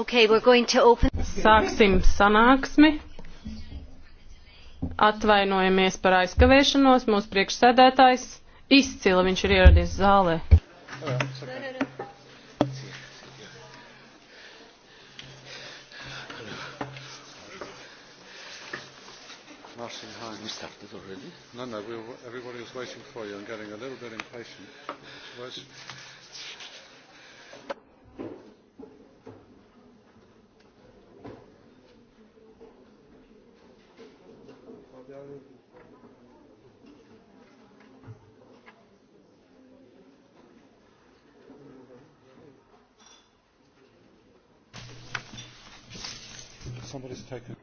Okay, open... Sāksim sanāksmi. Atvainojamies par aizkavēšanos. Mūsu priekšsēdētājs izcila, viņš ir ieradies zālē. Martin, hi, you started already? No, no, we were, everybody was waiting for you and getting a little bit impatient. Which was... second.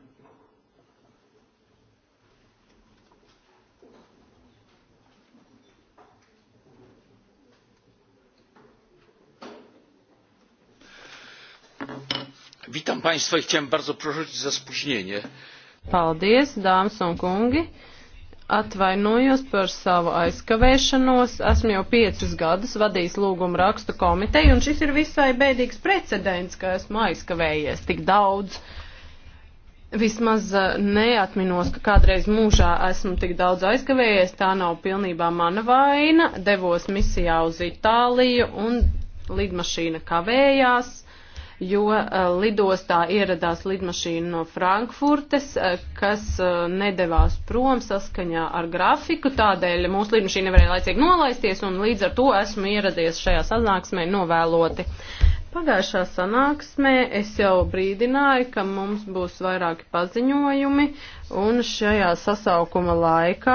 Witam Państwa i chciałem bardzo prosić za spóźnienie. Paldies, dāmas un kungi. Atvainojos par savu aizkavēšanos. Esmu jau piecus gadus vadījis lūgumu rakstu komiteju, un šis ir visai bēdīgs precedents, ka esmu aizkavējies tik daudz. Uh, Vismaz eh, neatminos, ka kādreiz mūžā esmu tik daudz aizkavējies, tā nav pilnībā mana vaina. Devos misijā uz Itāliju un lidmašīna kavējās, jo uh, lidostā ieradās lidmašīna no Frankfurtes, uh, kas uh, nedevās prom saskaņā ar grafiku, tādēļ mūsu lidmašīna nevarēja laicīgi nolaisties un līdz ar to esmu ieradies šajā sanāksmē novēloti. Uh, Pagājušā sanāksmē es jau brīdināju, ka mums būs vairāki paziņojumi, un šajā sasaukuma laikā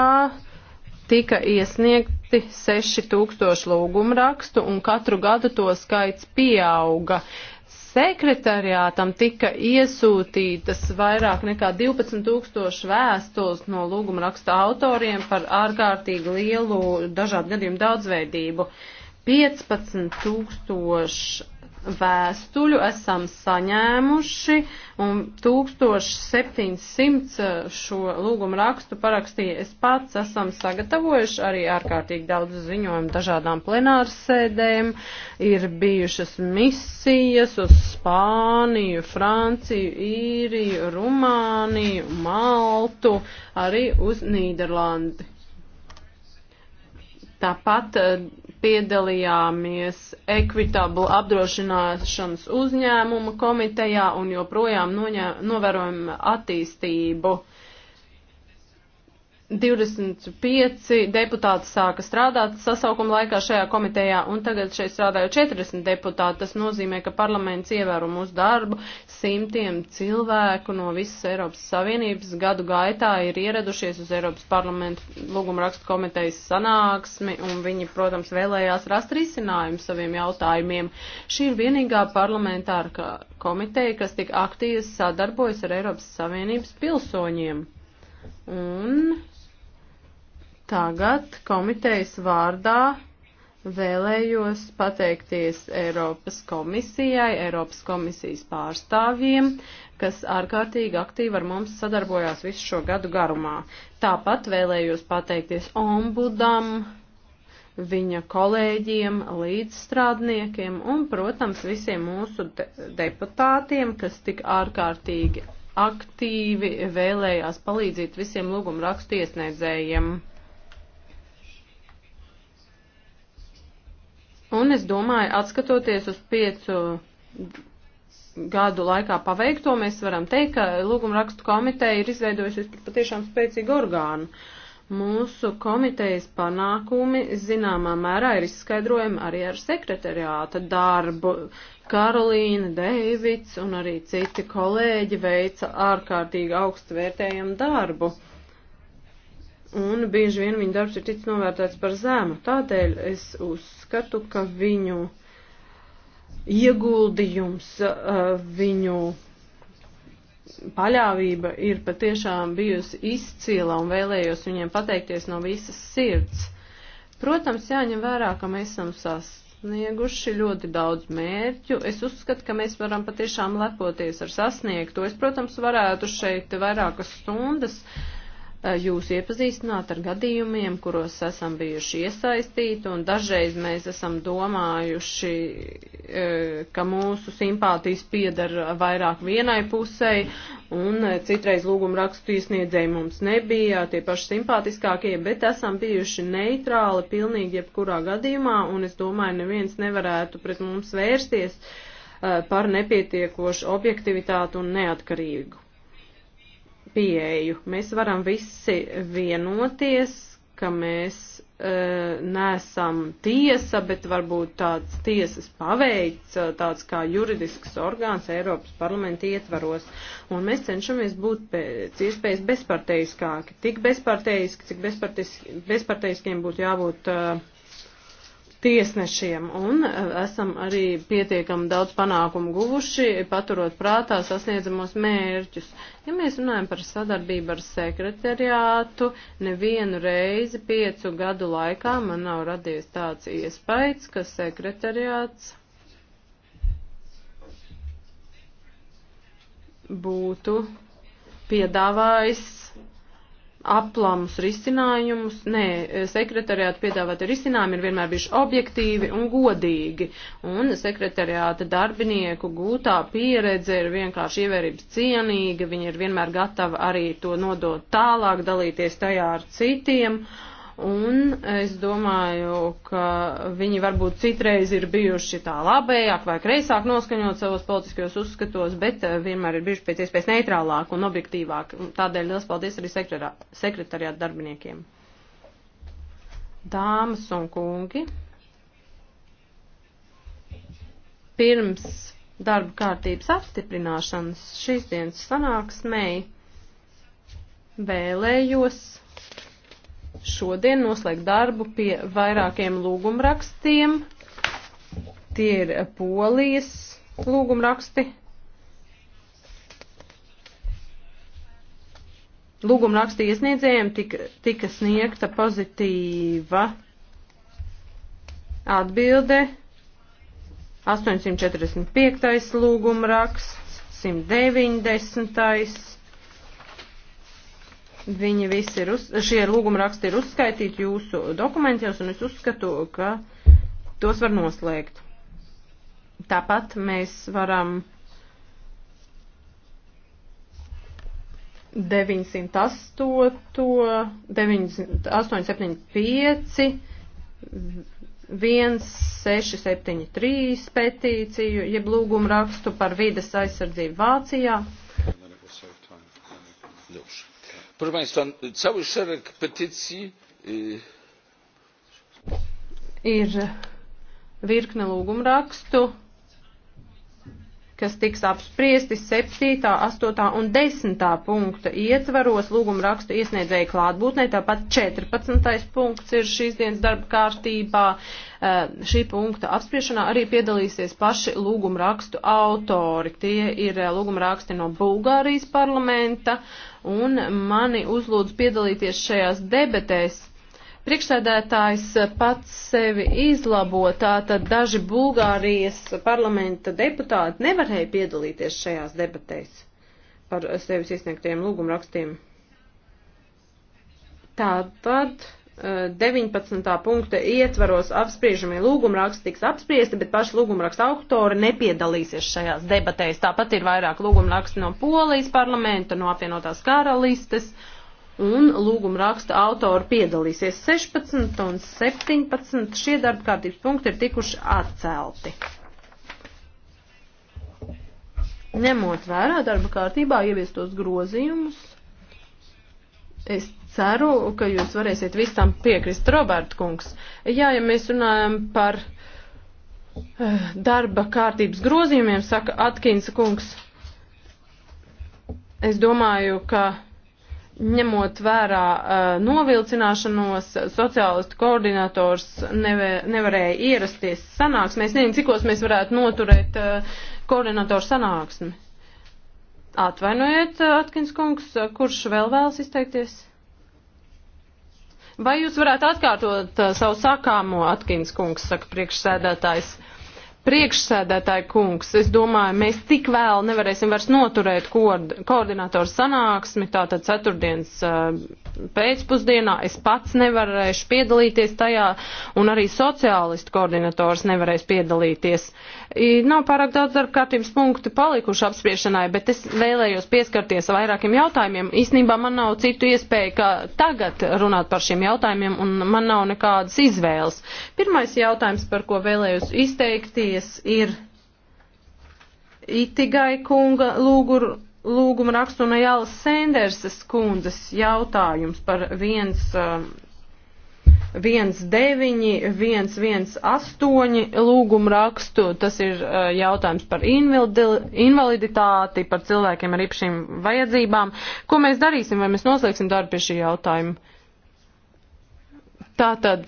tika iesniegti 6000 lūgumrakstu, un katru gadu to skaits pieauga sekretariātam tika iesūtītas vairāk nekā 12 tūkstoši vēstules no lūguma raksta autoriem par ārkārtīgi lielu dažādu gadījumu daudzveidību. 15 tūkstoši vēstuļu esam saņēmuši, un 1700 eh, šo lūgumu rakstu parakstīja es pats, esam sagatavojuši arī ārkārtīgi daudz ziņojumu dažādām plenārsēdēm, ir bijušas misijas uz Spāniju, Franciju, Īriju, Rumāniju, Maltu, arī uz Nīderlandi. Tāpat eh, piedalījāmies Equitable apdrošināšanas uzņēmuma komitejā un joprojām noņē, novērojam attīstību. 25 deputāti sāka strādāt sasaukuma laikā šajā komitejā, un tagad šeit strādāja 40 deputāti. Tas nozīmē, ka parlaments ievēro mūsu darbu. Simtiem cilvēku no visas Eiropas Savienības gadu gaitā ir ieradušies uz Eiropas parlamentu lūgumrakstu komitejas sanāksmi, un viņi, protams, vēlējās rast risinājumu saviem jautājumiem. Šī ir vienīgā parlamentāra komiteja, kas tik aktīvi sadarbojas ar Eiropas Savienības pilsoņiem. Un Tagad komitejas vārdā vēlējos pateikties Eiropas komisijai, Eiropas komisijas pārstāvjiem, kas ārkārtīgi aktīvi ar mums sadarbojās visu šo gadu garumā. Tāpat vēlējos pateikties ombudam, viņa kolēģiem, līdzstrādniekiem un, protams, visiem mūsu de deputātiem, kas tik ārkārtīgi aktīvi vēlējās palīdzēt visiem lūgumrakstu iesniedzējiem. Un es domāju, atskatoties uz piecu gadu laikā paveikto, mēs varam teikt, ka lūgumrakstu komiteja ir izveidojusies patiešām spēcīgu orgānu. Mūsu komitejas panākumi zināmā mērā ir izskaidrojami arī ar sekretariāta darbu. Karolīna, Deivids un arī citi kolēģi veica ārkārtīgi augstu vērtējumu darbu. Uh, un bieži vien viņa darbs ir ticis novērtēts par zēmu. Tādēļ es uzskatu, ka viņu ieguldījums, uh, viņu paļāvība ir patiešām bijusi izcila un vēlējos viņiem pateikties no visas sirds. Protams, jāņem vērā, ka mēs esam sasnieguši ļoti daudz mērķu. Es uzskatu, ka mēs varam patiešām lepoties ar sasniegto. Es, protams, varētu šeit vairākas stundas uh, Eh, jūs iepazīstināt ar gadījumiem, kuros esam bijuši iesaistīti, un dažreiz mēs esam domājuši, eh, ka mūsu simpātijas piedara vairāk vienai pusei, un eh, citreiz lūguma rakstu iesniedzēji mums nebija tie paši simpātiskākie, bet esam bijuši neitrāli pilnīgi jebkurā gadījumā, un es domāju, neviens nevarētu pret mums vērsties par nepietiekošu objektivitātu un neatkarīgu pieeju. Mēs varam visi vienoties, ka mēs e, nesam tiesa, bet varbūt tāds tiesas paveids, e, tāds kā juridisks orgāns Eiropas parlamenta ietvaros. Un mēs cenšamies būt pēc iespējas bezparteiskāki, tik bezparteiski, cik bezparteiskiem būtu jābūt. E, tiesnešiem, un e, esam arī pietiekami daudz panākumu guvuši, paturot prātā sasniedzamos mērķus. Ja mēs runājam par sadarbību ar sekretariātu, nevienu reizi piecu gadu laikā man nav radies tāds iespējas, ka sekretariāts būtu piedāvājis aplamus risinājumus. Nē, sekretariāta piedāvāti risinājumi ir vienmēr bijuši objektīvi un godīgi. Un sekretariāta darbinieku gūtā pieredze ir vienkārši ievērības cienīga. Viņi ir vienmēr gatavi arī to nodot tālāk, dalīties tajā ar citiem. Uh, Un es domāju, ka viņi varbūt citreiz ir bijuši tā labējāk vai kreisāk noskaņot savos politiskajos uzskatos, bet eh, vienmēr ir bijuši pēc iespējas neitrālāk un objektīvāk. Tādēļ liels paldies arī sekretariāta darbiniekiem. Dāmas un kungi, pirms darba kārtības apstiprināšanas šīs dienas sanāksmēji vēlējos šodien noslēgt darbu pie vairākiem lūgumrakstiem. Tie ir polijas lūgumraksti. Lūgumraksti iesniedzējiem tika, tika sniegta pozitīva atbilde. 845. lūgumraksts, 190. Viņi visi ir, uz, šie lūguma raksti ir uzskaitīti jūsu dokumentos, un es uzskatu, ka tos var noslēgt. Tāpat mēs varam 908, 975, 1673 petīciju, jeb lūgumu rakstu par vides aizsardzību Vācijā. Lūdzu proszę państwa cały szereg petycji ir virkne lūgumrakstu kas tiks apspriesti 7., 8. un 10. punkta ietvaros lūguma rakstu iesniedzēja klātbūtnē, tāpat 14. punkts ir šīs dienas darba kārtībā. Šī punkta apspriešanā arī piedalīsies paši lūguma rakstu autori. Tie ir lūguma raksti no Bulgārijas parlamenta un mani uzlūdz piedalīties šajās debatēs. Priekšsēdētājs pats sevi izlabo, tātad daži Bulgārijas parlamenta deputāti nevarēja piedalīties šajās debatēs par sevis iesniegtiem lūgumrakstiem. Tātad. 19. punkta ietvaros apspriežamie lūgumraksti tiks apspriesti, bet paši lūgumraksta autori nepiedalīsies šajās debatēs. Tāpat ir vairāk lūgumraksti no Polijas parlamenta, no apvienotās karalistes, un lūgumraksta autori piedalīsies 16 un 17. Šie darbkārtības punkti ir tikuši atcelti. Ņemot vērā darba kārtībā ieviestos grozījumus, es ceru, ka jūs varēsiet visam piekrist, Roberta kungs. Jā, ja mēs runājam par eh, darba kārtības grozījumiem, saka Atkinsa kungs, es domāju, ka ņemot vērā uh, novilcināšanos, sociālistu koordinators neve, nevarēja ierasties sanāksmē. Es nezinu, cikos mēs varētu noturēt uh, koordinatoru sanāksmi. Atvainojiet, Atkins kungs, kurš vēl vēlas izteikties? Vai jūs varētu atkārtot uh, savu sakāmo, Atkins kungs, saka priekšsēdētājs? Priekšsēdētāji kungs, es domāju, mēs tik vēl nevarēsim vairs noturēt koordinatoru sanāksmi, tātad ceturtdienas uh, pēcpusdienā es pats nevarēšu piedalīties tajā, un arī sociālistu koordinators nevarēs piedalīties. I, nav pārāk daudz darba kārtības punktu palikuši apspriešanai, bet es vēlējos pieskarties vairākiem jautājumiem. Īsnībā man nav citu iespēju, kā tagad runāt par šiem jautājumiem, un man nav nekādas izvēles. Pirmais jautājums, par ko vēlējos izteikties, ir Itigai kunga lūguru lūguma rakstu un Ajālas Sendersas kundzes jautājums par 19118 eh, lūguma rakstu. Tas ir eh, jautājums par invaliditāti, par cilvēkiem ar īpašīm vajadzībām. Ko mēs darīsim, vai mēs noslēgsim darbu pie šī jautājuma? Tātad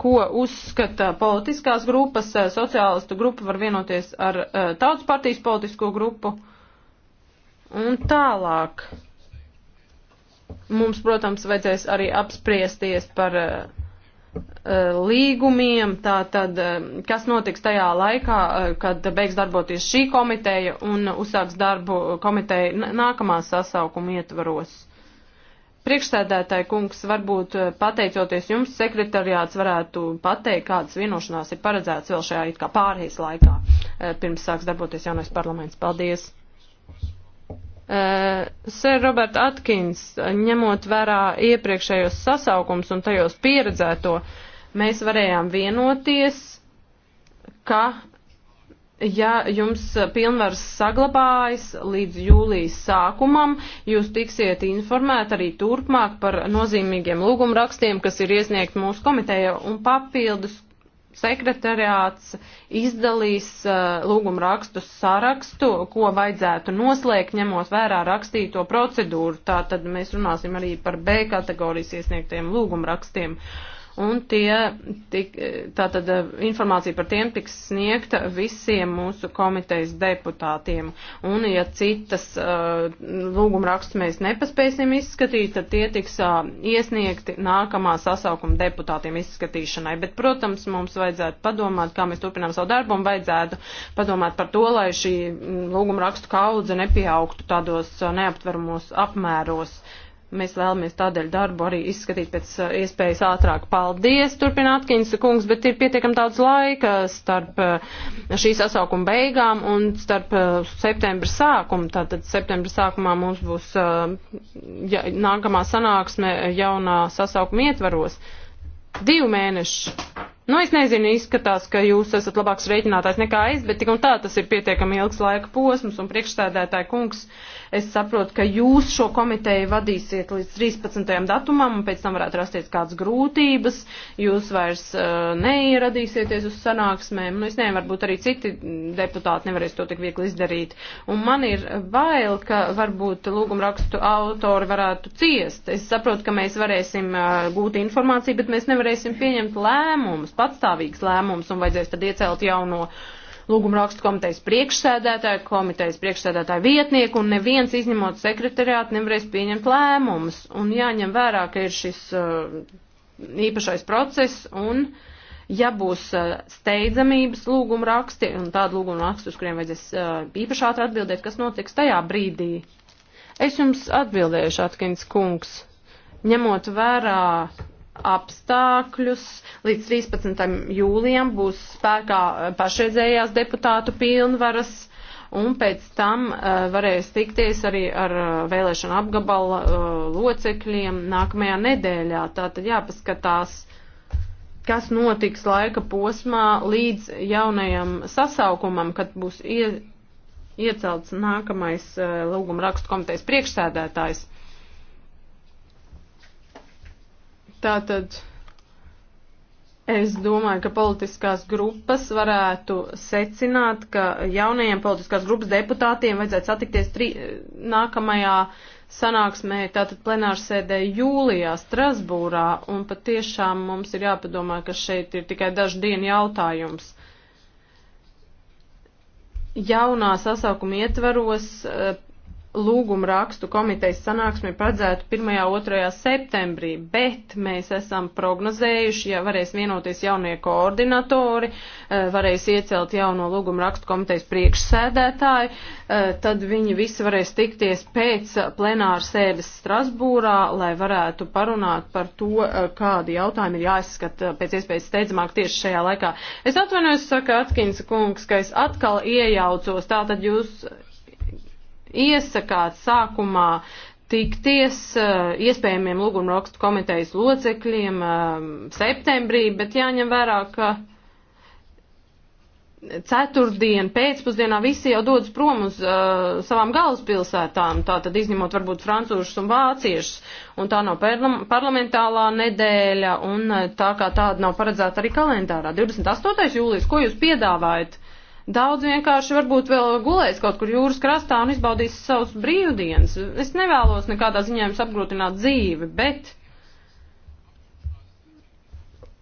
ko uzskata politiskās grupas, eh, sociālistu grupa var vienoties ar eh, tautas partijas politisko grupu. Un tālāk mums, protams, vajadzēs arī apspriesties par eh, līgumiem, tātad, kas notiks tajā laikā, kad beigs darboties šī komiteja un uzsāks darbu komiteja nākamā sasaukuma ietvaros. Priekšsēdētāji kungs, varbūt eh, pateicoties jums, sekretariāts varētu pateikt, kādas vienošanās ir paredzētas vēl šajā it kā pārējais laikā, eh, pirms sāks darboties jaunais parlaments. Paldies! Eh, Sir Robert Atkins, ņemot vērā iepriekšējos sasaukums un tajos pieredzēto, mēs varējām vienoties, ka ja jums pilnvars saglabājas līdz jūlijas sākumam, jūs tiksiet informēti arī turpmāk par nozīmīgiem lūgumrakstiem, kas ir iesniegt mūsu komiteja un papildus. Sekretariāts izdalīs uh, lūgumrakstu sarakstu, ko vajadzētu noslēgt, ņemot vērā rakstīto procedūru. Tātad mēs runāsim arī par B kategorijas iesniegtiem lūgumrakstiem. Uh, un tie, tik, tātad eh, informācija par tiem tiks sniegta visiem mūsu komitejas deputātiem. Un, ja citas uh, eh, lūguma rakstus mēs nepaspēsim izskatīt, tad tie tiks uh, iesniegti nākamā sasaukuma deputātiem izskatīšanai. Bet, protams, mums vajadzētu padomāt, kā mēs turpinām savu darbu, un vajadzētu padomāt par to, lai šī mm, lūguma rakstu kaudze nepieaugtu tādos neaptveramos apmēros. Uh, Mēs vēlamies tādēļ darbu arī izskatīt pēc uh, iespējas ātrāk. Paldies, turpina Atkinsa kungs, bet ir pietiekam daudz laika starp uh, šī sasaukuma beigām un starp uh, septembra sākumu. Tātad septembra sākumā mums būs ja, nākamā sanāksme jaunā sasaukuma ietvaros. Divu mēnešu Nu, es nezinu, izskatās, ka jūs esat labāks rēķinātājs nekā es, bet tik un tā tas ir pietiekami ilgs laika posms, un priekšstādētāja kungs, es saprotu, ka jūs šo komiteju vadīsiet līdz 13. datumam, un pēc tam varētu rasties kādas grūtības, jūs vairs uh, neieradīsieties uz sanāksmēm, nu, es nezinu, varbūt arī citi deputāti nevarēs to tik viegli izdarīt, un man ir bail, ka varbūt lūgumrakstu autori varētu ciest. Es saprotu, ka mēs varēsim uh, gūt informāciju, bet mēs nevarēsim pieņemt lēmumus būs patstāvīgs lēmums un vajadzēs tad iecelt jauno lūguma rakstu komitejas priekšsēdētāju, komitejas priekšsēdētāju vietnieku, un neviens izņemot sekretariātu nevarēs pieņemt lēmumus. Un jāņem vērā, ka ir šis uh, īpašais process, un ja būs uh, steidzamības lūguma raksti, un tādu lūguma rakstu, uz kuriem vajadzēs uh, īpaši ātri atbildēt, kas notiks tajā brīdī. Es jums atbildēšu, Atkins kungs, ņemot vērā apstākļus. Līdz 13. jūlijam būs spēkā eh, pašreizējās deputātu pilnvaras, un pēc tam uh, varēs tikties arī ar uh, vēlēšanu apgabala uh, locekļiem nākamajā nedēļā. Tātad jāpaskatās, kas notiks laika posmā līdz jaunajam sasaukumam, kad būs ie, iecelts nākamais uh, lūguma rakstu komitejas priekšsēdētājs. Tātad es domāju, ka politiskās grupas varētu secināt, ka jaunajiem politiskās grupas deputātiem vajadzētu satikties tri, nākamajā sanāksmē, tātad plenārsēdē jūlijā Strasbūrā, un patiešām mums ir jāpadomā, ka šeit ir tikai dažu dienu jautājums jaunā sasaukuma ietvaros eh, lūguma rakstu komitejas sanāksmi paredzētu 1.2. septembrī, bet mēs esam prognozējuši, ja varēs vienoties jaunie koordinatori, eh, varēs iecelt jauno lūguma rakstu komitejas priekšsēdētāju, eh, tad viņi visi varēs tikties pēc plenāra sēdes Strasbūrā, lai varētu parunāt par to, eh, kādi jautājumi ir jāizskata pēc iespējas steidzamāk tieši šajā laikā. Es atvainojos, saka Atkins kungs, ka es atkal iejaucos, tātad jūs iesakāt sākumā tikties eh, iespējamiem lūgumrakstu komitejas locekļiem eh, septembrī, bet jāņem vērā, ka ceturtdien pēcpusdienā visi jau dodas prom uz uh, savām galvaspilsētām, tā tad izņemot varbūt francūšus un vāciešus, un tā nav parlamentālā nedēļa, un tā kā tāda nav paredzēta arī kalendārā. 28. jūlijas, ko jūs piedāvājat? Uh, Daudz vienkārši varbūt vēl gulēs kaut kur jūras krastā un izbaudīs savus brīvdienas. Es nevēlos nekādā ziņā jums apgrūtināt dzīvi, bet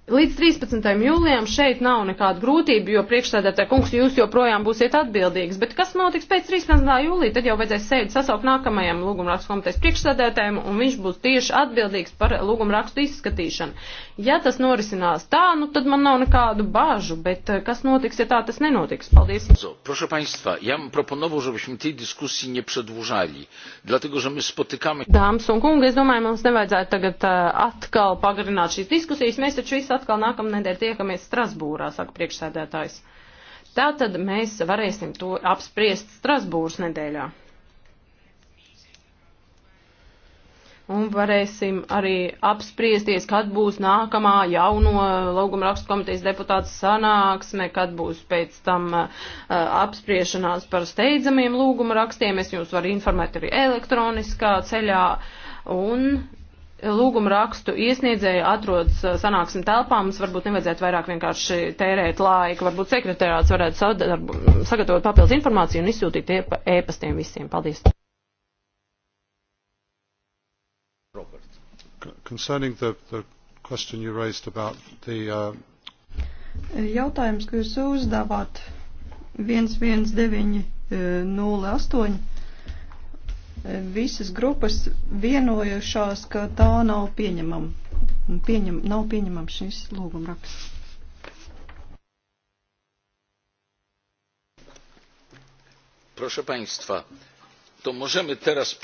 Līdz 13. jūlijam šeit nav nekāda grūtība, jo priekšstādātāja kungs jūs joprojām būsiet atbildīgs. Bet kas notiks pēc 13. jūlija? Tad jau vajadzēs sēdi sasaukt nākamajam lūgumrakstu komitejas priekšstādātājiem, un viņš būs tieši atbildīgs par lūgumrakstu izskatīšanu. Ja tas norisinās tā, nu tad man nav nekādu bāžu, bet eh, kas notiks, ja tā tas nenotiks? Paldies. Proszę Państwa, ja proponował, żebyśmy tej dyskusji nie przedłużali, dlatego, że my spotykamy... Dāmas un kungi, es domāju, mums nevajadzētu tagad uh, atkal pagarināt šīs diskusijas. Mēs taču visi atkal nākamnedēļ tiekamies Strasbūrā, saka priekšsēdētājs. Tātad mēs varēsim to apspriest Strasbūras nedēļā. Un varēsim arī apspriesties, kad būs nākamā jauno lauguma rakstu komitejas deputāta sanāksme, kad būs pēc tam uh, apspriešanās par steidzamiem lūguma rakstiem. Es jūs varu informēt arī elektroniskā ceļā. Un lūguma rakstu iesniedzēji atrodas sanāksim telpā, mums varbūt nevajadzētu vairāk vienkārši tērēt laiku, varbūt sekretārāts varētu sadarbu, sagatavot papildus informāciju un izsūtīt e-pastiem visiem. Paldies. Concerning the, the question you raised about the... Uh... Jautājums, ko jūs uzdevāt 11908 visas grupas vienojušās, ka tā nav pieņemama. Un pieņem, nav pieņemama šis lūgumraksts. Proszę Państwa, to możemy teraz...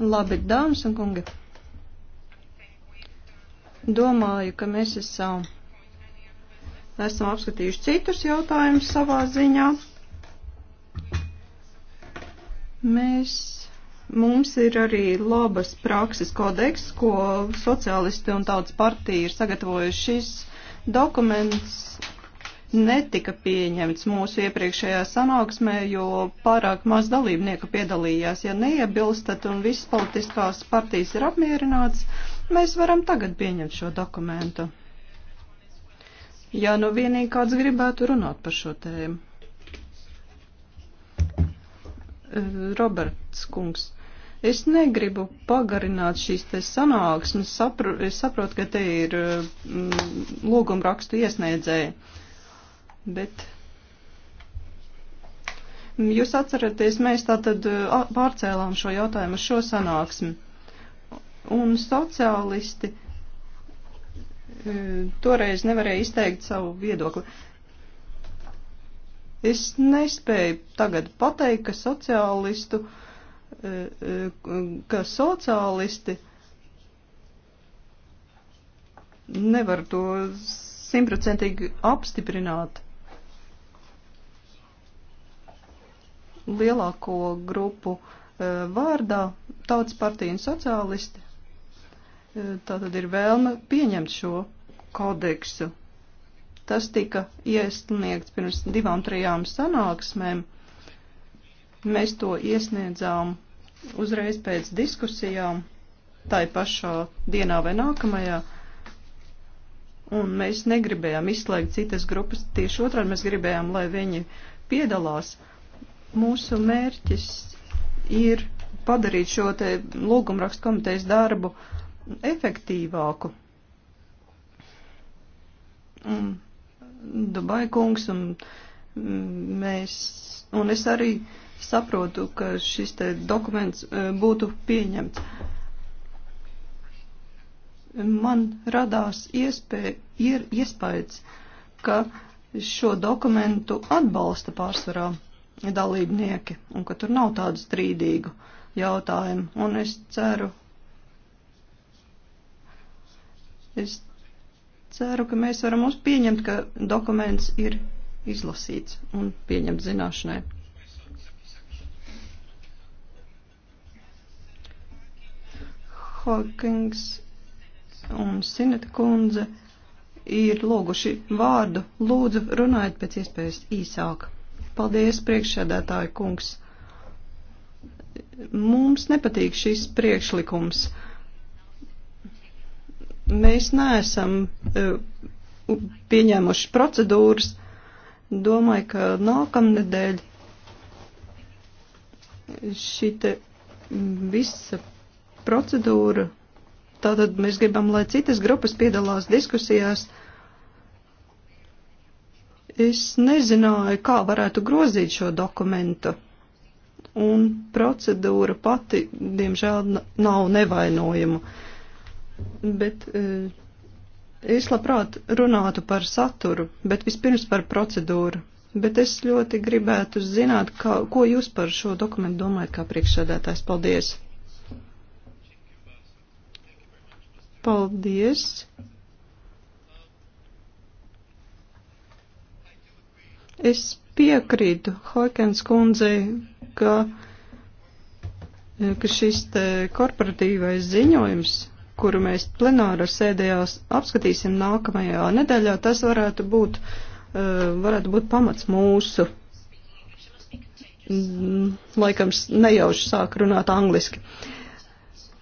Labi, dāmas un kungi. Domāju, ka mēs esam, esam apskatījuši citus jautājumus savā ziņā. Mēs Mums ir arī labas prakses kodeks, ko sociālisti un tautas partija ir sagatavojuši. Šis dokuments netika pieņemts mūsu iepriekšējā sanāksmē, jo pārāk maz dalībnieku piedalījās. Ja neiebilstat un visas politiskās partijas ir apmierināts, mēs varam tagad pieņemt šo dokumentu. Ja nu vienīgi kāds gribētu runāt par šo tēmu. Roberts kungs. Es negribu pagarināt šīs te sanāksmes, sapru, es saprotu, ka te ir mm, lūgumrakstu iesniedzēji, bet jūs atceraties, mēs tātad pārcēlām šo jautājumu uz šo sanāksmi. Un sociālisti e, toreiz nevarēja izteikt savu viedokli. Es nespēju tagad pateikt, ka sociālistu uh, E, e, ka sociālisti nevar to simtprocentīgi apstiprināt. Lielāko grupu e, vārdā tautas partija un sociālisti. Tā tad ir vēlme pieņemt šo kodeksu. Tas tika iesniegts pirms divām, trijām sanāksmēm. Mēs to iesniedzām uzreiz pēc diskusijām, tai pašā dienā vai nākamajā. Un mēs negribējām izslēgt citas grupas, tieši otrādi mēs gribējām, lai viņi piedalās. Mūsu mērķis ir padarīt šo te lūgumrakstu komitejas darbu efektīvāku. Un Dubai kungs un mēs, un es arī uh, saprotu, ka šis te dokuments e, būtu pieņemts. Man radās iespēja, ir iespējas, ka šo dokumentu atbalsta pārsvarā dalībnieki un ka tur nav tādu strīdīgu jautājumu. Un es ceru, es ceru, ka mēs varam uz pieņemt, ka dokuments ir izlasīts un pieņemt zināšanai. Hawkins un Sineta kundze ir lūguši vārdu. Lūdzu, runājiet pēc iespējas īsāk. Paldies, priekšsēdētāja kungs. Mums nepatīk šis priekšlikums. Mēs neesam uh, pieņēmuši procedūras. Domāju, ka nākamnedēļ šī visa procedūra. Tātad mēs gribam, lai citas grupas piedalās diskusijās. Es nezināju, kā varētu grozīt šo dokumentu. Un procedūra pati, diemžēl, nav nevainojama. Bet e, es labprāt runātu par saturu, bet vispirms par procedūru. Bet es ļoti gribētu zināt, kā, ko jūs par šo dokumentu domājat kā priekšsēdētājs. Paldies! Paldies! Es piekrītu Hoikens kundzei, ka, ka šis te korporatīvais ziņojums, kuru mēs plenāra sēdējās apskatīsim nākamajā nedēļā, tas varētu būt, eh, varētu būt pamats mūsu. Laikams nejauši sāk runāt angliski.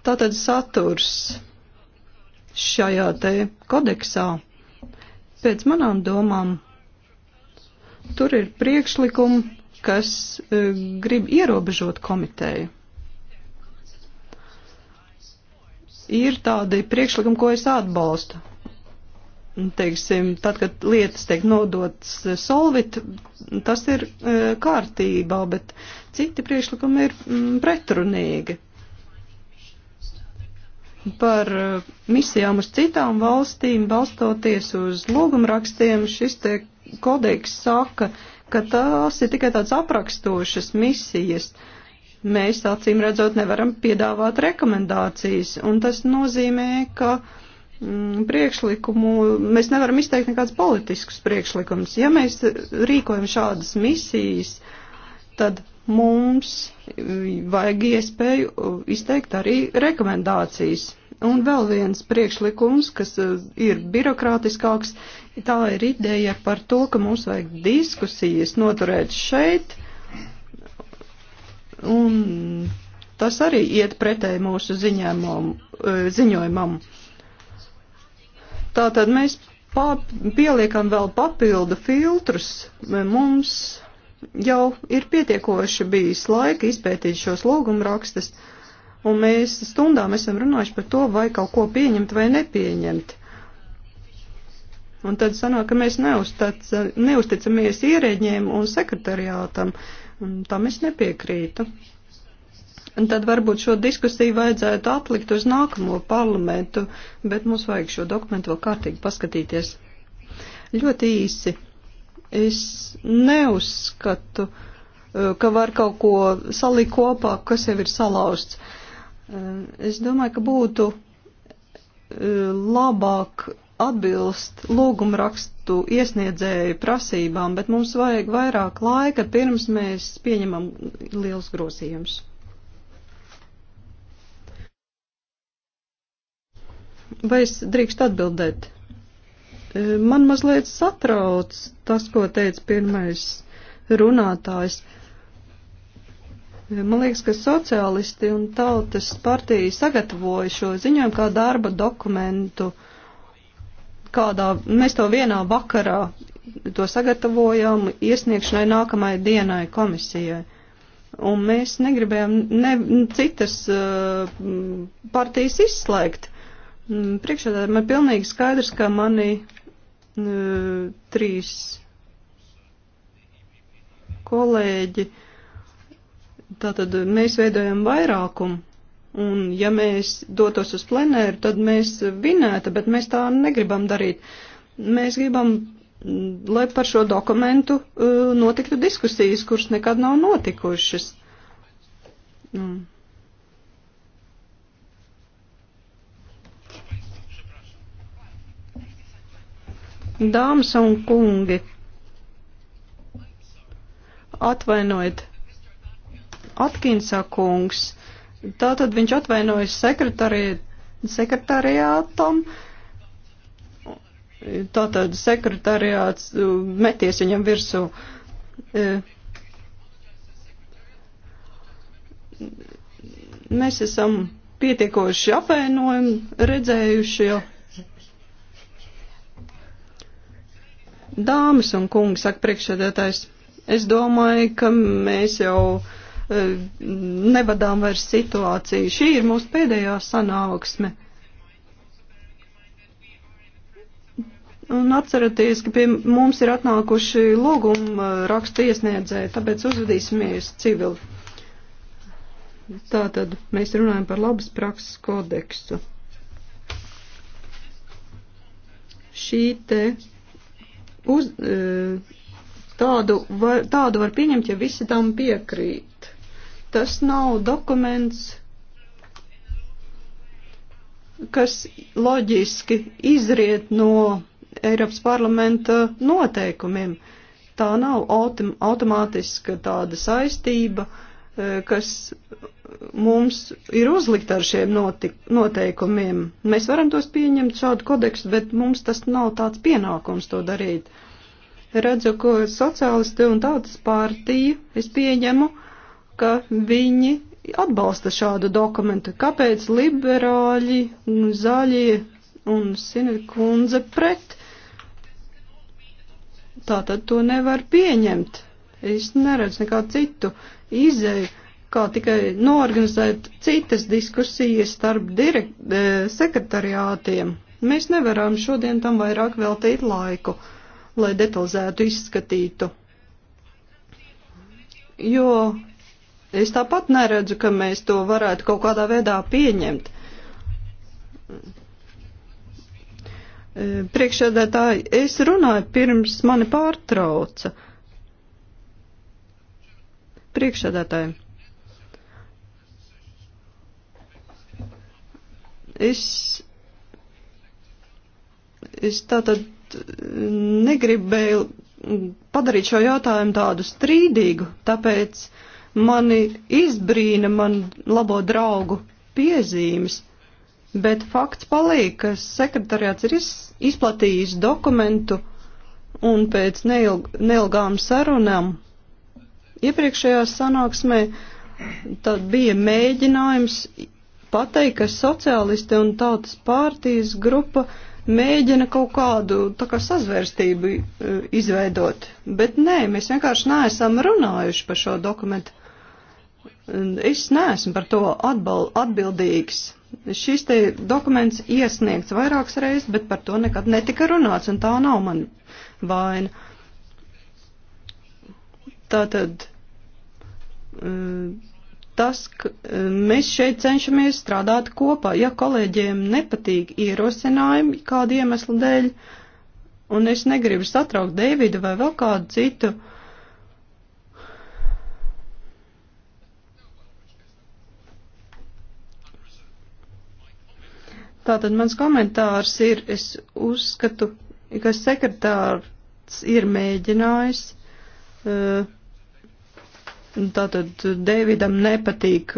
Tātad saturs šajā te kodeksā. Pēc manām domām, tur ir priekšlikumi, kas e, grib ierobežot komiteju. Ir tādi priekšlikumi, ko es atbalstu. Teiksim, tad, kad lietas tiek nodotas e, solvit, tas ir e, kārtībā, bet citi priekšlikumi ir m, mm, pretrunīgi par eh, misijām uz citām valstīm, balstoties uz lūgumrakstiem, šis te kodeks saka, ka tās ir tikai tāds aprakstošas misijas. Mēs acīm redzot nevaram piedāvāt rekomendācijas, un tas nozīmē, ka mm, priekšlikumu mēs nevaram izteikt nekāds politiskus priekšlikums. Ja mēs rīkojam šādas misijas, tad mums vajag iespēju izteikt arī rekomendācijas. Un vēl viens priekšlikums, kas eh, ir birokrātiskāks, tā ir ideja par to, ka mums vajag diskusijas noturēt šeit. Un tas arī iet pretēji mūsu ziņēmum, eh, ziņojumam. Tātad mēs pieliekam vēl papildu filtrus. Mums jau ir pietiekoši bijis laika izpētīt šos lūgumrakstus, un mēs stundām esam runājuši par to, vai kaut ko pieņemt vai nepieņemt. Un tad sanāk, ka mēs neuztac, neusticamies ierēģiem un sekretariātam, un tam es nepiekrītu. Un tad varbūt šo diskusiju vajadzētu aplikt uz nākamo parlamentu, bet mums vajag šo dokumentu vēl kārtīgi paskatīties. Ļoti īsi Es neuzskatu, eh, ka var kaut ko salikt kopā, kas jau ir salauzts. Eh, es domāju, ka būtu eh, labāk atbilst lūgumrakstu iesniedzēju prasībām, bet mums vajag vairāk laika, pirms mēs pieņemam liels grozījums. Vai es drīkst atbildēt? E, man mazliet satrauc tas, ko teica pirmais runātājs. E, man liekas, ka sociālisti un tautas partija sagatavoja šo ziņojumu kā darba dokumentu. Kādā, mēs to vienā vakarā to sagatavojām iesniegšanai nākamai dienai komisijai. Un mēs negribējām ne, citas uh, partijas izslēgt. Mm, Priekšādā man pilnīgi skaidrs, ka mani trīs kolēģi. Tātad mēs veidojam vairākumu, un ja mēs dotos uz plenēru, tad mēs vinētu, bet mēs tā negribam darīt. Mēs gribam, mm, lai par šo dokumentu uh, notiktu diskusijas, kuras nekad nav notikušas. Mm. Dāmas un kungi, atvainojiet, Atkinsā kungs, tātad viņš atvainojas sekretari, sekretariātam, tātad sekretariāts meties viņam virsū. E, mēs esam pietiekoši apvainojumi redzējuši jau. Dāmas un kungi, saka priekšsēdētājs, es domāju, ka mēs jau e, nevadām vairs situāciju. Šī ir mūsu pēdējā sanāksme. Un atceraties, ka pie mums ir atnākuši lūguma e, rakstu iesniedzēji, tāpēc uzvedīsimies civili. Tātad mēs runājam par labas prakses kodeksu. Šī te uz, e, tādu, var, tādu var pieņemt, ja visi tam piekrīt. Tas nav dokuments, kas loģiski izriet no Eiropas parlamenta noteikumiem. Tā nav autom, automātiska tāda saistība. Uh, Eh, kas mums ir uzlikt ar šiem notik, noteikumiem. Mēs varam tos pieņemt šādu kodeksu, bet mums tas nav tāds pienākums to darīt. Redzu, ko sociālisti un tautas pārtīja, es pieņemu, ka viņi atbalsta šādu dokumentu. Kāpēc liberāļi, zaļie un sinekundze pret? Tātad to nevar pieņemt. Es neredzu nekādu citu izēju, kā tikai norganizēt citas diskusijas starp direkt, e, sekretariātiem. Mēs nevaram šodien tam vairāk veltīt laiku, lai detalizētu izskatītu. Jo es tāpat neredzu, ka mēs to varētu kaut kādā veidā pieņemt. E, Priekšēdētāji, es runāju pirms mani pārtrauca priekšsēdētāji. Es, es tātad negribēju padarīt šo jautājumu tādu strīdīgu, tāpēc mani izbrīna man labo draugu piezīmes, bet fakts paliek, ka sekretariāts ir izplatījis dokumentu un pēc neilg, neilgām sarunām Iepriekšējā sanāksmē tad bija mēģinājums pateikt, ka sociālisti un tautas pārtīs grupa mēģina kaut kādu tā kā sazvērstību e, izveidot, bet nē, mēs vienkārši neesam runājuši par šo dokumentu. Es neesmu par to atbal, atbildīgs. Šis te dokuments iesniegts vairākas reizes, bet par to nekad netika runāts, un tā nav man vaina. Tātad eh, tas, ka eh, mēs šeit cenšamies strādāt kopā. Ja kolēģiem nepatīk ierosinājumi kādu iemeslu dēļ, un es negribu satraukt Deividu vai vēl kādu citu, Tātad mans komentārs ir, es uzskatu, ka sekretārs ir mēģinājis uh, Tātad Dēvidam nepatīk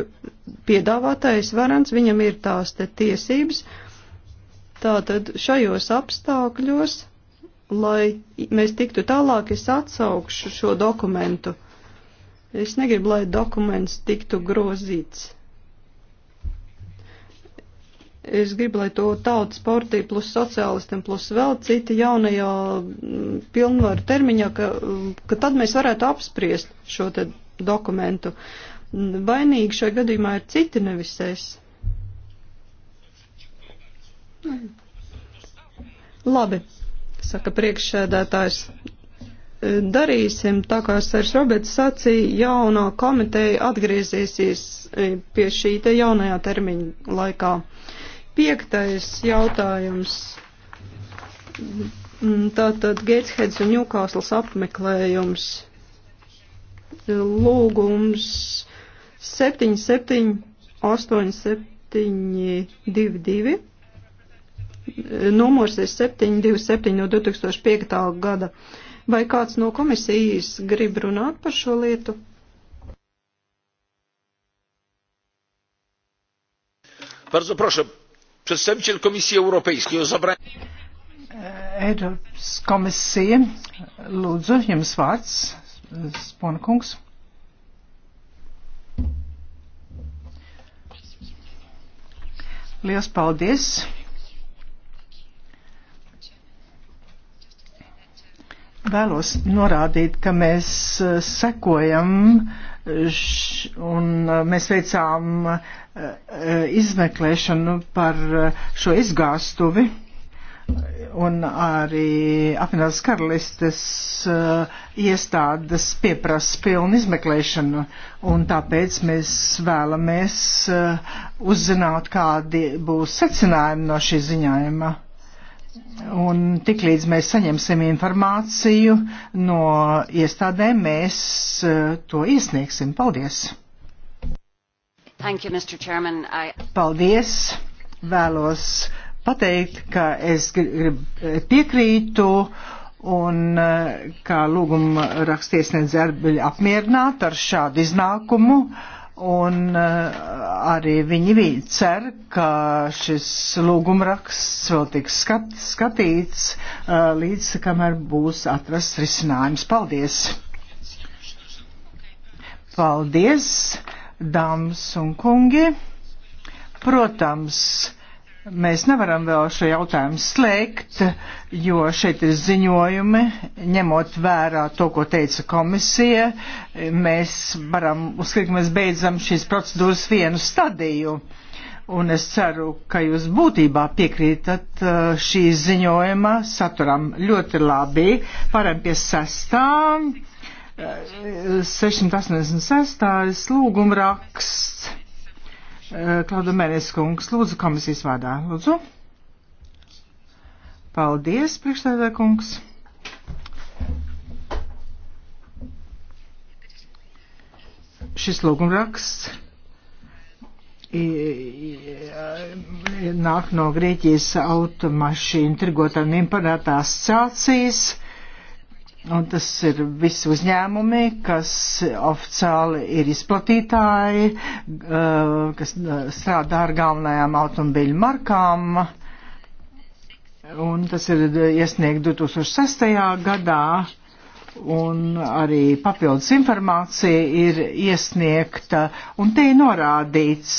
piedāvātais varants, viņam ir tās te tiesības. Tātad šajos apstākļos, lai mēs tiktu tālāk, es atsaukšu šo dokumentu. Es negribu, lai dokuments tiktu grozīts. Es gribu, lai to tautas partija plus sociālistiem plus vēl citi jaunajā mm, pilnvaru termiņā, ka, ka tad mēs varētu apspriest šo te dokumentu. Vainīgi šajā gadījumā ir citi, nevis es. Labi, saka priekšsēdētājs. Darīsim, tā kā Sērs Roberts sacīja, jaunā komiteja atgriezīsies pie šī te jaunajā termiņa laikā. Piektais jautājums. Tātad Gatesheads un Newcastles apmeklējums lūgums 7787222, numurs ir 727 no 2005. gada. Vai kāds no komisijas grib runāt par šo lietu? Bardzo proszę, przedstawiciel Komisji Europejskiej o zabranie. Eiropas komisija, lūdzu, jums vārds. Sponkungs. Liels paldies! Vēlos norādīt, ka mēs uh, sekojam uh, un uh, mēs veicām izmeklēšanu par šo izgāstuvi un arī apvienotās karalistes uh, iestādes pieprasa pilnu izmeklēšanu, un tāpēc mēs vēlamies uh, uzzināt, kādi būs secinājumi no šī ziņājuma. Un tiklīdz mēs saņemsim informāciju no iestādēm, mēs uh, to iesniegsim. Paldies! Thank you, Mr. Chairman. I... Paldies! Vēlos uh, pateikt, ka es grib, eh, piekrītu un eh, kā lūguma rakstiesniedz bija apmierināta ar šādu iznākumu. Un eh, arī viņi bija cer, ka šis lūgumraksts vēl tiks skat, skatīts līdz, kamēr būs atrasts risinājums. Paldies! Paldies, dāmas un kungi! Protams, Mēs nevaram vēl šo jautājumu slēgt, jo šeit ir ziņojumi, ņemot vērā to, ko teica komisija. Mēs varam uzskatīt, ka mēs beidzam šīs procedūras vienu stadiju. Un es ceru, ka jūs būtībā piekrītat uh, šī ziņojuma saturam ļoti labi. Pārējām pie sestām. Uh, 686. lūgumraksts Eh, Klauda Mērēs kungs, lūdzu komisijas vārdā. Lūdzu. Paldies, priekšstādā kungs. Šis lūgumraksts nāk no Grieķijas automašīnu tirgotājiem parādās Celsijas Un tas ir visi uzņēmumi, kas oficiāli ir izplatītāji, eh, kas eh, strādā ar galvenajām automobīļu markām. Un tas ir iesniegt 2006. gadā. Un arī papildus informācija ir iesniegta. Un te ir norādīts,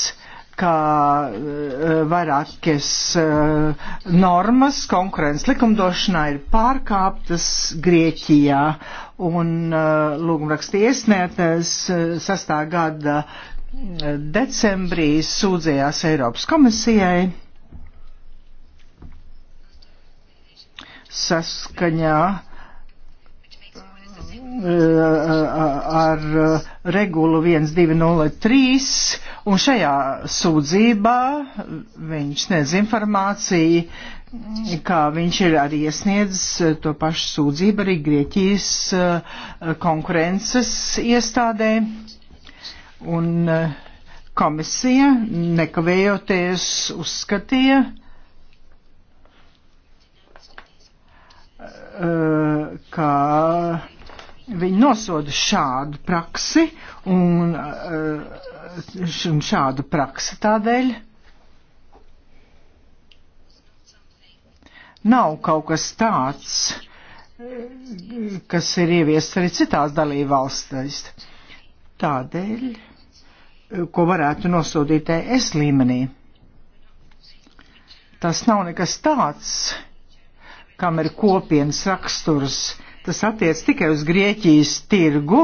ka eh, vairākas eh, normas konkurences likumdošanā ir pārkāptas Grieķijā un eh, lūgumraksta iesniegtais sastā gada decembrī sūdzējās Eiropas komisijai saskaņā ar regulu 1203 Un šajā sūdzībā viņš sniedz informāciju, ka viņš ir arī iesniedzis to pašu sūdzību arī Grieķijas eh, konkurences iestādē. Un eh, komisija nekavējoties uzskatīja, eh, ka Viņi nosoda šādu praksi un eh, šādu praksi tādēļ. Nav kaut kas tāds, kas ir ieviests arī citās dalībvalstīs. Tādēļ, eh, ko varētu nosodīt ES līmenī. Tas nav nekas tāds, kam ir kopienas raksturs Tas attiec tikai uz Grieķijas tirgu,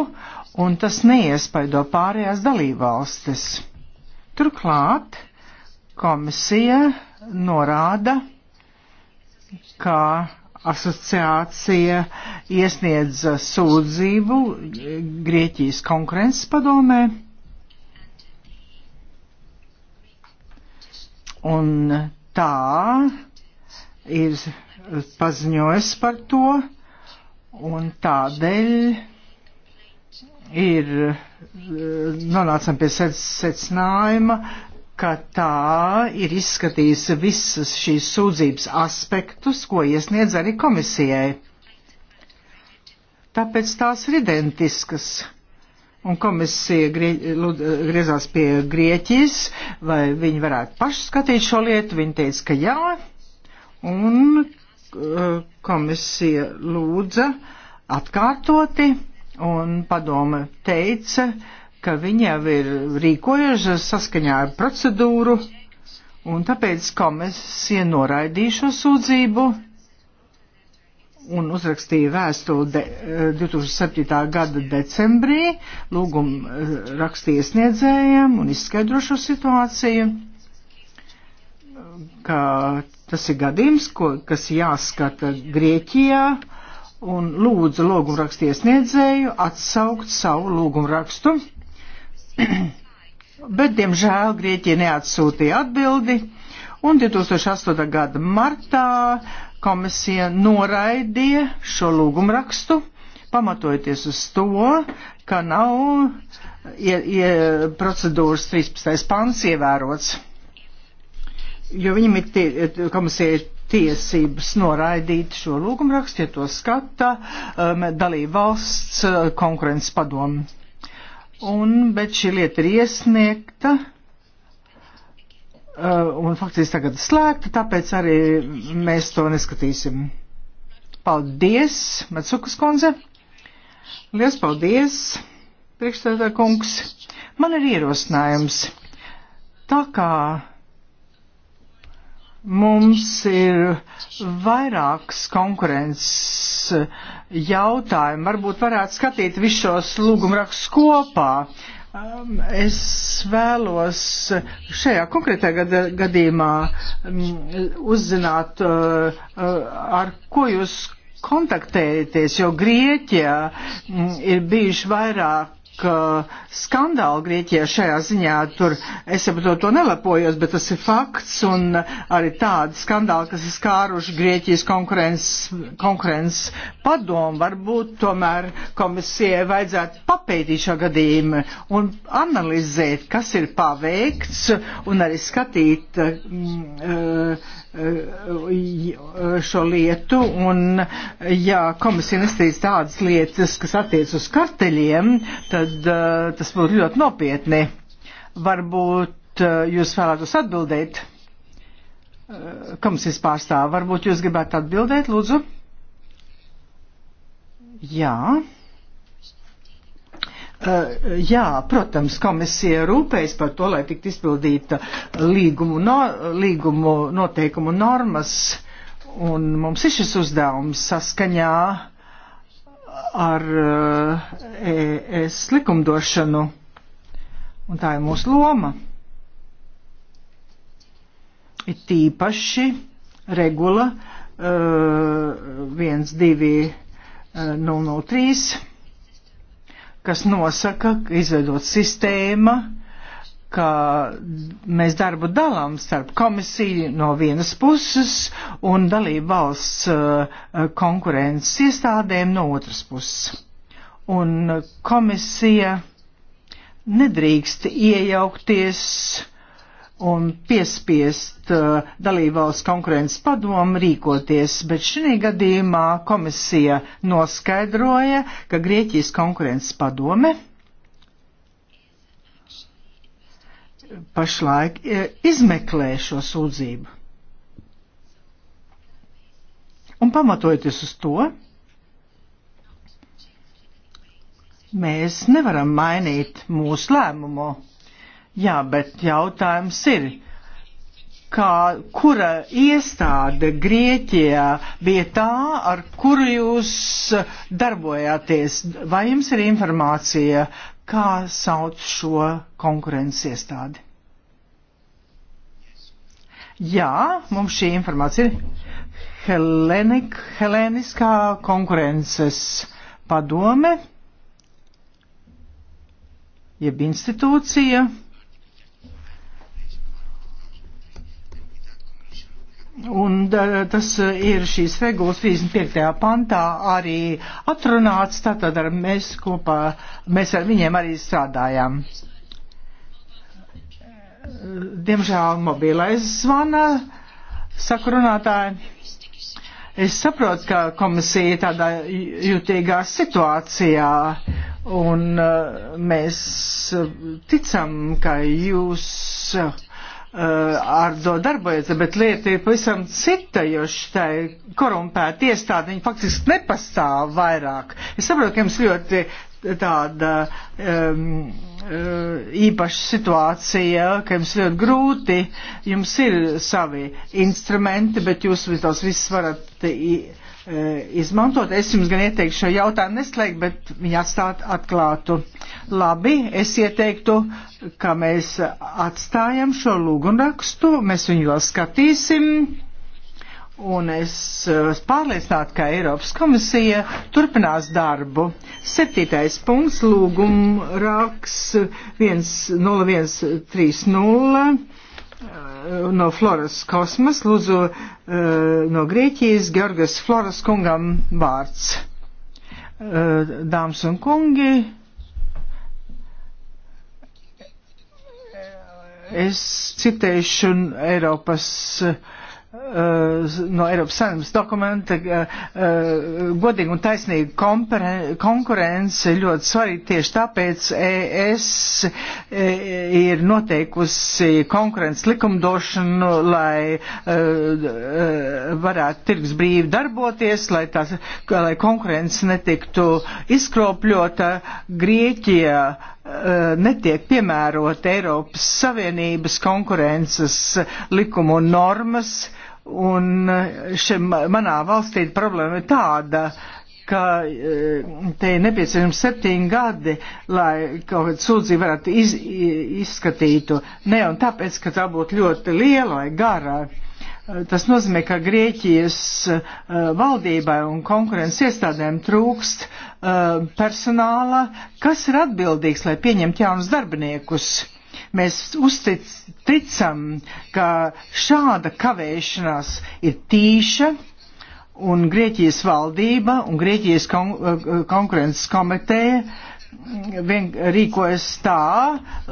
un tas neiespaido pārējās dalībvalstis. Turklāt komisija norāda, ka asociācija iesniedz sūdzību Grieķijas konkurences padomē. Un tā ir paziņojusi par to, Un tādēļ ir eh, nonācam pie secinājuma, ka tā ir izskatījusi visas šīs sūdzības aspektus, ko iesniedz arī komisijai. Tāpēc tās ir identiskas. Un komisija griezās pie Grieķijas, vai viņi varētu paši skatīt šo lietu. Viņi teica, ka jā. Un komisija lūdza atkārtoti un padome teica, ka viņi jau ir rīkojuši saskaņā ar procedūru un tāpēc komisija noraidīja šo sūdzību un uzrakstīja vēstuli de, 2007. gada decembrī, lūgumu eh, rakstīja sniedzējiem un izskaidro šo situāciju, ka Tas ir gadījums, ko, kas jāskata Grieķijā, un lūdzu lūgumrakstu iesniedzēju atsaukt savu lūgumrakstu. Bet, diemžēl, Grieķija neatsūtīja atbildi, un 2008. gada martā komisija noraidīja šo lūgumrakstu, pamatojoties uz to, ka nav ie, ie, procedūras 13. pants ievērots jo viņam ir tie, komisija ir tiesības noraidīt šo lūgumrakstu, ja to skata um, dalība valsts uh, konkurences padomu. Un, bet šī lieta ir iesniegta uh, un faktiski tagad slēgta, tāpēc arī mēs to neskatīsim. Paldies, Matsukas konze. Liels paldies, priekšstādā kungs. Man ir ierosinājums. Tā kā Mums ir vairāks konkurences jautājumi. Varbūt varētu skatīt visus šos lūgumrakstus kopā. Um, es vēlos šajā konkrētajā gadījumā um, uzzināt, uh, uh, ar ko jūs kontaktējaties, jo Grieķijā mm, ir bijuši vairāk skandāli Grieķijā šajā ziņā. Tur es ar to, to nelepojos, bet tas ir fakts un arī tādi skandāli, kas ir skāruši Grieķijas konkurences, konkurences padomu. Varbūt tomēr komisijai vajadzētu papētīt šo gadījumu un analizēt, kas ir paveikts un arī skatīt mm, eh, eh, šo lietu. Un ja komisija nestīdz tādas lietas, kas attiec uz karteļiem, tad tad eh, tas būtu ļoti nopietni. Varbūt eh, jūs vēlētos atbildēt, eh, komisijas pārstāv, varbūt jūs gribētu atbildēt, lūdzu? Jā. Uh, jā, protams, komisija rūpējas par to, lai tiktu izpildīta līgumu, no, līgumu noteikumu normas, un mums ir šis uzdevums saskaņā ar ES eh, e likumdošanu, un tā ir mūsu loma. Ir tīpaši regula 12003, eh, eh, kas nosaka, ka izveidot sistēma, ka mēs darbu dalām starp komisiju no vienas puses un dalību valsts uh, konkurences iestādēm no otras puses. Un komisija nedrīkst iejaukties un piespiest uh, dalībvalsts konkurences padomu rīkoties, bet šī gadījumā komisija noskaidroja, ka Grieķijas konkurences padome uh, pašlaik e, izmeklē šo sūdzību. Un pamatojoties uz to, mēs nevaram mainīt mūsu lēmumu. Jā, bet jautājums ir, kā, kura iestāde Grieķijā bija tā, ar kuru jūs darbojāties? Vai jums ir informācija kā sauc šo konkurences iestādi? Jā, mums šī informācija ir Helenik, Heleniskā konkurences padome, jeb institūcija. Un tas ir šīs regulas 35. pantā arī atrunāts, tātad ar mēs kopā, mēs ar viņiem arī strādājām. Diemžēl mobilais zvana, saka runātāji. Es saprotu, ka komisija ir tādā jutīgā situācijā, un uh, mēs ticam, ka jūs Eh, ar to darbojas, bet lieta ir pavisam cita, jo šitai korumpēta iestāde, viņa faktiski nepastāv vairāk. Es saprotu, ka jums ļoti tāda um, īpaša situācija, ka jums ļoti grūti, jums ir savi instrumenti, bet jūs tos visus varat. I, Eh, izmantot. Es jums gan ieteiktu šo jautājumu neslēgt, bet viņu atstāt atklātu. Labi, es ieteiktu, ka mēs atstājam šo lūgunrakstu, mēs viņu vēl skatīsim. Un es esmu eh, pārliecināta, ka Eiropas komisija turpinās darbu. Septītais punkts, lūgumraks 10130 Eh, no Floras kosmas, lūdzu eh, no Grieķijas Georgas Floras kungam vārds. Eh, dāmas un kungi, es citēšu Eiropas uh, Eh, no Eiropas Savienības dokumenta eh, eh, godīga un taisnīga konkurence ļoti svarīga tieši tāpēc ES ir noteikusi konkurences likumdošanu, lai varētu tirgus brīvi darboties, lai, tās, lai konkurence netiktu izkropļota. Grieķija Eh, netiek piemērot Eiropas Savienības konkurences likumu un normas, un eh, šim, manā valstī problēma ir tāda, ka eh, te ir nepieciešams septiņi gadi, lai kaut kāda sūdzība varētu iz, izskatītu. Ne, un tāpēc, ka tā būtu ļoti liela vai garā. Tas nozīmē, ka Grieķijas eh, valdībai un konkurences iestādēm trūkst eh, personāla, kas ir atbildīgs, lai pieņemtu jaunus darbiniekus. Mēs uzticam, ka šāda kavēšanās ir tīša un Grieķijas valdība un Grieķijas kon eh, konkurences komiteja vien rīkojas tā,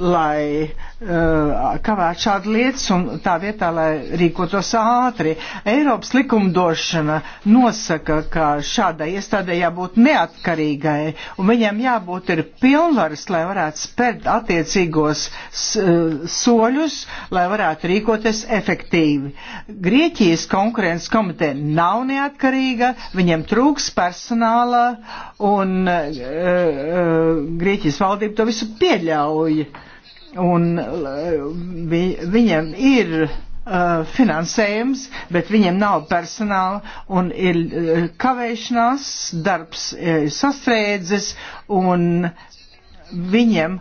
lai uh, Uh, kavēt šādu lietas un tā vietā, lai rīkotos ātri. Eiropas likumdošana nosaka, ka šādai iestādē jābūt neatkarīgai un viņam jābūt ir pilnvaras, lai varētu spērt attiecīgos uh, soļus, lai varētu rīkoties efektīvi. Grieķijas konkurences komiteja nav neatkarīga, viņam trūks personāla un uh, uh, Grieķijas valdība to visu pieļauj. Uh, un eh, vi, viņiem ir uh, finansējums, bet viņiem nav personāla un ir uh, kavēšanās, darbs uh, sastrēdzis un viņiem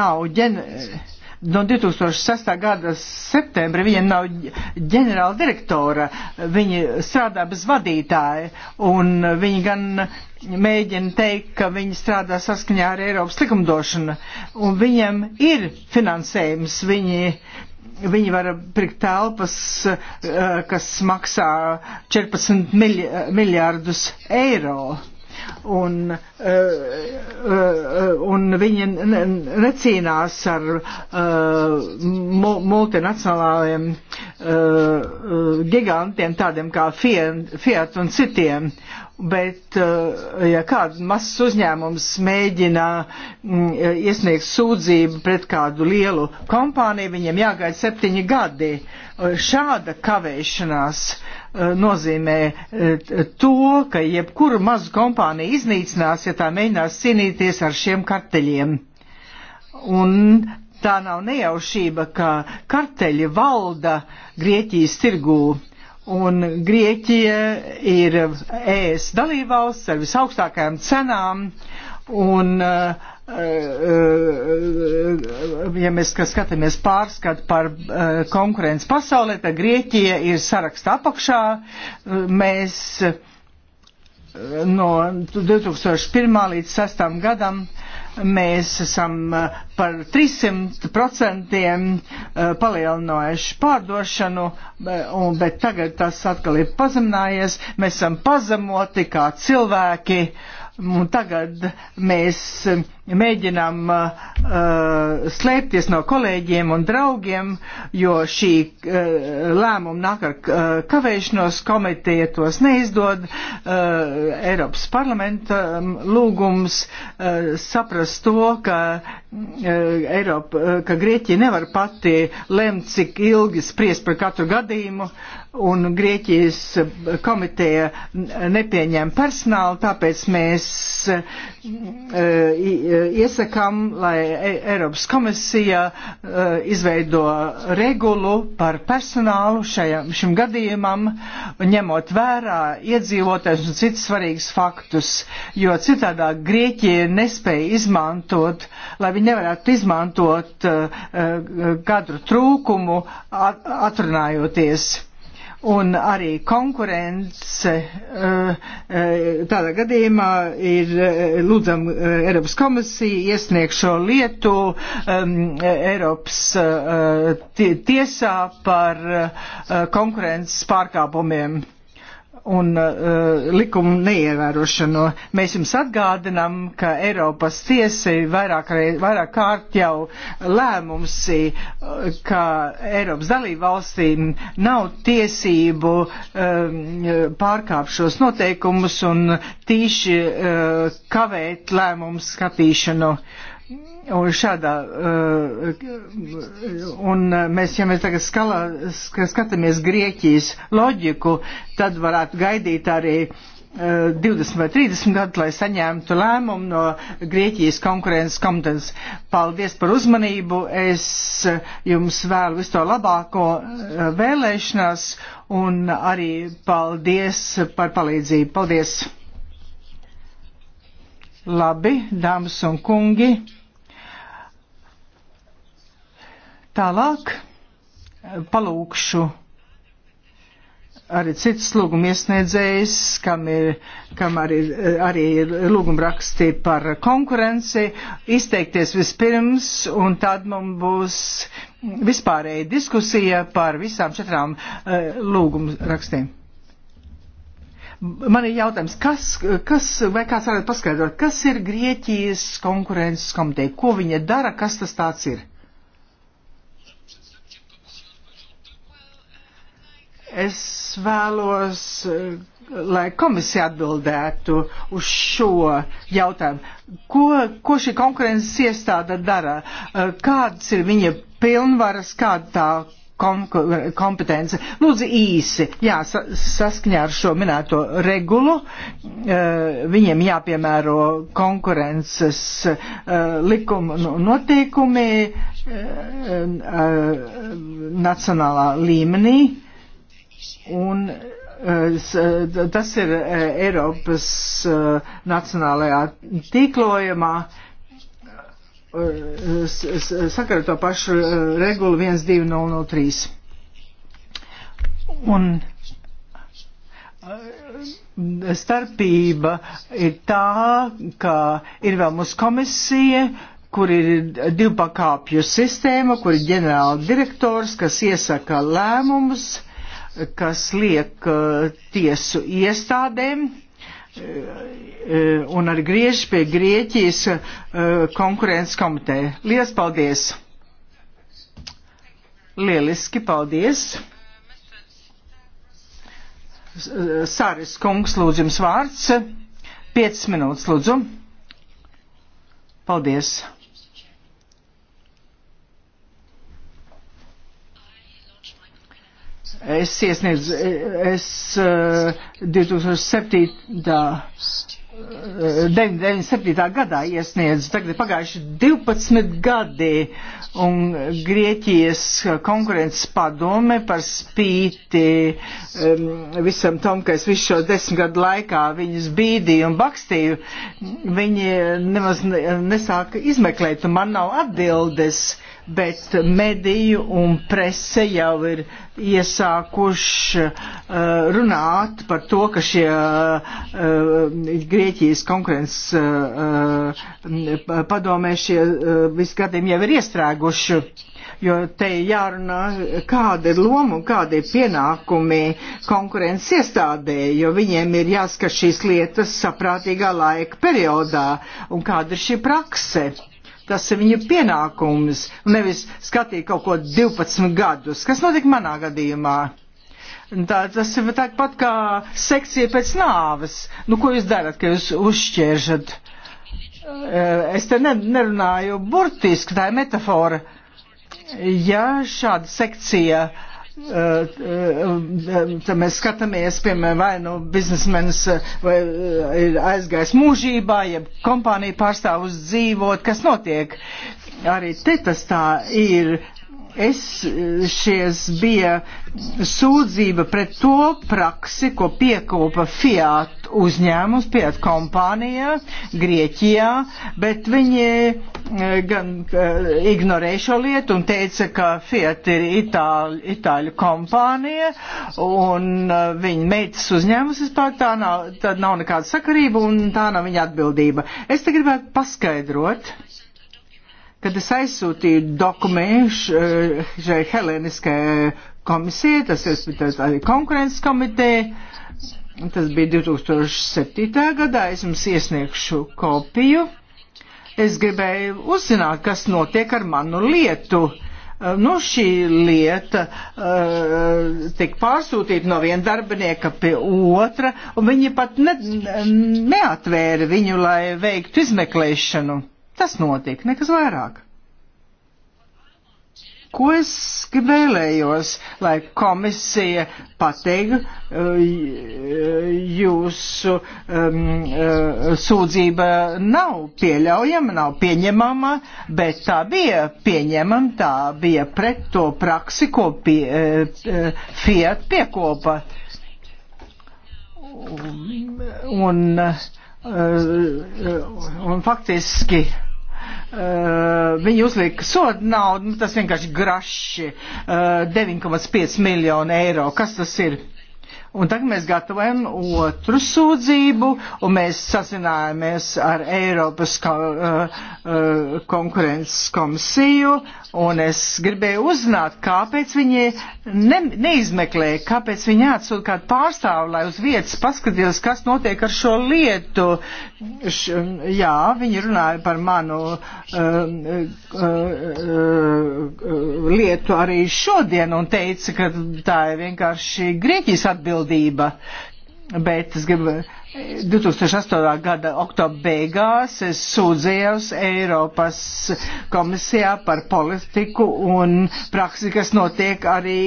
nav ģenerēta no 2006. gada septembra viņa nav ģenerāla direktora, viņa strādā bez vadītāja, un viņa gan mēģina teikt, ka viņi strādā saskaņā ar Eiropas likumdošanu, un viņiem ir finansējums, viņi viņi var pirkt telpas, eh, kas maksā 14 miljārdus eiro un, eh, eh, un viņi necīnās ar eh, multinacionāliem gigantiem tādiem kā Fiat un citiem. Bet, ja kāds mazs uzņēmums mēģina mm, iesniegt sūdzību pret kādu lielu kompāniju, viņiem jāgaida septiņi gadi. Šāda kavēšanās uh, Eh, nozīmē eh, to, ka jebkuru mazu kompāniju iznīcinās, ja tā mēģinās cīnīties ar šiem karteļiem. Un tā nav nejaušība, ka karteļi valda Grieķijas tirgū. Un Grieķija ir ES dalībvalsts ar visaugstākajām cenām, un uh, Eh, eh, eh, ja mēs skatāmies pārskatu par konkurences pasaulē, tad Grieķija ir saraksta apakšā. Mēs no 2001. līdz 2006. gadam mēs esam par 300% palielinājuši pārdošanu, bet tagad tas atkal ir pazeminājies. Mēs esam pazemoti kā cilvēki. Uh, Un nu, tagad mēs mēģinām uh, uh, slēpties no kolēģiem un draugiem, jo šī uh, lēmuma nāk ar uh, kavēšanos, komiteja tos neizdod. Uh, Eiropas parlamenta um, lūgums uh, saprast to, ka, uh, Eiropa, uh, ka Grieķija nevar pati lemt, cik ilgi spriest par katru gadījumu. Uh, un Grieķijas komiteja nepieņem personālu, tāpēc mēs e, e, iesakām, lai e, Eiropas komisija izveido regulu par personālu šajam, šim gadījumam, ņemot vērā iedzīvotājs un citas svarīgas faktus, jo citādā Grieķija nespēja izmantot, lai viņi nevarētu izmantot kadru trūkumu atrunājoties un arī konkurence eh, eh, tādā gadījumā ir eh, lūdzam Eiropas komisiju iesniegt šo lietu ehm, Eiropas tiesā par konkurences pārkāpumiem un uh, likumu neievērošanu. Mēs jums atgādinām, ka Eiropas tiesa ir vairāk, vairāk kārt jau lēmumsi, eh, ka Eiropas dalību valstīm nav tiesību um, pārkāpt šos noteikumus un tīši uh, kavēt lēmumu skatīšanu. Uh, Un šādā, uh, un uh, mēs, ja mēs tagad skalā, skatāmies Grieķijas loģiku, tad varētu gaidīt arī 20 uh, vai 30 gadu, lai saņemtu lēmumu no Grieķijas konkurences komitejas. Paldies par uzmanību, es jums vēlu visu to labāko vēlēšanās un arī paldies par palīdzību. Paldies! Labi, dāmas un kungi! Tālāk palūkšu arī cits lūguma iesniedzējs, kam, ir, kam arī, arī ir lūguma raksti par konkurenci, izteikties vispirms, un tad mums būs vispārēja diskusija par visām četrām uh, eh, lūguma rakstiem. Man ir jautājums, kas, kas, vai kāds varētu paskaidrot, kas ir Grieķijas konkurences komiteja, ko viņa dara, kas tas tāds ir? Es vēlos, eh, lai komisija atbildētu uz šo jautājumu. Ko, ko šī konkurences iestāde dara? Eh, kādas ir viņa pilnvaras, kāda tā kompetence. Lūdzu, īsi, jā, saskaņā ar šo minēto regulu, eh, viņiem jāpiemēro konkurences likuma noteikumi nacionālā līmenī. Un eh, eh, tas ir eh, Eiropas nacionālajā tīklojumā. Sakara to pašu regulu 12003. Un starpība ir tā, ka ir vēl mūsu komisija, kur ir divpakāpju sistēma, kur ir ģenerāla direktors, kas iesaka lēmumus. Uh, kas liek uh, tiesu iestādēm uh, uh, un arī griež pie Grieķijas konkurences komitē. Lielas paldies! Lieliski, paldies! Sāris kungs, lūdzu jums vārds. 5 minūtes, lūdzu. Paldies! Es iesniedzu, es 2007. Eh, 97. Eh, gadā iesniedzu, tagad ir pagājuši 12 gadi, un Grieķijas konkurences padome par spīti um, visam tam, ka es visu šo desmit gadu laikā viņus bīdīju un bakstīju, viņi nemaz nesāka izmeklēt, un man nav atbildes. Uh, bet mediju un prese jau ir iesākuši uh, runāt par to, ka šie uh, uh, Grieķijas konkurences padomē šie visgadiem jau ir iestrēguši jo te jārunā, kāda ir loma un kādi ir pienākumi konkurences iestādē, jo viņiem ir jāskat šīs lietas saprātīgā laika periodā un kāda ir šī prakse. Tas ir viņu pienākums, nevis skatīt kaut ko 12 gadus, kas notika manā gadījumā. Tā, tas ir tāpat kā sekcija pēc nāves. Nu, ko jūs darat, ka jūs uzšķēršat? Es te nerunāju burtiski, tā ir metafora. Ja šāda sekcija uh, Tad eh, eh, eh, mēs skatāmies, piemēram, vai nu biznesmenis ir aizgājis mūžībā, jeb kompānija pārstāv uz dzīvot, kas notiek. Arī te tas tā ir, es eh, šies bija sūdzība pret to praksi, ko piekopa Fiat uzņēmums, Fiat kompānija Grieķijā, bet viņi eh, gan eh, ignorēja šo lietu un teica, ka Fiat ir itāļu, itāļu kompānija un viņa meitas uzņēmums vispār tā nav, tad nav nekāda sakarība un tā nav viņa atbildība. Es te gribētu paskaidrot Kad es aizsūtīju dokumentu eh, šai helēniskajai komisijai, tas ir arī konkurences komiteja, tas bija 2007. gadā, es jums iesniegšu kopiju. Es gribēju uzzināt, kas notiek ar manu lietu. Eh, nu, šī lieta uh, tika pārsūtīta no viena darbinieka pie otra, un viņi pat ne, neatvēra viņu, lai veiktu izmeklēšanu. Tas notiek, nekas vairāk. Ko es vēlējos, lai komisija pateiktu eh, jūsu um, sūdzība nav pieļaujama, nav pieņemama, bet tā bija pieņemama, tā bija pret to praksi, ko pie, eh, Fiat piekopa. Un, un, Eh, eh, un faktiski eh, viņi uzliek sodu naudu, nu, tas vienkārši graši 9,5 miljonu eiro. Kas tas ir? Un tagad mēs gatavojam otru sūdzību, un mēs sazinājāmies ar Eiropas ko, uh, uh, konkurences komisiju, un es gribēju uzzināt, kāpēc viņi ne, neizmeklē, kāpēc viņi atsūta kādu pārstāvu, lai uz vietas paskatījās, kas notiek ar šo lietu. Š, jā, viņi runāja par manu uh, uh, uh, uh, lietu arī šodien un teica, ka tā ir vienkārši Grieķijas atbilde atbildība. Bet es gribu 2008. gada oktobra beigās es sūdzējos Eiropas komisijā par politiku un praksi, kas notiek arī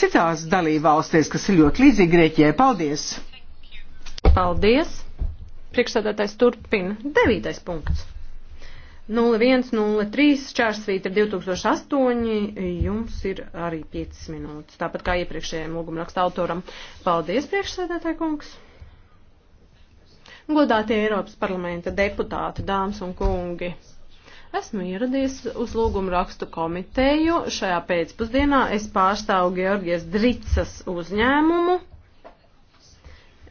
citās dalībvalstīs, kas ir ļoti līdzīgi Grieķijai. Paldies! Paldies! Priekšsēdētājs turpina. Devītais punkts. 0103 čārsvīta 2008 jums ir arī 5 minūtes, tāpat kā iepriekšējiem lūgumraksta autoram. Paldies, priekšsēdētāji kungs! Godātie Eiropas parlamenta deputāti, dāmas un kungi! Esmu ieradies uz lūgumu rakstu komiteju. Šajā pēcpusdienā es pārstāvu Georgijas Dricas uzņēmumu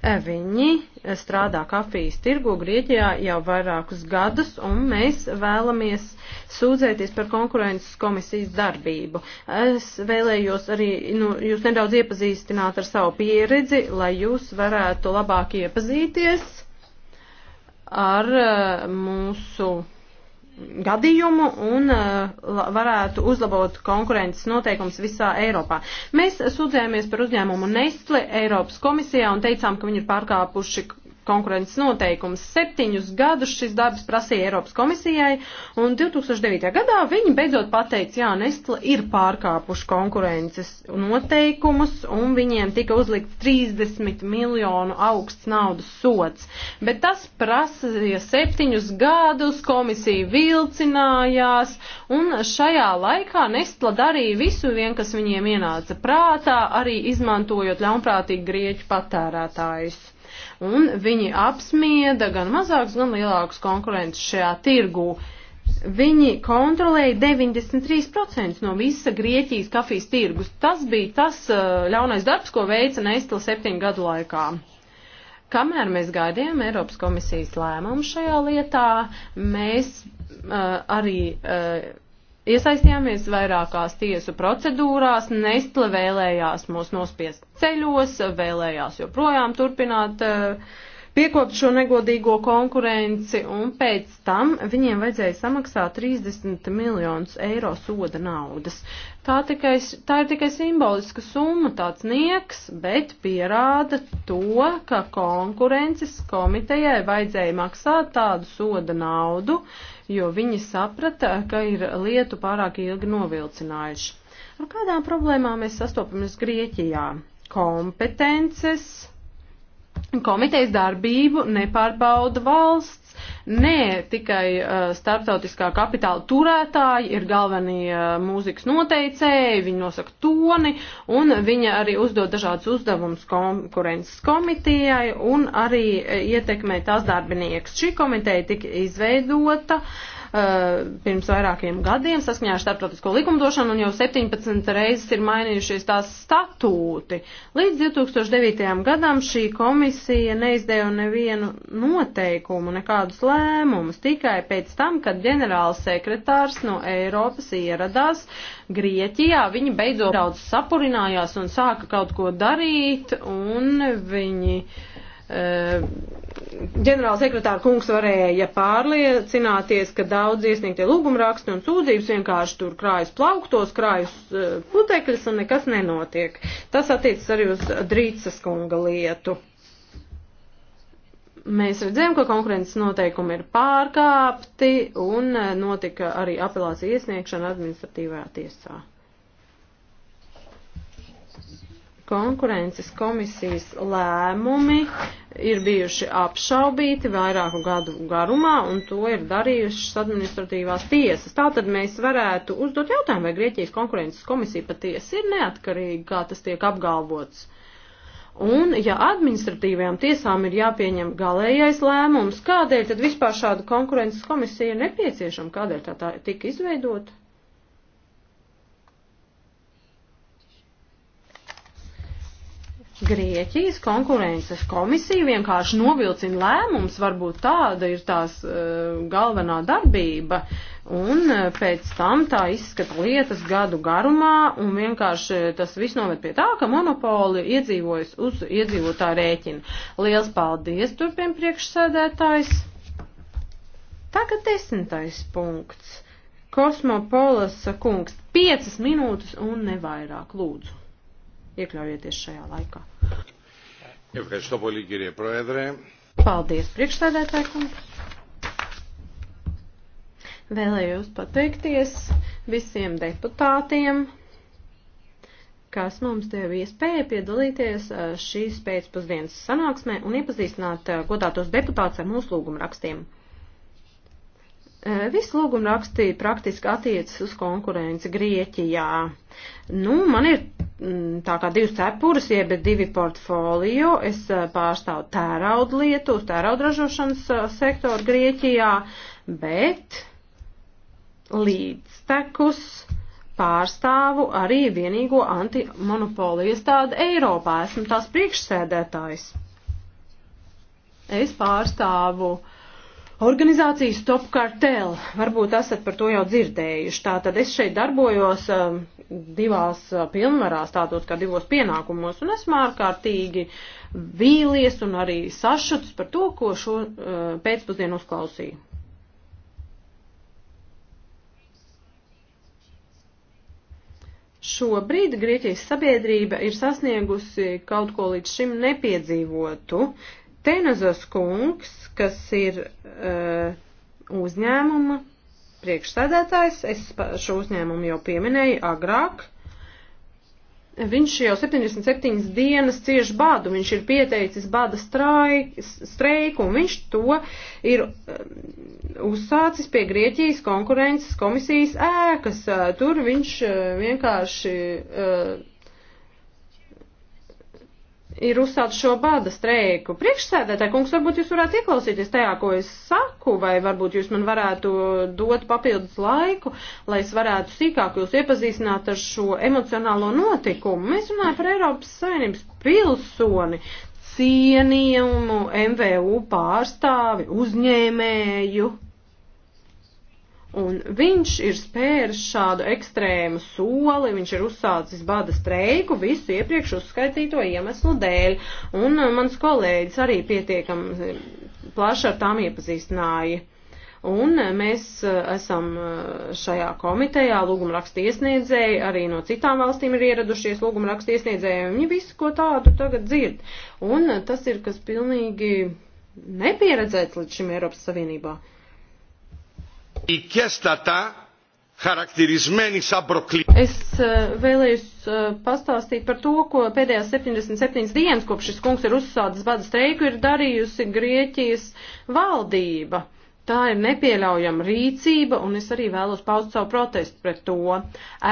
E, viņi strādā kafijas tirgu Grieķijā jau vairākus gadus, un mēs vēlamies sūdzēties par konkurences komisijas darbību. Es vēlējos arī nu, jūs nedaudz iepazīstināt ar savu pieredzi, lai jūs varētu labāk iepazīties ar e, mūsu gadījumu un uh, varētu uzlabot konkurences noteikums visā Eiropā. Mēs sūdzējāmies par uzņēmumu Nestle Eiropas komisijā un teicām, ka viņi ir pārkāpuši konkurences noteikumus. Septiņus gadus šis darbs prasīja Eiropas komisijai, un 2009. gadā viņi beidzot pateica, jā, Nestle ir pārkāpuši konkurences noteikumus, un viņiem tika uzlikts 30 miljonu augsts naudas sots. Bet tas prasīja septiņus gadus, komisija vilcinājās, un šajā laikā Nestle darīja visu vien, kas viņiem ienāca prātā, arī izmantojot ļaunprātīgi grieķu patērētājus un viņi apsmieda gan mazākus, gan lielākus konkurentus šajā tirgū. Viņi kontrolēja 93% no visa Grieķijas kafijas tirgus. Tas bija tas uh, ļaunais darbs, ko veica Neistila septiņu gadu laikā. Kamēr mēs gaidījām Eiropas komisijas lēmumu šajā lietā, mēs uh, arī uh, Iesaistījāmies vairākās tiesu procedūrās, Nestle vēlējās mūs nospiest ceļos, vēlējās joprojām turpināt eh, piekopt šo negodīgo konkurenci, un pēc tam viņiem vajadzēja samaksāt 30 miljonus eiro soda naudas. Tā, tikai, tā ir tikai simboliska summa, tāds nieks, bet pierāda to, ka konkurences komitejai vajadzēja maksāt tādu soda naudu, uh, jo viņi saprata, ka ir lietu pārāk ilgi novilcinājuši. Ar kādām problēmām mēs sastopamies Grieķijā? Kompetences, komitejas darbību nepārbauda valsts Nē, tikai uh, starptautiskā kapitāla turētāji ir galvenie uh, mūzikas noteicēji, viņi nosaka toni, un viņi arī uzdod dažādas uzdevumus konkurences komitejai un arī uh, ietekmē tās darbinieks. Šī komiteja tika izveidota. Uh, Uh, pirms vairākiem gadiem saskaņā ar starptautisko likumdošanu un jau 17 reizes ir mainījušies tās statūti. Līdz 2009. gadam šī komisija neizdeva nevienu noteikumu, nekādus lēmumus, tikai pēc tam, kad ģenerāls sekretārs no Eiropas ieradās Grieķijā, viņi beidzot daudz sapurinājās un sāka kaut ko darīt un viņi. Uh, Eh, ģenerālsekretāra kungs varēja pārliecināties, ka daudz iesniegtie lūgumraksti un sūdzības vienkārši tur krājas plauktos, krājas eh, putekļus un nekas nenotiek. Tas attiecas arī uz Drīcas kunga lietu. Mēs redzējām, ka konkurences noteikumi ir pārkāpti un eh, notika arī apelācija iesniegšana administratīvajā tiesā. konkurences komisijas lēmumi ir bijuši apšaubīti vairāku gadu garumā, un to ir darījušas administratīvās tiesas. Tātad mēs varētu uzdot jautājumu, vai Grieķijas konkurences komisija patiesi ir neatkarīga, kā tas tiek apgalvots. Un, ja administratīvajām tiesām ir jāpieņem galējais lēmums, kādēļ tad vispār šāda konkurences komisija ir nepieciešama, kādēļ tā, tā tika izveidota? Grieķijas konkurences komisija vienkārši novilcina lēmums, varbūt tāda ir tās uh, galvenā darbība, un uh, pēc tam tā izskata lietas gadu garumā, un vienkārši e, tas viss noved pie tā, ka monopoli iedzīvojas uz iedzīvotā rēķina. Liels paldies turpiem priekšsēdētājs. Tagad desmitais punkts. Kosmopolas kungs, piecas minūtes un nevairāk, lūdzu iekļaujieties šajā laikā. Paldies, priekšstādētāji kungi! Vēlējos pateikties visiem deputātiem, kas mums deva iespēju piedalīties uh, šīs pēcpusdienas sanāksmē un iepazīstināt uh, godātos deputātus ar mūsu lūgumu rakstiem. Eh, viss lūguma rakstī praktiski attiecas uz konkurenci Grieķijā. Nu, man ir mm, tā kā divas cepures, jeb divi portfolio. Es eh, pārstāvu tēraudu lietu, tēraudu ražošanas eh, sektoru Grieķijā, bet līdztekus pārstāvu arī vienīgo antimonopolu iestādi Eiropā. Esmu tās priekšsēdētājs. Es pārstāvu uh, Organizācija Stop Cartel, varbūt esat par to jau dzirdējuši. Tātad es šeit darbojos um, divās uh, pilnvarās, tātad kā divos pienākumos, un esmu ārkārtīgi vīlies un arī sašuts par to, ko šo uh, pēcpusdienu uzklausīju. Šobrīd Grieķijas sabiedrība ir sasniegusi kaut ko līdz šim nepiedzīvotu. Uh, Tenazos kungs, kas ir uh, uzņēmuma priekšsēdētājs, es šo uzņēmumu jau pieminēju agrāk, viņš jau 77 dienas cieš badu, viņš ir pieteicis bada streiku, un viņš to ir eh, uzsācis pie Grieķijas konkurences komisijas ēkas. Tur viņš eh, vienkārši ir uzsākt šo bada streiku. Priekšsēdētāji, kungs, varbūt jūs varētu ieklausīties tajā, ko es saku, vai varbūt jūs man varētu dot papildus laiku, lai es varētu sīkāk jūs iepazīstināt ar šo emocionālo notikumu. Mēs runājam par Eiropas Savienības pilsoni, cienījumu, MVU pārstāvi, uzņēmēju. Un viņš ir spēris šādu ekstrēmu soli, viņš ir uzsācis bada streiku visu iepriekš uzskaitīto iemeslu dēļ. Un uh, mans kolēģis arī pietiekam uh, plaši ar tām iepazīstināja. Un uh, mēs esam šajā komitejā lūgumrakstu iesniedzēji, arī no citām valstīm ir ieradušies lūgumrakstu iesniedzēji, un viņi visu ko tādu tagad dzird. Un tas ir kas pilnīgi nepieredzēts līdz šim Eiropas Savienībā. Uh, Es eh, vēlējos eh, pastāstīt par to, ko pēdējās 77 dienas, kopš šis kungs ir uzsācis bada streiku, ir darījusi Grieķijas valdība. Tā ir nepieļaujama rīcība, un es arī vēlos paust savu protestu pret to.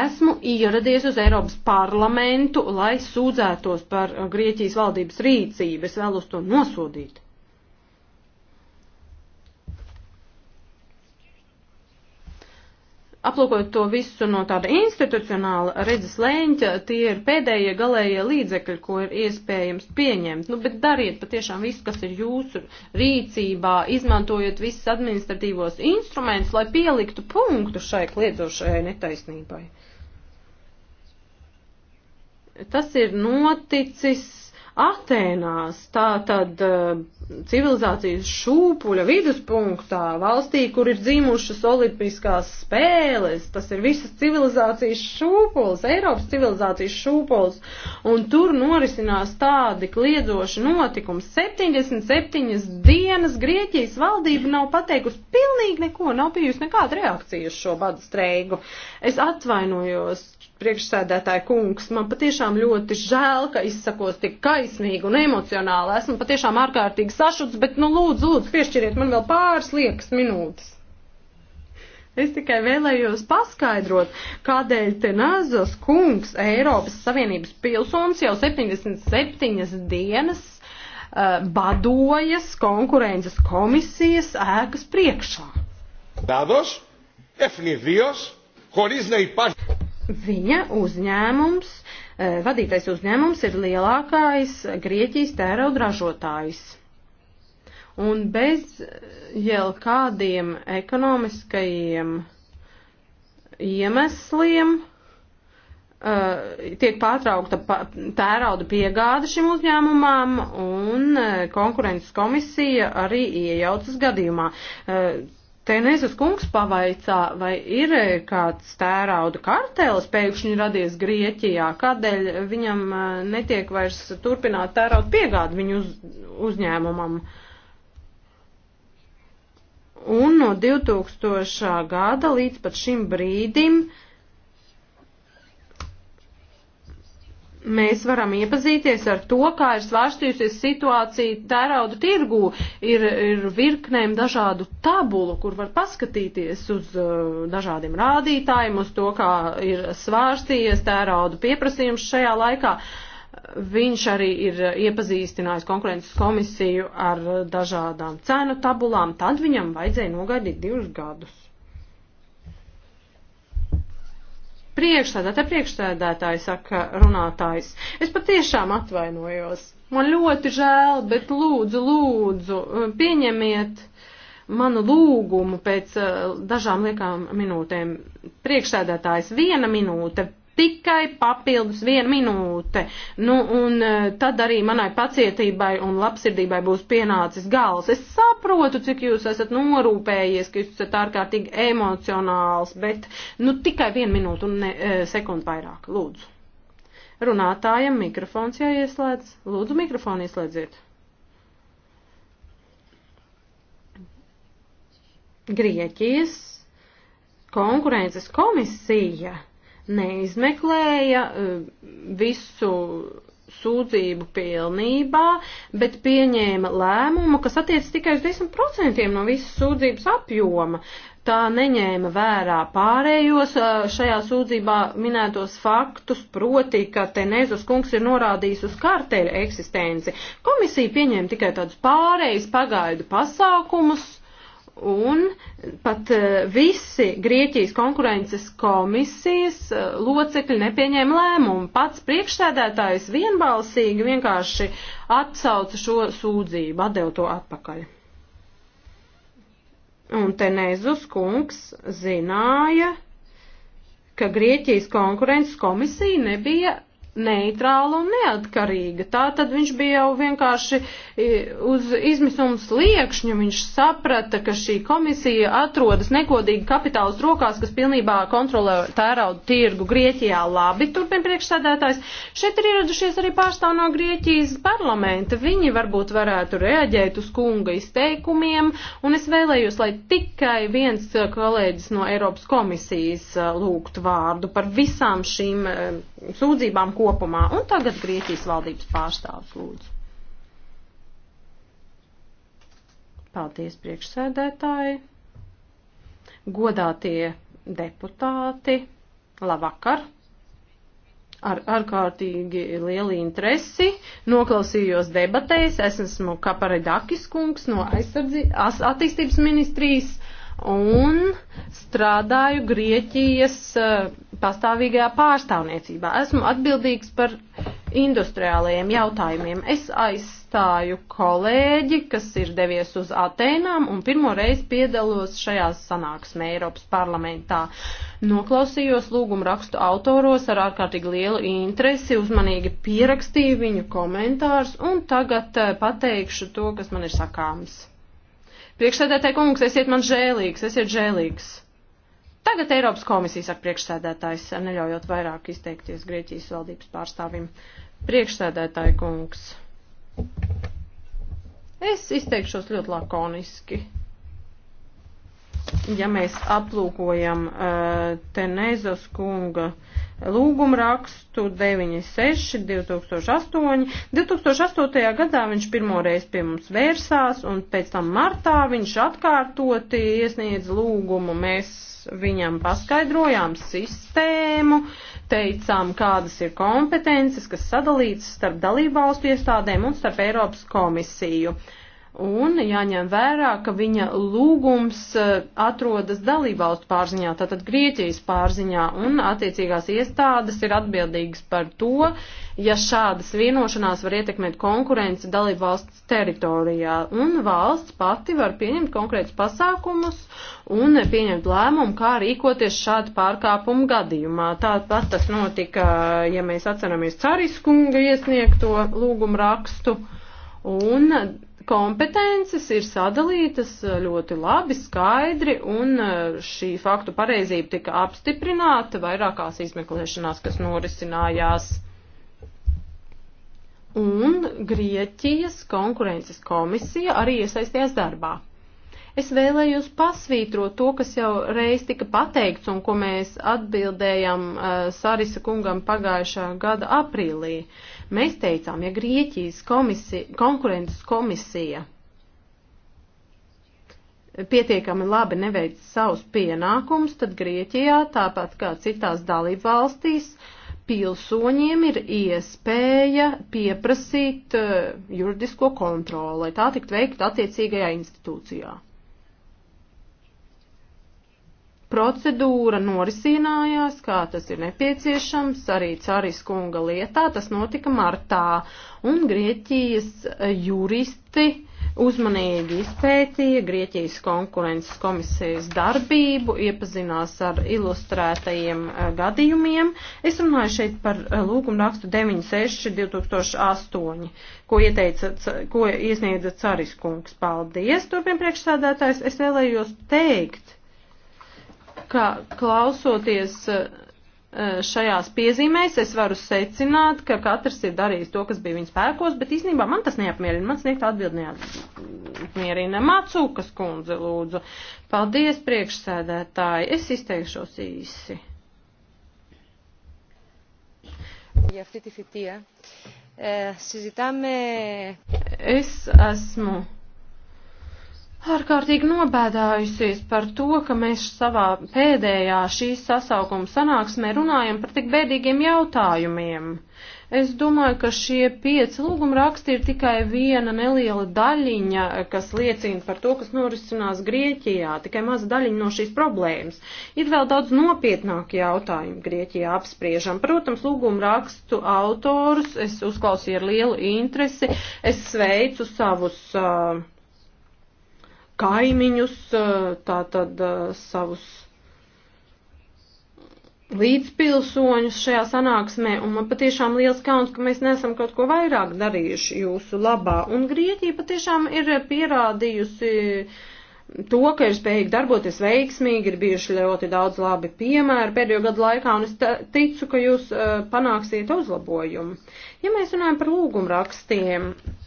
Esmu ieradies uz Eiropas parlamentu, lai sūdzētos par eh, Grieķijas valdības rīcību. Es vēlos to nosodīt. aplūkojot to visu no tāda institucionāla redzes lēņķa, tie ir pēdējie galējie līdzekļi, ko ir iespējams pieņemt. Nu, bet dariet patiešām visu, kas ir jūsu rīcībā, izmantojot visus administratīvos instrumentus, lai pieliktu punktu šai kliedzošajai netaisnībai. Tas ir noticis Atēnās, tā tad eh, civilizācijas šūpuļa viduspunktā, valstī, kur ir dzimušas olimpiskās spēles, tas ir visas civilizācijas šūpulis, Eiropas civilizācijas šūpulis, un tur norisinās tādi kliedzoši notikumi. 77 dienas Grieķijas valdība nav pateikusi pilnīgi neko, nav bijusi nekāda reakcija uz šo badu streigu. Es atvainojos, priekšsēdētāja kungs, man patiešām ļoti žēl, ka izsakos tik kaismīgi un emocionāli. Esmu patiešām ārkārtīgi sašuts, bet, nu, lūdzu, lūdzu, piešķiriet man vēl pāris liekas minūtes. Es tikai vēlējos paskaidrot, kādēļ Tenazas kungs, Eiropas Savienības pilsonis, jau 77 dienas uh, badojas konkurences komisijas ēkas priekšā. Dados, Efnidijos, Horis Neipāž. Viņa uzņēmums, eh, vadītais uzņēmums ir lielākais Grieķijas tērauda ražotājs un bez jau kādiem ekonomiskajiem iemesliem eh, tiek pārtraukta tērauda piegāde šim uzņēmumam, un eh, konkurences komisija arī iejaucas gadījumā. Eh, Tenēzes kungs pavaicā, vai ir kāds tērauda kartēlis pēkšņi radies Grieķijā, kādēļ viņam netiek vairs turpināt tērauda piegādi viņu uz, uzņēmumam. Uh, Un no 2000. gada līdz pat šim brīdim mēs varam iepazīties ar to, kā ir svārstījusies situācija tērauda tirgū. Ir, ir virknēm dažādu tabulu, kur var paskatīties uz uh, dažādiem rādītājiem, uz to, kā ir svārstījies tērauda pieprasījums šajā laikā. Uh, Viņš arī ir iepazīstinājis konkurences komisiju ar dažādām cenu tabulām, tad viņam vajadzēja nogaidīt divus gadus. Priekšsēdētāji, priekšsēdētāji, saka runātājs, es patiešām atvainojos. Man ļoti žēl, bet lūdzu, lūdzu, pieņemiet manu lūgumu pēc eh, dažām liekām minūtēm. Priekšsēdētājs, viena minūte, tikai papildus viena minūte. Nu, un eh, tad arī manai pacietībai un labsirdībai būs pienācis gals. Es saprotu, cik jūs esat norūpējies, ka jūs esat ārkārtīgi emocionāls, bet nu, tikai viena minūte un ne, eh, sekundu vairāk. Lūdzu. Runātājam mikrofons jāieslēdz. Lūdzu, mikrofonu ieslēdziet. Grieķijas konkurences komisija neizmeklēja eh, visu sūdzību pilnībā, bet pieņēma lēmumu, kas attiec tikai uz 10% no visas sūdzības apjoma. Tā neņēma vērā pārējos eh, šajā sūdzībā minētos faktus, proti, ka Tenezus kungs ir norādījis uz karteļa eksistenci. Komisija pieņēma tikai tādus pārējus pagaidu pasākumus, un pat eh, visi Grieķijas konkurences komisijas eh, locekļi nepieņēma lēmumu. Pats priekšsēdētājs vienbalsīgi vienkārši atsauca šo sūdzību, atdeva to atpakaļ. Un Tenezus kungs zināja, ka Grieķijas konkurences komisija nebija neitrāla un neatkarīga. Tā tad viņš bija jau vienkārši e, uz izmisums liekšņu, viņš saprata, ka šī komisija atrodas nekodīgi kapitālas rokās, kas pilnībā kontrolē tērauda tirgu Grieķijā labi, turpin priekšsēdētājs. Šeit ir ieradušies arī pārstāv no Grieķijas parlamenta. Viņi varbūt varētu reaģēt uz kunga izteikumiem, un es vēlējos, lai tikai viens e, kolēģis no Eiropas komisijas e, lūgtu vārdu par visām šīm sūdzībām, ko kopumā. Un tagad Grieķijas valdības pārstāvs lūdzu. Paldies priekšsēdētāji, godātie deputāti, labvakar! ar ārkārtīgi lielu interesi noklausījos debatēs. Es esmu Kaparedakis kungs no attīstības ministrijas un strādāju Grieķijas eh, pastāvīgajā pārstāvniecībā. Esmu atbildīgs par industriālajiem jautājumiem. Es aizstāju kolēģi, kas ir devies uz Atēnām un pirmo reizi piedalos šajās sanāksmē Eiropas parlamentā. Noklausījos lūgumu rakstu autoros ar ārkārtīgi lielu interesi, uzmanīgi pierakstīju viņu komentārus un tagad eh, pateikšu to, kas man ir sakāms. Priekšsēdētāji kungs, esiet man žēlīgs, esiet žēlīgs. Tagad Eiropas komisijas ar priekšsēdētājs, neļaujot vairāk izteikties Grieķijas valdības pārstāvim. Priekšsēdētāji kungs. Es izteikšos ļoti lakoniski ja mēs aplūkojam uh, eh, Tenezas kunga lūgumrakstu 96 2008, 2008. gadā viņš pirmoreiz pie mums vērsās un pēc tam martā viņš atkārtoti iesniedz lūgumu. Mēs viņam paskaidrojām sistēmu, teicām, kādas ir kompetences, kas sadalītas starp dalībvalstu iestādēm un starp Eiropas komisiju. Uh, Un jāņem vērā, ka viņa lūgums eh, atrodas dalībvalstu pārziņā, tātad Grieķijas pārziņā, un attiecīgās iestādes ir atbildīgas par to, ja šādas vienošanās var ietekmēt konkurenci dalībvalsts teritorijā. Un valsts pati var pieņemt konkrētus pasākumus un pieņemt lēmumu, kā rīkoties šādu pārkāpumu gadījumā. Tāpat tas notika, ja mēs atceramies Cariskunga iesniegto lūgumu rakstu. Un kompetences ir sadalītas e, ļoti labi, skaidri, un e, šī faktu pareizība tika apstiprināta vairākās izmeklēšanās, kas norisinājās. Un Grieķijas konkurences komisija arī iesaistījās darbā. Es vēlējos pasvītrot to, kas jau reiz tika pateikts un ko mēs atbildējam uh, Sarisa kungam pagājušā gada aprīlī. Uh, Mēs teicām, ja Grieķijas komisija, konkurences komisija pietiekami labi neveic savus pienākumus, tad Grieķijā, tāpat kā citās dalību valstīs, pilsoņiem ir iespēja pieprasīt eh, juridisko kontroli, lai tā tiktu veikta attiecīgajā institūcijā. procedūra norisinājās, kā tas ir nepieciešams, arī Cāris kunga lietā, tas notika martā, un Grieķijas juristi uzmanīgi izpētīja Grieķijas konkurences komisijas darbību, iepazinās ar ilustrētajiem eh, gadījumiem. Es runāju šeit par eh, lūgumrakstu 96-2008, ko, ieteica, ko iesniedza Cāris kungs. Paldies, turpin priekšsādātājs, es vēlējos teikt, ka klausoties eh, šajās piezīmēs, es varu secināt, ka katrs ir darījis to, kas bija viņa spēkos, bet īstenībā man tas neapmierina. Man sniegt atbildi neapmierina. Mācūkas kundze, lūdzu. Paldies, priekšsēdētāji. Es izteikšos īsi. Για αυτή τη θητεία. Ε, συζητάμε... Es esmu ārkārtīgi nobēdājusies par to, ka mēs savā pēdējā šīs sasaukuma sanāksmē runājam par tik bēdīgiem jautājumiem. Es domāju, ka šie pieci lūguma raksti ir tikai viena neliela daļiņa, kas liecina par to, kas norisinās Grieķijā, tikai maza daļiņa no šīs problēmas. Ir vēl daudz nopietnāki jautājumi Grieķijā apspriežam. Protams, lūguma rakstu autorus es uzklausīju ar lielu interesi, es sveicu savus uh, kaimiņus, tātad savus līdzpilsoņus šajā sanāksmē, un man patiešām liels kauns, ka mēs nesam kaut ko vairāk darījuši jūsu labā. Un Grieķija patiešām ir pierādījusi to, ka ir spējīgi darboties veiksmīgi, ir bijuši ļoti daudz labi piemēri pēdējo gadu laikā, un es ticu, ka jūs uh, panāksiet uzlabojumu. Ja mēs runājam par lūgumrakstiem, rakstiem,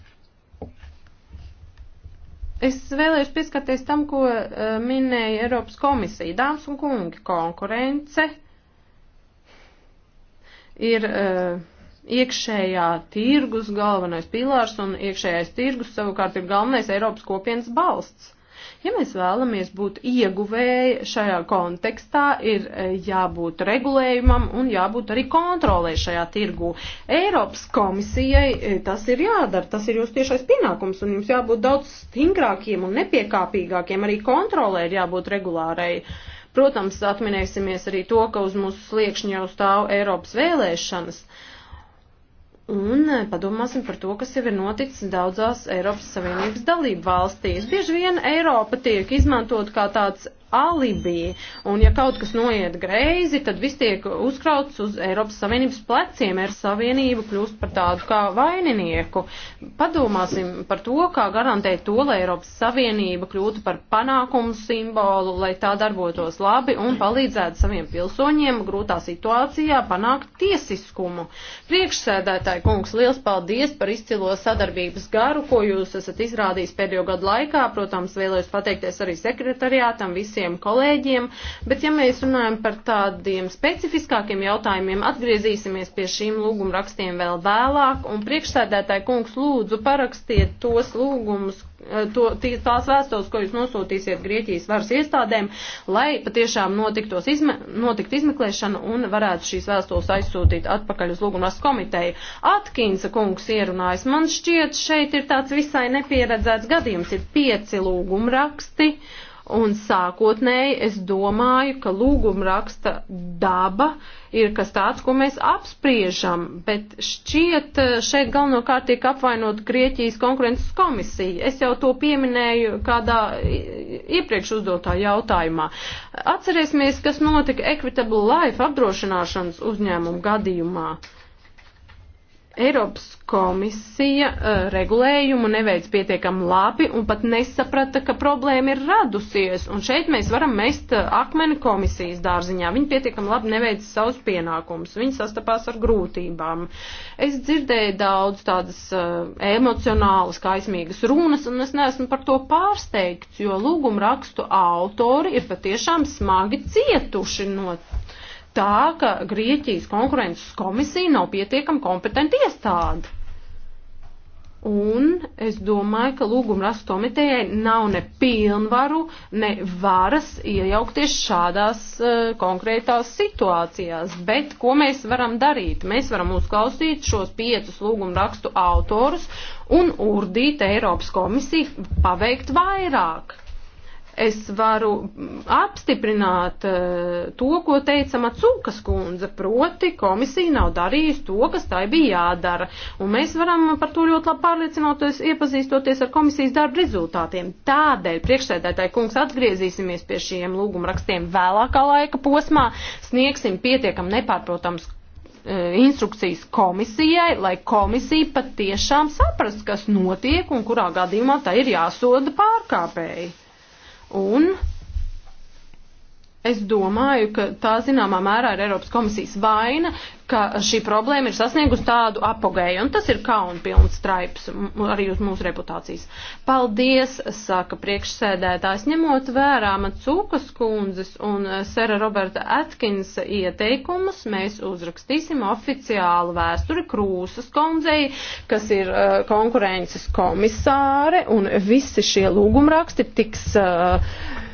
Es vēlējos pieskarties tam, ko e, minēja Eiropas komisija. Dāmas un kungi, konkurence ir e, iekšējā tirgus galvenais pilārs un iekšējais tirgus savukārt ir galvenais Eiropas kopienas balsts. Ja mēs vēlamies būt ieguvēji šajā kontekstā, ir e, jābūt regulējumam un jābūt arī kontrolē šajā tirgū. Eiropas komisijai e, tas ir jādara, tas ir jūs tiešais pienākums un jums jābūt daudz stingrākiem un nepiekāpīgākiem. Arī kontrolē ir jābūt regulārai. Protams, atminēsimies arī to, ka uz mūsu sliekšņa jau stāv Eiropas vēlēšanas. Uh, Un eh, padomāsim par to, kas jau ir noticis daudzās Eiropas Savienības dalību valstīs. Bieži vien Eiropa tiek izmantot kā tāds alibi, un ja kaut kas noiet greizi, tad viss tiek uzkrauts uz Eiropas Savienības pleciem, Eiropas Savienība kļūst par tādu kā vaininieku. Padomāsim par to, kā garantēt to, lai Eiropas Savienība kļūtu par panākumu simbolu, lai tā darbotos labi un palīdzētu saviem pilsoņiem grūtā situācijā panākt tiesiskumu. Priekšsēdētāji kungs, liels paldies par izcilo sadarbības garu, ko jūs esat izrādījis pēdējo gadu laikā. Protams, vēlējos pateikties arī sekretariātam, visiem visiem kolēģiem, bet ja mēs runājam par tādiem specifiskākiem jautājumiem, atgriezīsimies pie šīm lūguma rakstiem vēl vēlāk, un priekšsēdētāji kungs lūdzu parakstiet tos lūgumus, eh, to, tās vēstules, ko jūs nosūtīsiet Grieķijas varas iestādēm, lai patiešām notiktos izme, notikt izmeklēšana un varētu šīs vēstules aizsūtīt atpakaļ uz lūgumās komiteju. Atkinsa kungs ierunājas. Man šķiet, šeit ir tāds visai nepieredzēts gadījums. Ir pieci lūgumraksti. raksti Un sākotnēji es domāju, ka lūguma raksta daba ir kas tāds, ko mēs apspriežam, bet šķiet eh, šeit galvenokārt tiek apvainot Grieķijas konkurences komisija. Es jau to pieminēju kādā iepriekš uzdotā jautājumā. Atcerēsimies, kas notika Equitable Life apdrošināšanas uzņēmumu gadījumā. Uh, Eiropas komisija uh, regulējumu neveic pietiekam labi un pat nesaprata, ka problēma ir radusies. Un šeit mēs varam mest eh, akmeni komisijas dārziņā. Viņi pietiekam labi neveic savus pienākumus. Viņi sastapās ar grūtībām. Es dzirdēju daudz tādas uh, emocionālas, kaismīgas runas, un es neesmu par to pārsteigts, jo lūgumrakstu autori ir patiešām smagi cietuši no tā, ka Grieķijas konkurences komisija nav pietiekami kompetenta iestāde. Un es domāju, ka lūguma rastu komitejai nav ne pilnvaru, ne varas iejaukties šādās uh, konkrētās situācijās. Bet ko mēs varam darīt? Mēs varam uzklausīt šos piecus lūguma rakstu autorus un urdīt Eiropas komisiju paveikt vairāk es varu apstiprināt eh, to, ko teica Macukas kundze, proti komisija nav darījusi to, kas tai bija jādara. Un mēs varam par to ļoti labi pārliecinoties, iepazīstoties ar komisijas darba rezultātiem. Tādēļ priekšsēdētāji kungs atgriezīsimies pie šiem lūgumrakstiem vēlākā laika posmā, sniegsim pietiekam nepārprotams eh, instrukcijas komisijai, lai komisija patiešām saprast, kas notiek un kurā gadījumā tā ir jāsoda pārkāpēji un Es domāju, ka tā zināmā mērā ir Eiropas komisijas vaina, ka šī problēma ir sasniegusi tādu apogēju, un tas ir kaunpilns straips arī uz mūsu reputācijas. Paldies, saka priekšsēdētājs, ņemot vērā Macukas kundzes un eh, Sera Roberta Atkinsa ieteikumus, mēs uzrakstīsim oficiālu vēsturi Krūsas kundzei, kas ir uh, konkurences komisāre, un visi šie lūgumraksti tiks. Uh,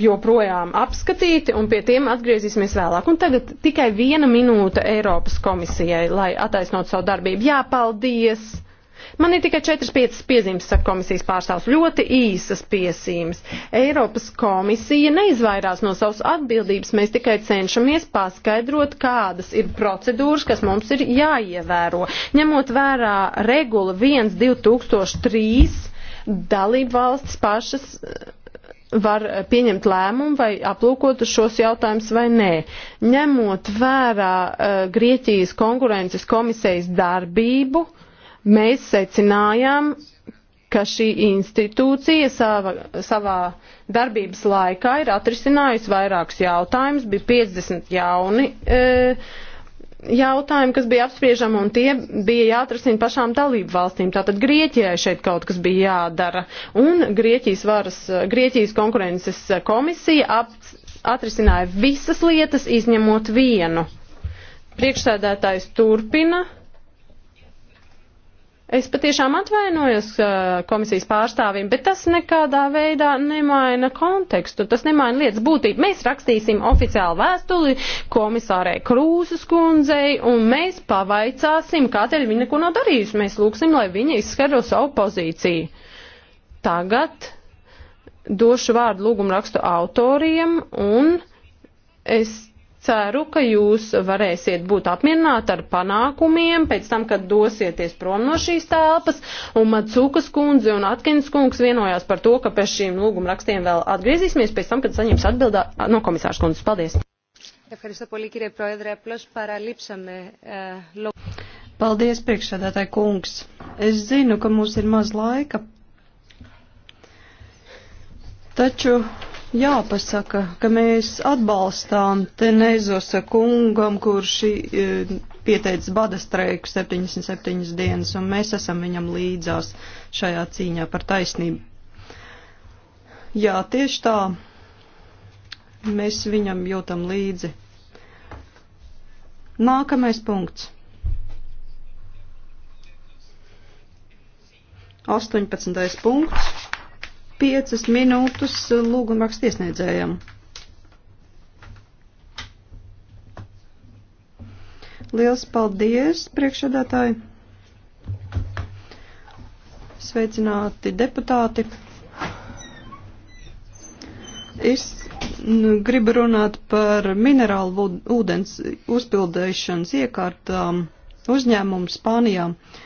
joprojām apskatīti, un pie tiem atgriezīsimies vēlāk. Un tagad tikai viena minūte Eiropas komisijai, lai attaisnotu savu darbību. Jā, paldies! Man ir tikai 4-5 piezīmes, saka komisijas pārstāvs, ļoti īsas piezīmes. Eiropas komisija neizvairās no savas atbildības, mēs tikai cenšamies paskaidrot, kādas ir procedūras, kas mums ir jāievēro. Ņemot vērā regula 1-2003, dalību valstis pašas var pieņemt lēmumu vai aplūkot šos jautājumus vai nē. Ņemot vērā uh, Grieķijas konkurences komisijas darbību, mēs secinājām, ka šī institūcija sava, savā darbības laikā ir atrisinājusi vairākus jautājumus, bija 50 jauni. Uh, jautājumi, kas bija apspriežami, un tie bija jāatrasina pašām dalību valstīm. Tātad Grieķijai šeit kaut kas bija jādara, un Grieķijas, varas, Grieķijas konkurences komisija ap, atrisināja visas lietas, izņemot vienu. Priekšsēdētājs turpina. Es patiešām atvainojos uh, komisijas pārstāvim, bet tas nekādā veidā nemaina kontekstu, tas nemaina lietas būtību. Mēs rakstīsim oficiālu vēstuli komisārai Krūzes kundzei un mēs pavaicāsim, kādēļ viņa neko nav darījusi. Mēs lūksim, lai viņa izskaro savu pozīciju. Tagad došu vārdu lūgumrakstu autoriem un es Ceru, ka jūs varēsiet būt apmierināti ar panākumiem pēc tam, kad dosieties prom no šīs telpas, un Macukas kundze un Atkins kungs vienojās par to, ka pēc šīm lūguma rakstiem vēl atgriezīsimies pēc tam, kad saņems atbildā no komisārs kundzes. Paldies! Paldies, priekšsēdētāji kungs. Es zinu, ka mums ir maz laika, taču jāpasaka, ka mēs atbalstām Tenezosa kungam, kurš e, pieteicis bada streiku 77 dienas, un mēs esam viņam līdzās šajā cīņā par taisnību. Jā, tieši tā. Mēs viņam jūtam līdzi. Nākamais punkts. 18. punkts piecas minūtes lūgumrakstu iesniedzējam. Liels paldies, priekšsēdētāji! Sveicināti deputāti! Es nu, gribu runāt par minerālu ūdens uzpildēšanas iekārtām uzņēmumu Spānijā. Uh,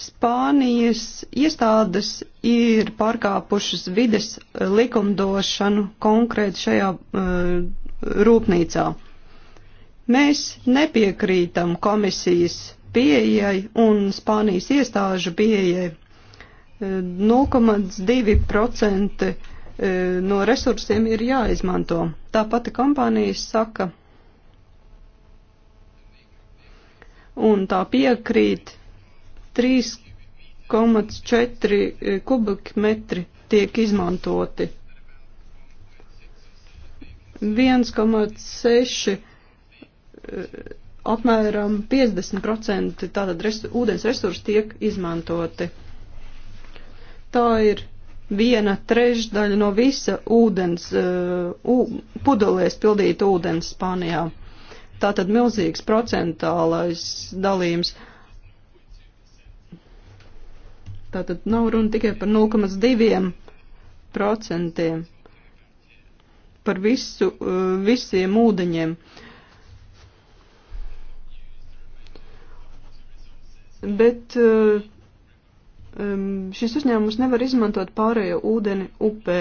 Spānijas iestādes ir pārkāpušas vides eh, likumdošanu konkrēti šajā uh, rūpnīcā. Mēs nepiekrītam komisijas pieejai un Spānijas iestāžu pieejai. 0,2% eh, no resursiem ir jāizmanto. Tāpat kompānijas saka, un tā piekrīt 3,4 eh, kubikmetri tiek izmantoti. 1,6 eh, apmēram 50% tātad resu, ūdens resursi tiek izmantoti. Tā ir viena trešdaļa no visa ūdens, uh, pudelēs pildīta ūdens Spānijā. Tātad milzīgs procentālais dalījums. Uh, Tātad nav runa tikai par 0,2% par visu, uh, visiem ūdeņiem. Bet uh, um, šis uzņēmums nevar izmantot pārējo ūdeni upē.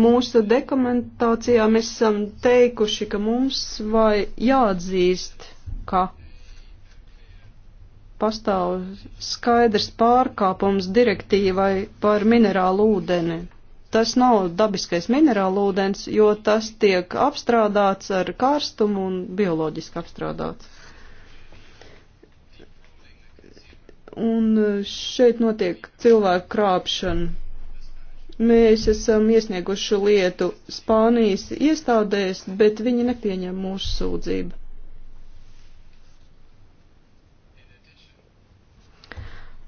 Mūsu dokumentācijā mēs esam teikuši, ka mums vai jāatzīst, ka pastāv skaidrs pārkāpums direktīvai par minerālu ūdeni. Tas nav dabiskais minerālu ūdens, jo tas tiek apstrādāts ar karstumu un bioloģiski apstrādāts. Un šeit notiek cilvēku krāpšana. Mēs esam iesnieguši lietu Spānijas iestādēs, bet viņi nepieņem mūsu sūdzību.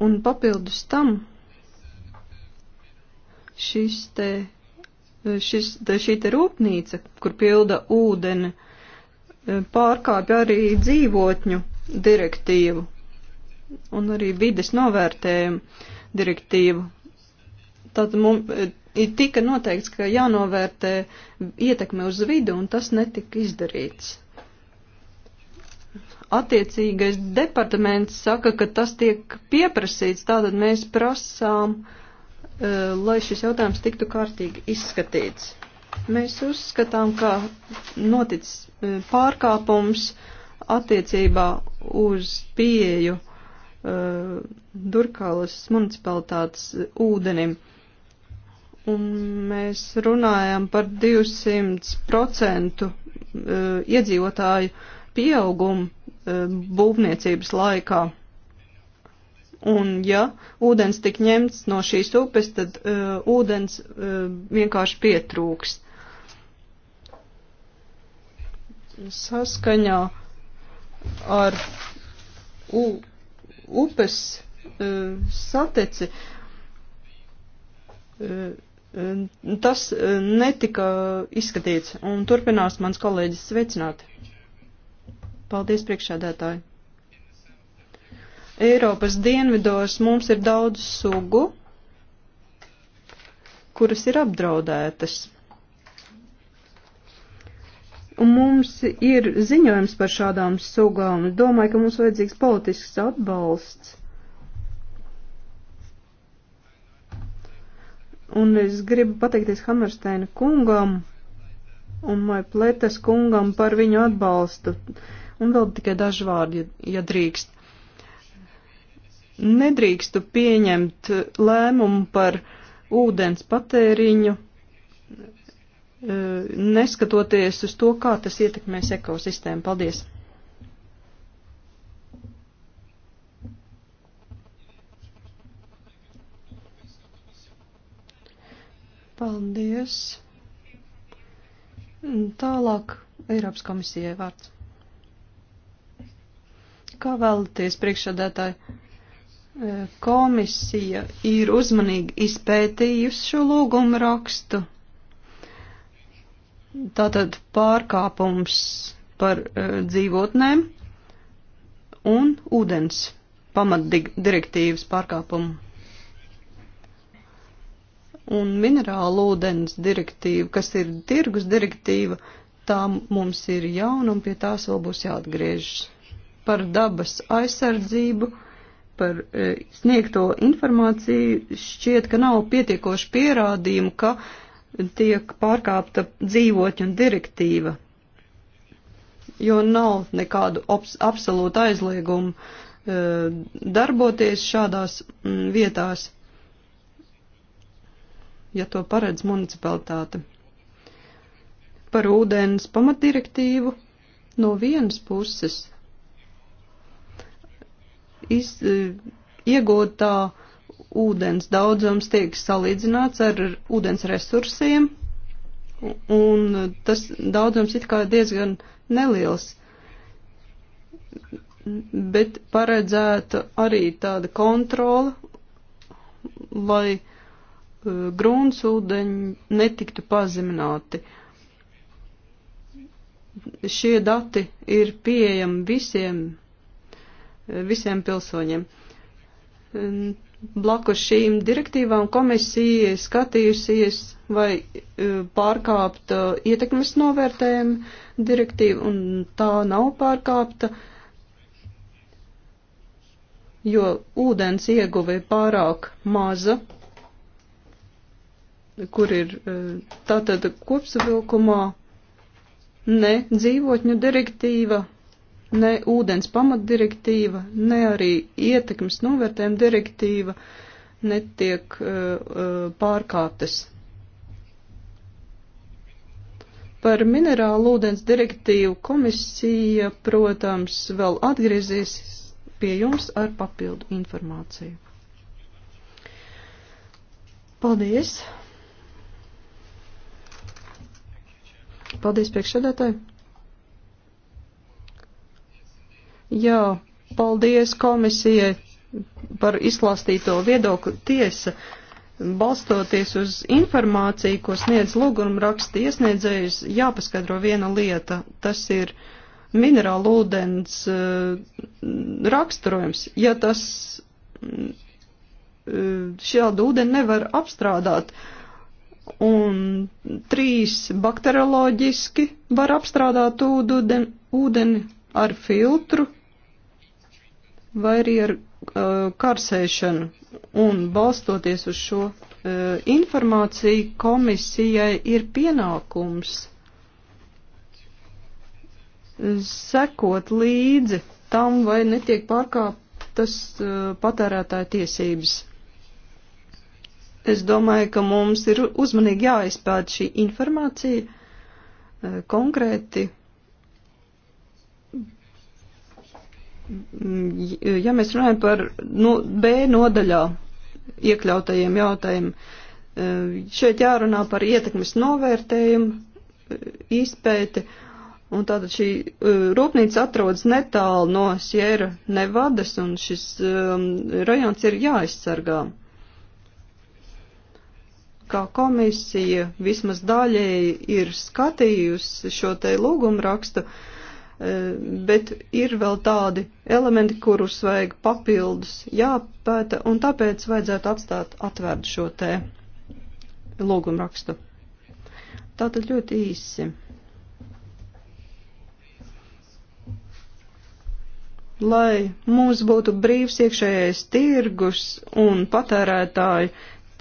Un papildus tam šis te, šis, te, šī te rūpnīca, kur pilda ūdeni, pārkāpja arī dzīvotņu direktīvu un arī vides novērtējumu direktīvu. Tad mums tika noteikts, ka jānovērtē ietekme uz vidu, un tas netika izdarīts attiecīgais departaments saka, ka tas tiek pieprasīts, tātad mēs prasām, eh, lai šis jautājums tiktu kārtīgi izskatīts. Mēs uzskatām, ka noticis eh, pārkāpums attiecībā uz pieju eh, Durkālas municipalitātes ūdenim. Un mēs runājam par 200% iedzīvotāju pieaugumu Um, būvniecības laikā. Un ja ūdens tik ņemts no šīs upes, tad uh, ūdens uh, vienkārši pietrūks. Saskaņā ar u, upes uh, sateci uh, tas uh, netika izskatīts, un turpinās mans kolēģis sveicināt. Paldies, priekšādātāji. Eiropas dienvidos mums ir daudz sugu, kuras ir apdraudētas. Un mums ir ziņojums par šādām sugām. Domāju, ka mums vajadzīgs politisks atbalsts. Un es gribu pateikties Hamersteina kungam un Maipletas kungam par viņu atbalstu. Uh, Un vēl tikai daži vārdi, ja, ja drīkst. Nedrīkstu pieņemt lēmumu par ūdens patēriņu, e, neskatoties uz to, kā tas ietekmēs ekosistēmu. Paldies! Paldies! Tālāk Eiropas komisijai vārds. Kā vēlaties priekšsādātāji? Komisija ir uzmanīgi izpētījusi šo lūgumu rakstu. Tātad pārkāpums par uh, dzīvotnēm un ūdens pamatdirektīvas pārkāpumu. Un minerālu ūdens direktīva, kas ir tirgus direktīva, tā mums ir jauna un pie tās vēl būs jāatgriežas par dabas aizsardzību, par e, sniegto informāciju, šķiet, ka nav pietiekoši pierādījumu, ka tiek pārkāpta dzīvotņu direktīva, jo nav nekādu absolūtu aizliegumu e, darboties šādās vietās, ja to paredz municipalitāte. Par ūdens pamatdirektīvu no vienas puses iz, eh, iegūtā ūdens daudzums tiek salīdzināts ar ūdens resursiem, un tas daudzums it kā diezgan neliels. Bet paredzēta arī tāda kontrola, lai eh, gruntsūdeņi netiktu pazemināti. Šie dati ir pieejami visiem visiem pilsoņiem. Blakus šīm direktīvām komisija skatījusies, vai e, pārkāpta e, ietekmes novērtējuma direktīva, un tā nav pārkāpta, jo ūdens ieguve ir pārāk maza, kur ir e, tātad kopsavilkumā ne dzīvotņu direktīva ne ūdens pamatdirektīva, ne arī ietekmes novērtējuma direktīva netiek uh, uh, pārkāptas. Par minerālu ūdens direktīvu komisija, protams, vēl atgriezies pie jums ar papildu informāciju. Paldies! Paldies priekšsēdētāji! Jā, paldies komisijai par izklāstīto viedokli tiesa. Balstoties uz informāciju, ko sniedz lūguma raksta iesniedzējus, jāpaskaidro viena lieta. Tas ir minerālu ūdens uh, raksturojums. Ja tas uh, šādu ūdeni nevar apstrādāt, un trīs bakterioloģiski var apstrādāt ūdeni, ūdeni ar filtru vai arī ar uh, karsēšanu. Un balstoties uz šo uh, informāciju, komisijai ir pienākums sekot līdzi tam, vai netiek pārkāptas uh, patērētāja tiesības. Es domāju, ka mums ir uzmanīgi jāizpēta šī informācija uh, konkrēti Mm, ja mēs runājam par no, nu, B nodaļā iekļautajiem jautājumiem, eh, šeit jārunā par ietekmes novērtējumu, eh, izpēti, un tātad šī eh, rūpnīca atrodas netālu no Sierra Nevadas, un šis um, rajons ir jāaizsargā. Kā komisija vismaz daļēji ir skatījusi šo te lūgumu rakstu, uh, Eh, bet ir vēl tādi elementi, kurus vajag papildus jāpēta, un tāpēc vajadzētu atstāt atvērtu šo te lūgumrakstu. Tātad ļoti īsi. Lai mums būtu brīvs iekšējais tirgus un patērētāju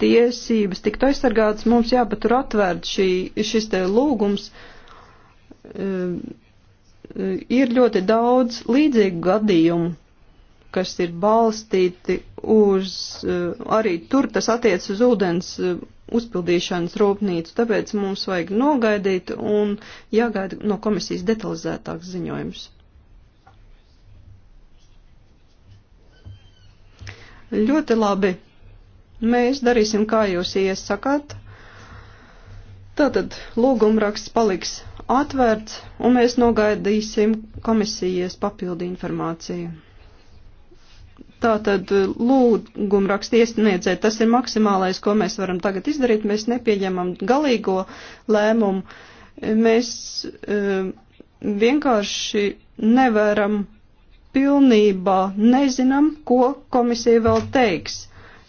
tiesības tiktu aizsargātas, mums jāpatur atvērt šī, šis te lūgums. Um, Eh, ir ļoti daudz līdzīgu gadījumu, kas ir balstīti uz, eh, arī tur tas attiec uz ūdens eh, uzpildīšanas rūpnīcu, tāpēc mums vajag nogaidīt un jāgaida no komisijas detalizētāks ziņojums. Ļoti labi. Mēs darīsim, kā jūs iesakāt. Tātad lūgumraksts paliks atvērts, un mēs nogaidīsim komisijas papildu informāciju. Tātad eh, lūgumu rakstu iesniedzēt, tas ir maksimālais, ko mēs varam tagad izdarīt. Mēs nepieņemam galīgo lēmumu. Mēs eh, vienkārši nevaram pilnībā nezinām, ko komisija vēl teiks.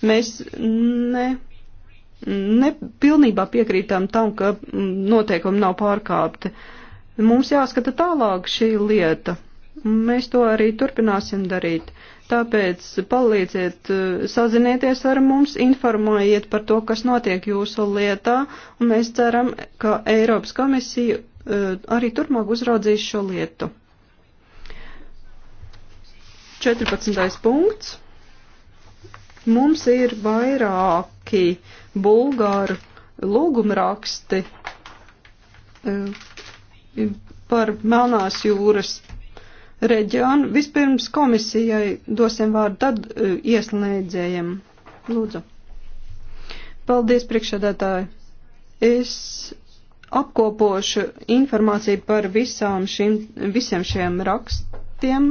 Mēs ne nepilnībā piekrītam tam, ka mm, noteikumi nav pārkāpti. Mums jāskata tālāk šī lieta. Mēs to arī turpināsim darīt. Tāpēc palīdziet, eh, sazinieties ar mums, informējiet par to, kas notiek jūsu lietā, un mēs ceram, ka Eiropas komisija eh, arī turpmāk uzraudzīs šo lietu. 14. punkts. Mums ir vairāki uh, bulgāru lūgumraksti eh, par Melnās jūras reģionu. Vispirms komisijai dosim vārdu, tad eh, ieslēdzējiem. Lūdzu. Paldies, priekšsēdētāji. Es apkopošu informāciju par visām šim, visiem šiem rakstiem,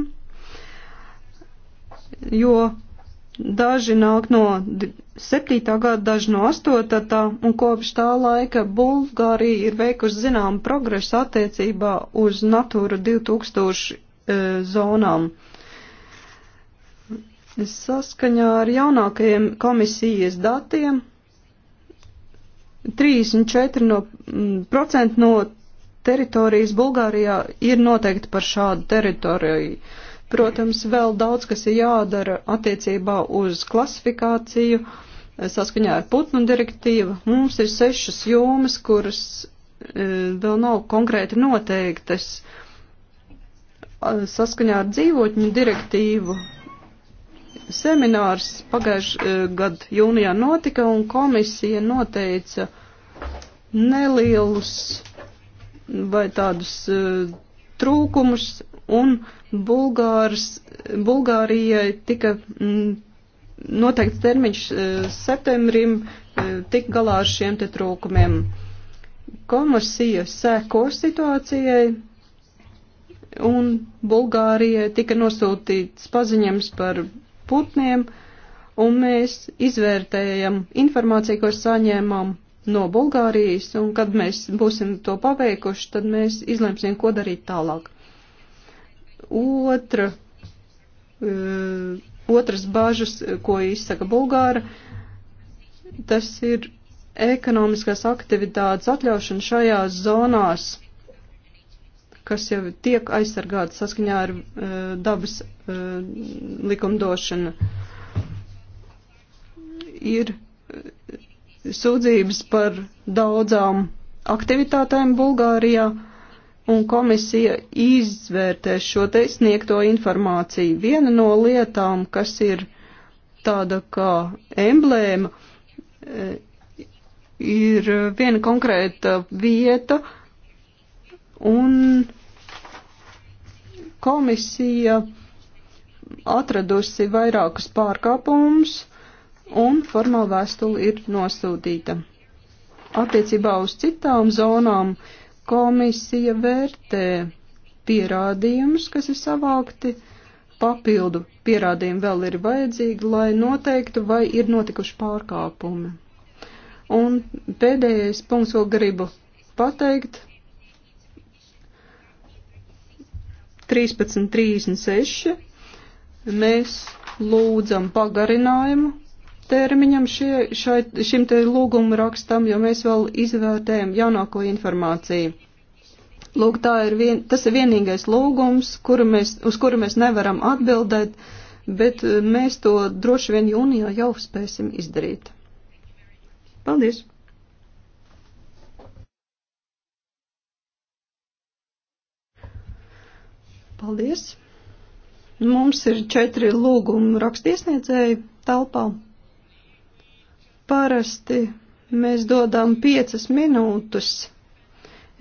jo Daži nāk no 7. gada, daži no 8. Tā, un kopš tā laika Bulgārija ir veikusi zinām progresu attiecībā uz Natūra 2000 e, zonām. Saskaņā ar jaunākajiem komisijas datiem 34% no, mm, no teritorijas Bulgārijā ir noteikti par šādu teritoriju. Uh, Protams, vēl daudz, kas ir jādara attiecībā uz klasifikāciju saskaņā ar putnu direktīvu. Mums ir sešas jomas, kuras e, vēl nav konkrēti noteiktas saskaņā ar dzīvotņu direktīvu. Seminārs pagājušā e, gada jūnijā notika un komisija noteica nelielus vai tādus e, trūkumus un Bulgārs, Bulgārija tika mm, noteikts termiņš eh, septembrim eh, tik galā ar šiem te trūkumiem. Komisija sēko situācijai un Bulgārijai tika nosūtīts paziņams par putniem, un mēs izvērtējam informāciju, ko saņēmām no Bulgārijas, un kad mēs būsim to paveikuši, tad mēs izlemsim, ko darīt tālāk. Otra, e, otras bažas, ko izsaka Bulgāra, tas ir ekonomiskās aktivitātes atļaušana šajās zonās, kas jau tiek aizsargāta saskaņā ar uh, dabas uh, likumdošanu. Ir uh, sūdzības par daudzām aktivitātēm Bulgārijā. Uh, un komisija izvērtēs šo te sniegto informāciju. Viena no lietām, kas ir tāda kā emblēma, eh, ir viena konkrēta vieta, un komisija atradusi vairākus pārkāpumus, un formāla vēstule ir nosūtīta. Attiecībā uz citām zonām uh, komisija vērtē pierādījumus, kas ir savākti, papildu pierādījumi vēl ir vajadzīgi, lai noteiktu, vai ir notikuši pārkāpumi. Un pēdējais punkts, ko gribu pateikt, 13.36. Mēs lūdzam pagarinājumu īstermiņam šie, šai, šim te lūgumu rakstam, jo mēs vēl izvērtējam jaunāko informāciju. Lūk, tā ir vien, tas ir vienīgais lūgums, kuru mēs, uz kuru mēs nevaram atbildēt, bet eh, mēs to droši vien jūnijā jau spēsim izdarīt. Paldies! Paldies! Mums ir četri lūgumi rakstiesniedzēji telpā. Parasti mēs dodam piecas minūtes.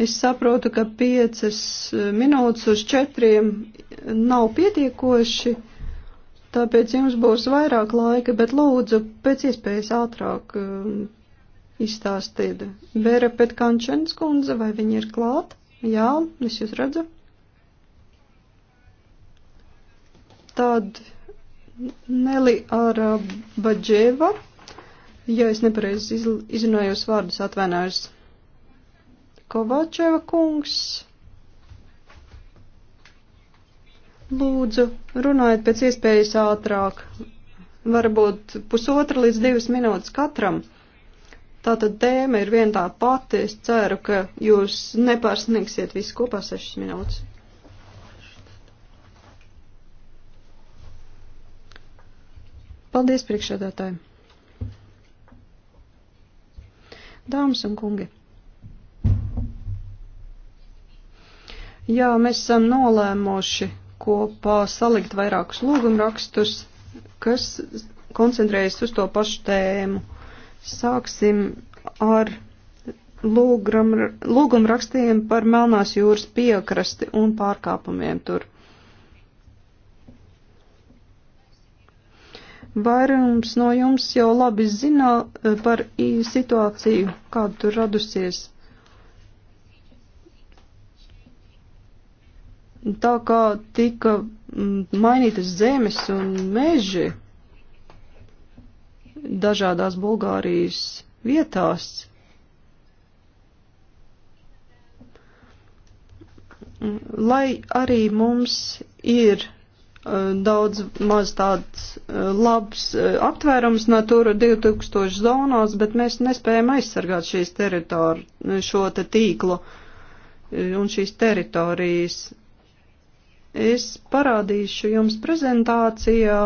Es saprotu, ka piecas eh, minūtes uz četriem nav pietiekoši, tāpēc jums būs vairāk laika, bet lūdzu pēc iespējas ātrāk eh, izstāstiet. Vera Petkančens kundze, vai viņa ir klāt? Jā, es jūs redzu. Tad Neli Arabadževa. Uh, Ja es nepareizi izrunājos vārdus, atvainojos. Kovačeva kungs. Lūdzu, runājiet pēc iespējas ātrāk. Varbūt pusotra līdz divas minūtes katram. Tātad tēma ir viena tā pati. Es ceru, ka jūs nepārsniegsiet visu kopā sešas minūtes. Paldies priekšādātājiem! Dāmas un kungi! Jā, mēs esam nolēmoši kopā salikt vairākus lūgumrakstus, kas koncentrējas uz to pašu tēmu. Sāksim ar lūgumrakstiem par Melnās jūras piekrasti un pārkāpumiem tur. Vairums no jums jau labi zina eh, par situāciju, kāda tur radusies. Tā kā tika mm, mainītas zemes un meži dažādās Bulgārijas vietās, mm, lai arī mums ir Eh, daudz maz tāds eh, labs eh, aptvērums Natura 2000 zonās, bet mēs nespējam aizsargāt šīs teritori, šo te tīklu un šīs teritorijas. Es parādīšu jums prezentācijā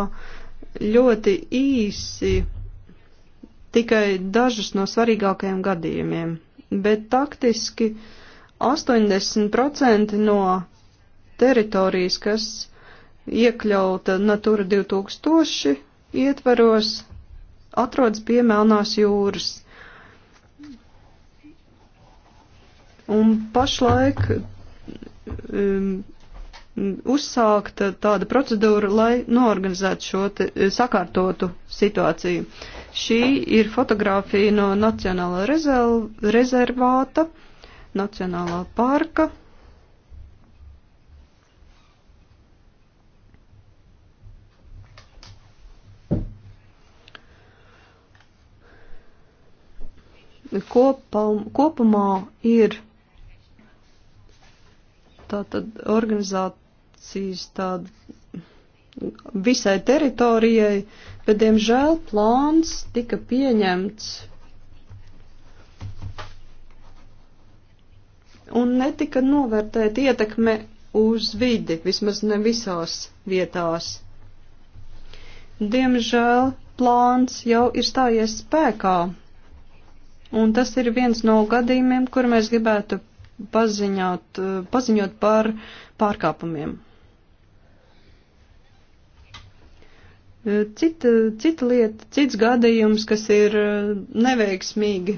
ļoti īsi tikai dažus no svarīgākajiem gadījumiem, bet taktiski 80% no teritorijas, kas iekļauta Natura 2000 ietvaros, atrodas pie Melnās jūras. Un pašlaik um, uzsākta tāda procedūra, lai norganizētu šo te, eh, sakārtotu situāciju. Šī ir fotografija no Nacionālā rezervāta, Nacionālā parka. kopam, kopumā ir tātad organizācijas tāda visai teritorijai, bet, diemžēl, plāns tika pieņemts un netika novērtēta ietekme uz vidi, vismaz ne visās vietās. Diemžēl plāns jau ir stājies spēkā, Un tas ir viens no gadījumiem, kur mēs gribētu paziņot, paziņot par pārkāpumiem. Cita, cita lieta, cits gadījums, kas ir neveiksmīgi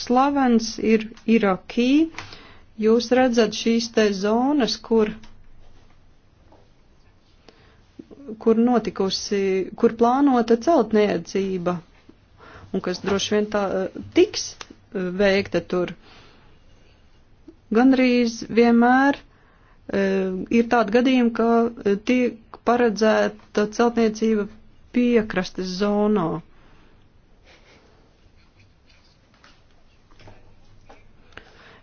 slavens, ir Irakī. Jūs redzat šīs te zonas, kur, kur notikusi, kur plānota celtniecība un kas droši vien tā eh, tiks eh, veikta tur. Gandrīz vienmēr eh, ir tādi gadījumi, ka tiek paredzēta celtniecība piekrastes zonā.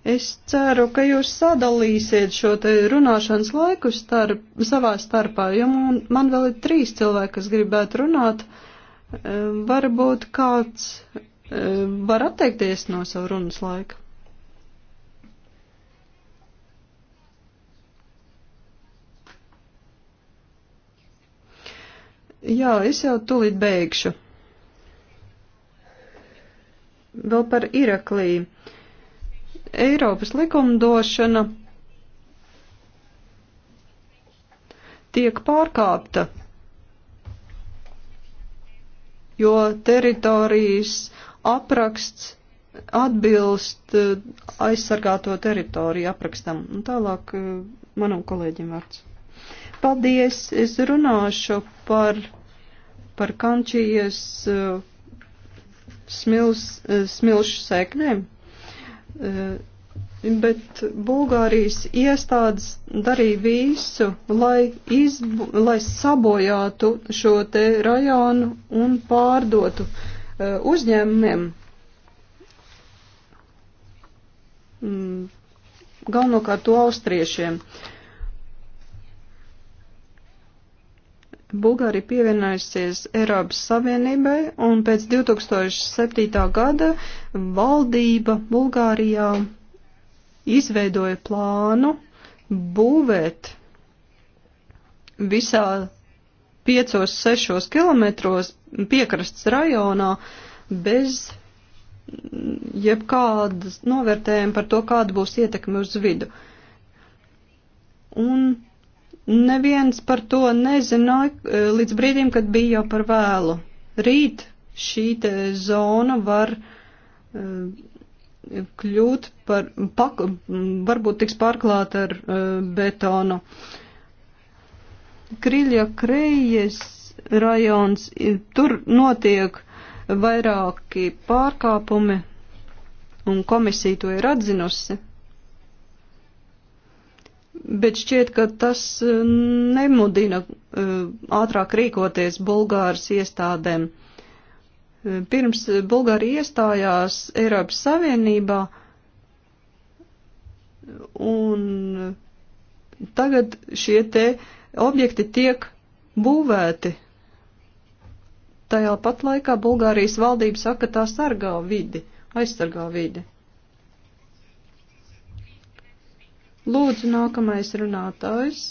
Es ceru, ka jūs sadalīsiet šo te runāšanas laiku starp, savā starpā, jo man, man vēl ir trīs cilvēki, kas gribētu runāt. Uh, Ehm, varbūt kāds ehm, var atteikties no savu runas laika. Jā, es jau tulīt beigšu. Vēl par Iraklī. Eiropas likumdošana tiek pārkāpta jo teritorijas apraksts atbilst eh, aizsargāto teritoriju aprakstam. Un tālāk eh, manam kolēģim vārds. Paldies, es runāšu par, par kančijas eh, smils, smilšu sēknēm bet Bulgārijas iestādes darīja visu, lai, izbu, lai sabojātu šo te rajonu un pārdotu uh, uzņēmumiem. Mm, galvenokārt to austriešiem. Bulgārija pievienojusies Eiropas Savienībai un pēc 2007. gada valdība Bulgārijā izveidoja plānu būvēt visā 5-6 kilometros piekrasts rajonā bez jebkādas novērtējuma par to, kāda būs ietekme uz vidu. Un neviens par to nezināja e, līdz brīdim, kad bija jau par vēlu. Rīt šī zona var uh, kļūt par, pak, varbūt tiks pārklāt ar uh, betonu. Kriļa Krejas rajons, tur notiek vairāki pārkāpumi, un komisija to ir atzinusi. Bet šķiet, ka tas eh, nemudina uh, ātrāk rīkoties Bulgāras iestādēm. Uh, Pirms Bulgārija iestājās Eiropas Savienībā, un tagad šie te objekti tiek būvēti. Tajā pat laikā Bulgārijas valdība saka, tā sargā vidi, aizsargā vidi. Lūdzu, nākamais runātājs.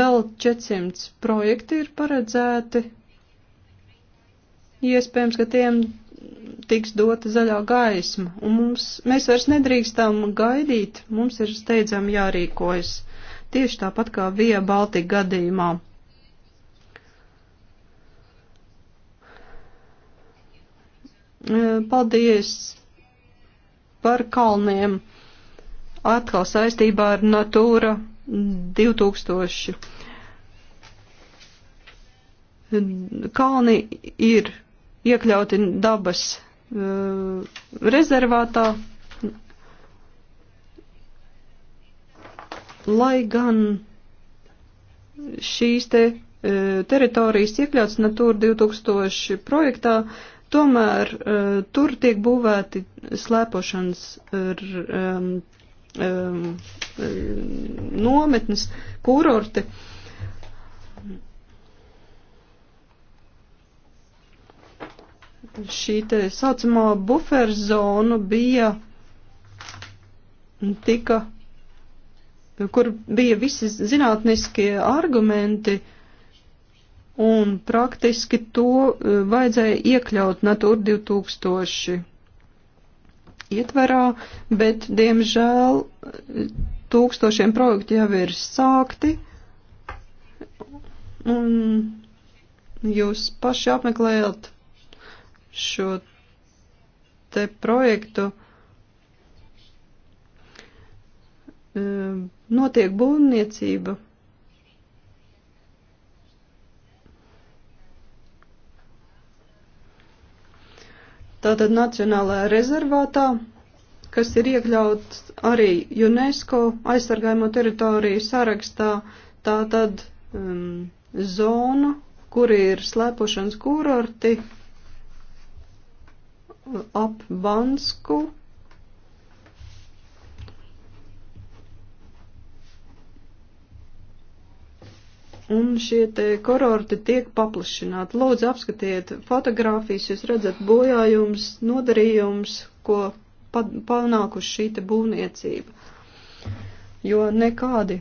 Vēl 400 projekti ir paredzēti Iespējams, ka tiem tiks dota zaļā gaisma, un mums, mēs vairs nedrīkstam gaidīt, mums ir steidzami jārīkojas. Tieši tāpat kā Vija Baltika gadījumā. E, paldies par kalniem. Atkal saistībā ar Natūra 2000. Kalni ir iekļauti dabas uh, rezervātā, lai gan šīs te uh, teritorijas iekļauts Natūra 2000 projektā, tomēr uh, tur tiek būvēti slēpošanas ar, um, um, nometnes, kurorti. Uh, šī te saucamā buferzona bija tika, kur bija visi zinātniskie argumenti, un praktiski to e, vajadzēja iekļaut Natur 2000 ietverā, bet, diemžēl, tūkstošiem projektu jau ir sākti, un jūs paši apmeklējat šo te projektu e, notiek būvniecība. Tātad Nacionālajā rezervātā, kas ir iekļauts arī UNESCO aizsargājumo teritoriju sarakstā, tātad um, zona, kur ir slēpošanas kurorti, ap Bansku. Un šie te kurorti tiek paplašināti. Lūdzu, apskatiet fotogrāfijas, jūs redzat bojājums, nodarījums, ko panākuši šī te būvniecība. Jo nekādi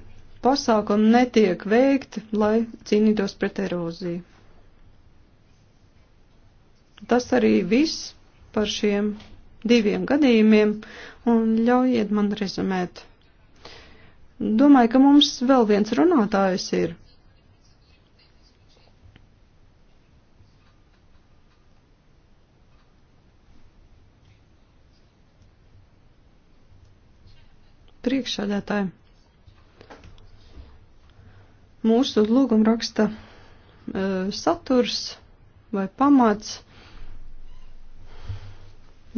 pasākumi netiek veikti, lai cīnītos pret eroziju. Tas arī viss par šiem diviem gadījumiem un ļaujiet man rezumēt. Domāju, ka mums vēl viens runātājs ir. Priekšsēdētāji. Mūsu lūgumraksta uh, saturs vai pamats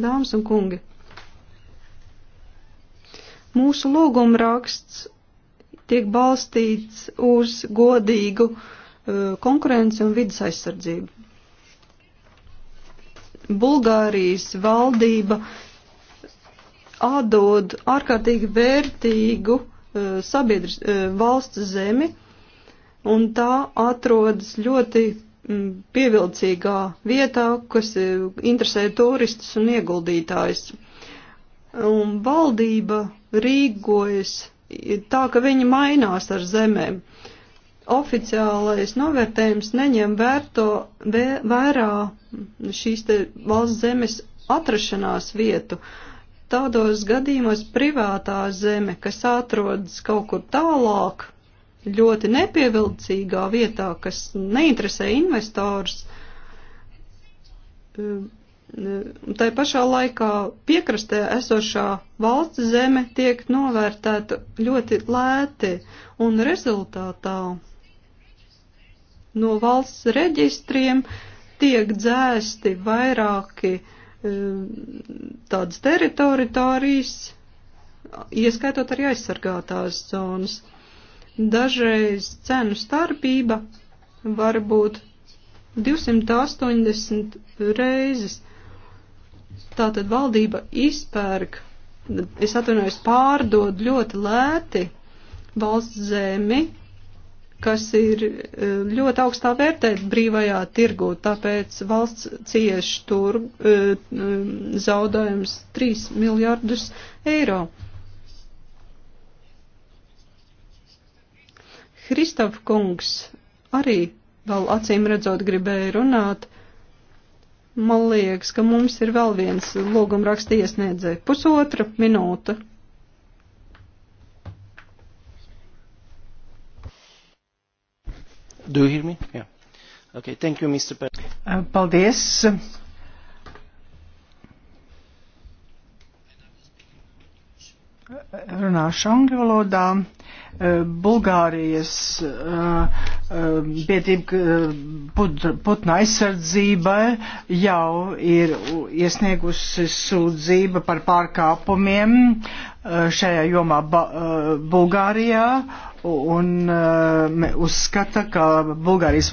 dāmas un kungi. Mūsu lūguma raksts tiek balstīts uz godīgu uh, konkurenci un vidas aizsardzību. Bulgārijas valdība atdod ārkārtīgi vērtīgu uh, sabiedris, uh, valsts zemi, un tā atrodas ļoti Mm, pievilcīgā vietā, kas e, interesē turistus un ieguldītājs. Un valdība rīkojas tā, ka viņi mainās ar zemēm. Oficiālais novērtējums neņem vērto, vē, vērā šīs te valsts zemes atrašanās vietu. Tādos gadījumos privātā zeme, kas atrodas kaut kur tālāk ļoti nepievilcīgā vietā, kas neinteresē investors. Um, Tā pašā laikā piekrastē esošā valsts zeme tiek novērtēta ļoti lēti un rezultātā no valsts reģistriem tiek dzēsti vairāki um, tādas teritorijas, ieskaitot arī aizsargātās zonas. Dažreiz cenu starpība var būt 280 reizes. Tātad valdība izpērk, es atvainojos, pārdod ļoti lēti valsts zemi, kas ir e, ļoti augstā vērtē brīvajā tirgū, tāpēc valsts cieš tur e, zaudējums 3 miljardus eiro. Kristof kungs arī vēl acīm redzot gribēja runāt. Man liekas, ka mums ir vēl viens lūgumraksta iesniedzēja. Pusotra minūte. Do you hear me? Yeah. Okay, thank you, Mr. Pe uh, Paldies. Runāšu angļu valodā. Eh, Bulgārijas eh, eh, biedrība putna aizsardzībai jau ir iesniegusi sūdzība par pārkāpumiem šajā jomā Bulgārijā un uzskata, ka Bulgārijas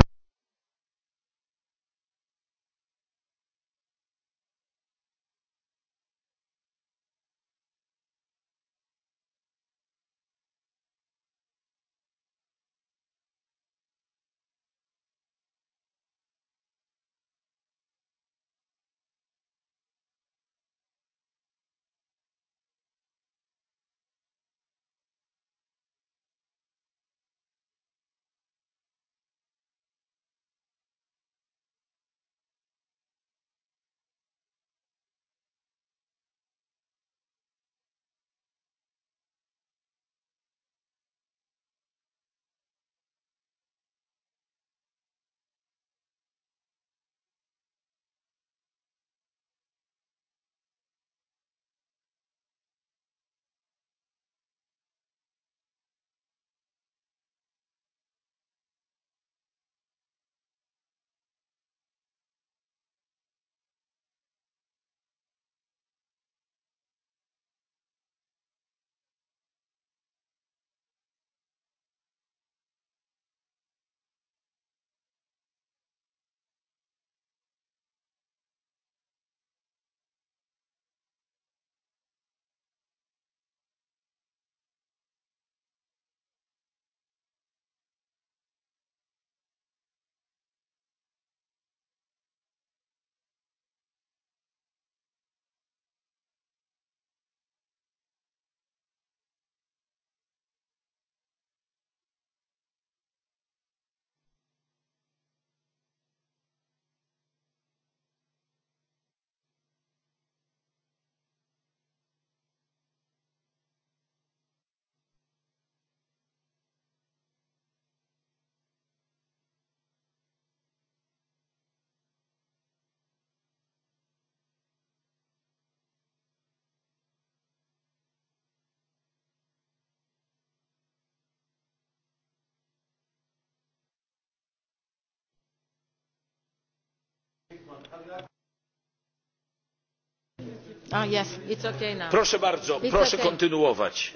Oh, yes. okay proszę bardzo, It's proszę okay. kontynuować.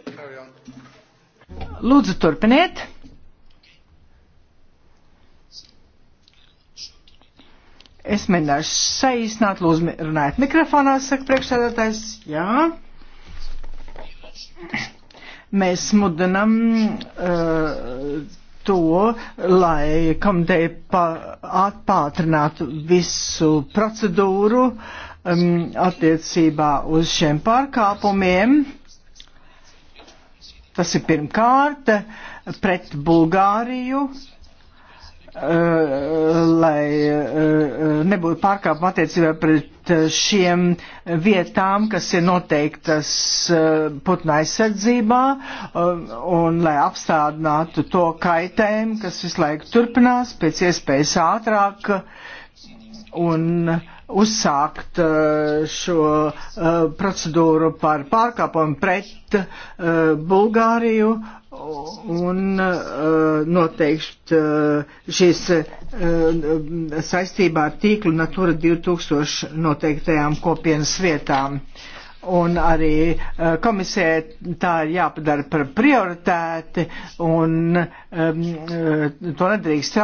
Lūdzu, turpiniet. Es mēģināšu saīsināt, lūdzu, runājiet mikrofonā, saka priekšsēdētājs. Jā. Mēs mudinam uh, to, lai komiteja atpātrinātu visu procedūru um, attiecībā uz šiem pārkāpumiem. Tas ir pirmkārt pret Bulgāriju Eh, lai eh, nebūtu pārkāpuma attiecībā pret eh, šiem vietām, kas ir noteiktas putna aizsardzībā, un lai apstādinātu to kaitējumu, kas visu laiku turpinās, pēc iespējas ātrāk, un uzsākt šo procedūru par pārkāpumu pret Bulgāriju un uh, noteikti uh, eh, šīs uh, eh, saistībā ar tīklu Natura 2000 noteiktajām kopienas vietām. Un arī komisijai tā ir jāpadara par prioritāti, un um, to nedrīkst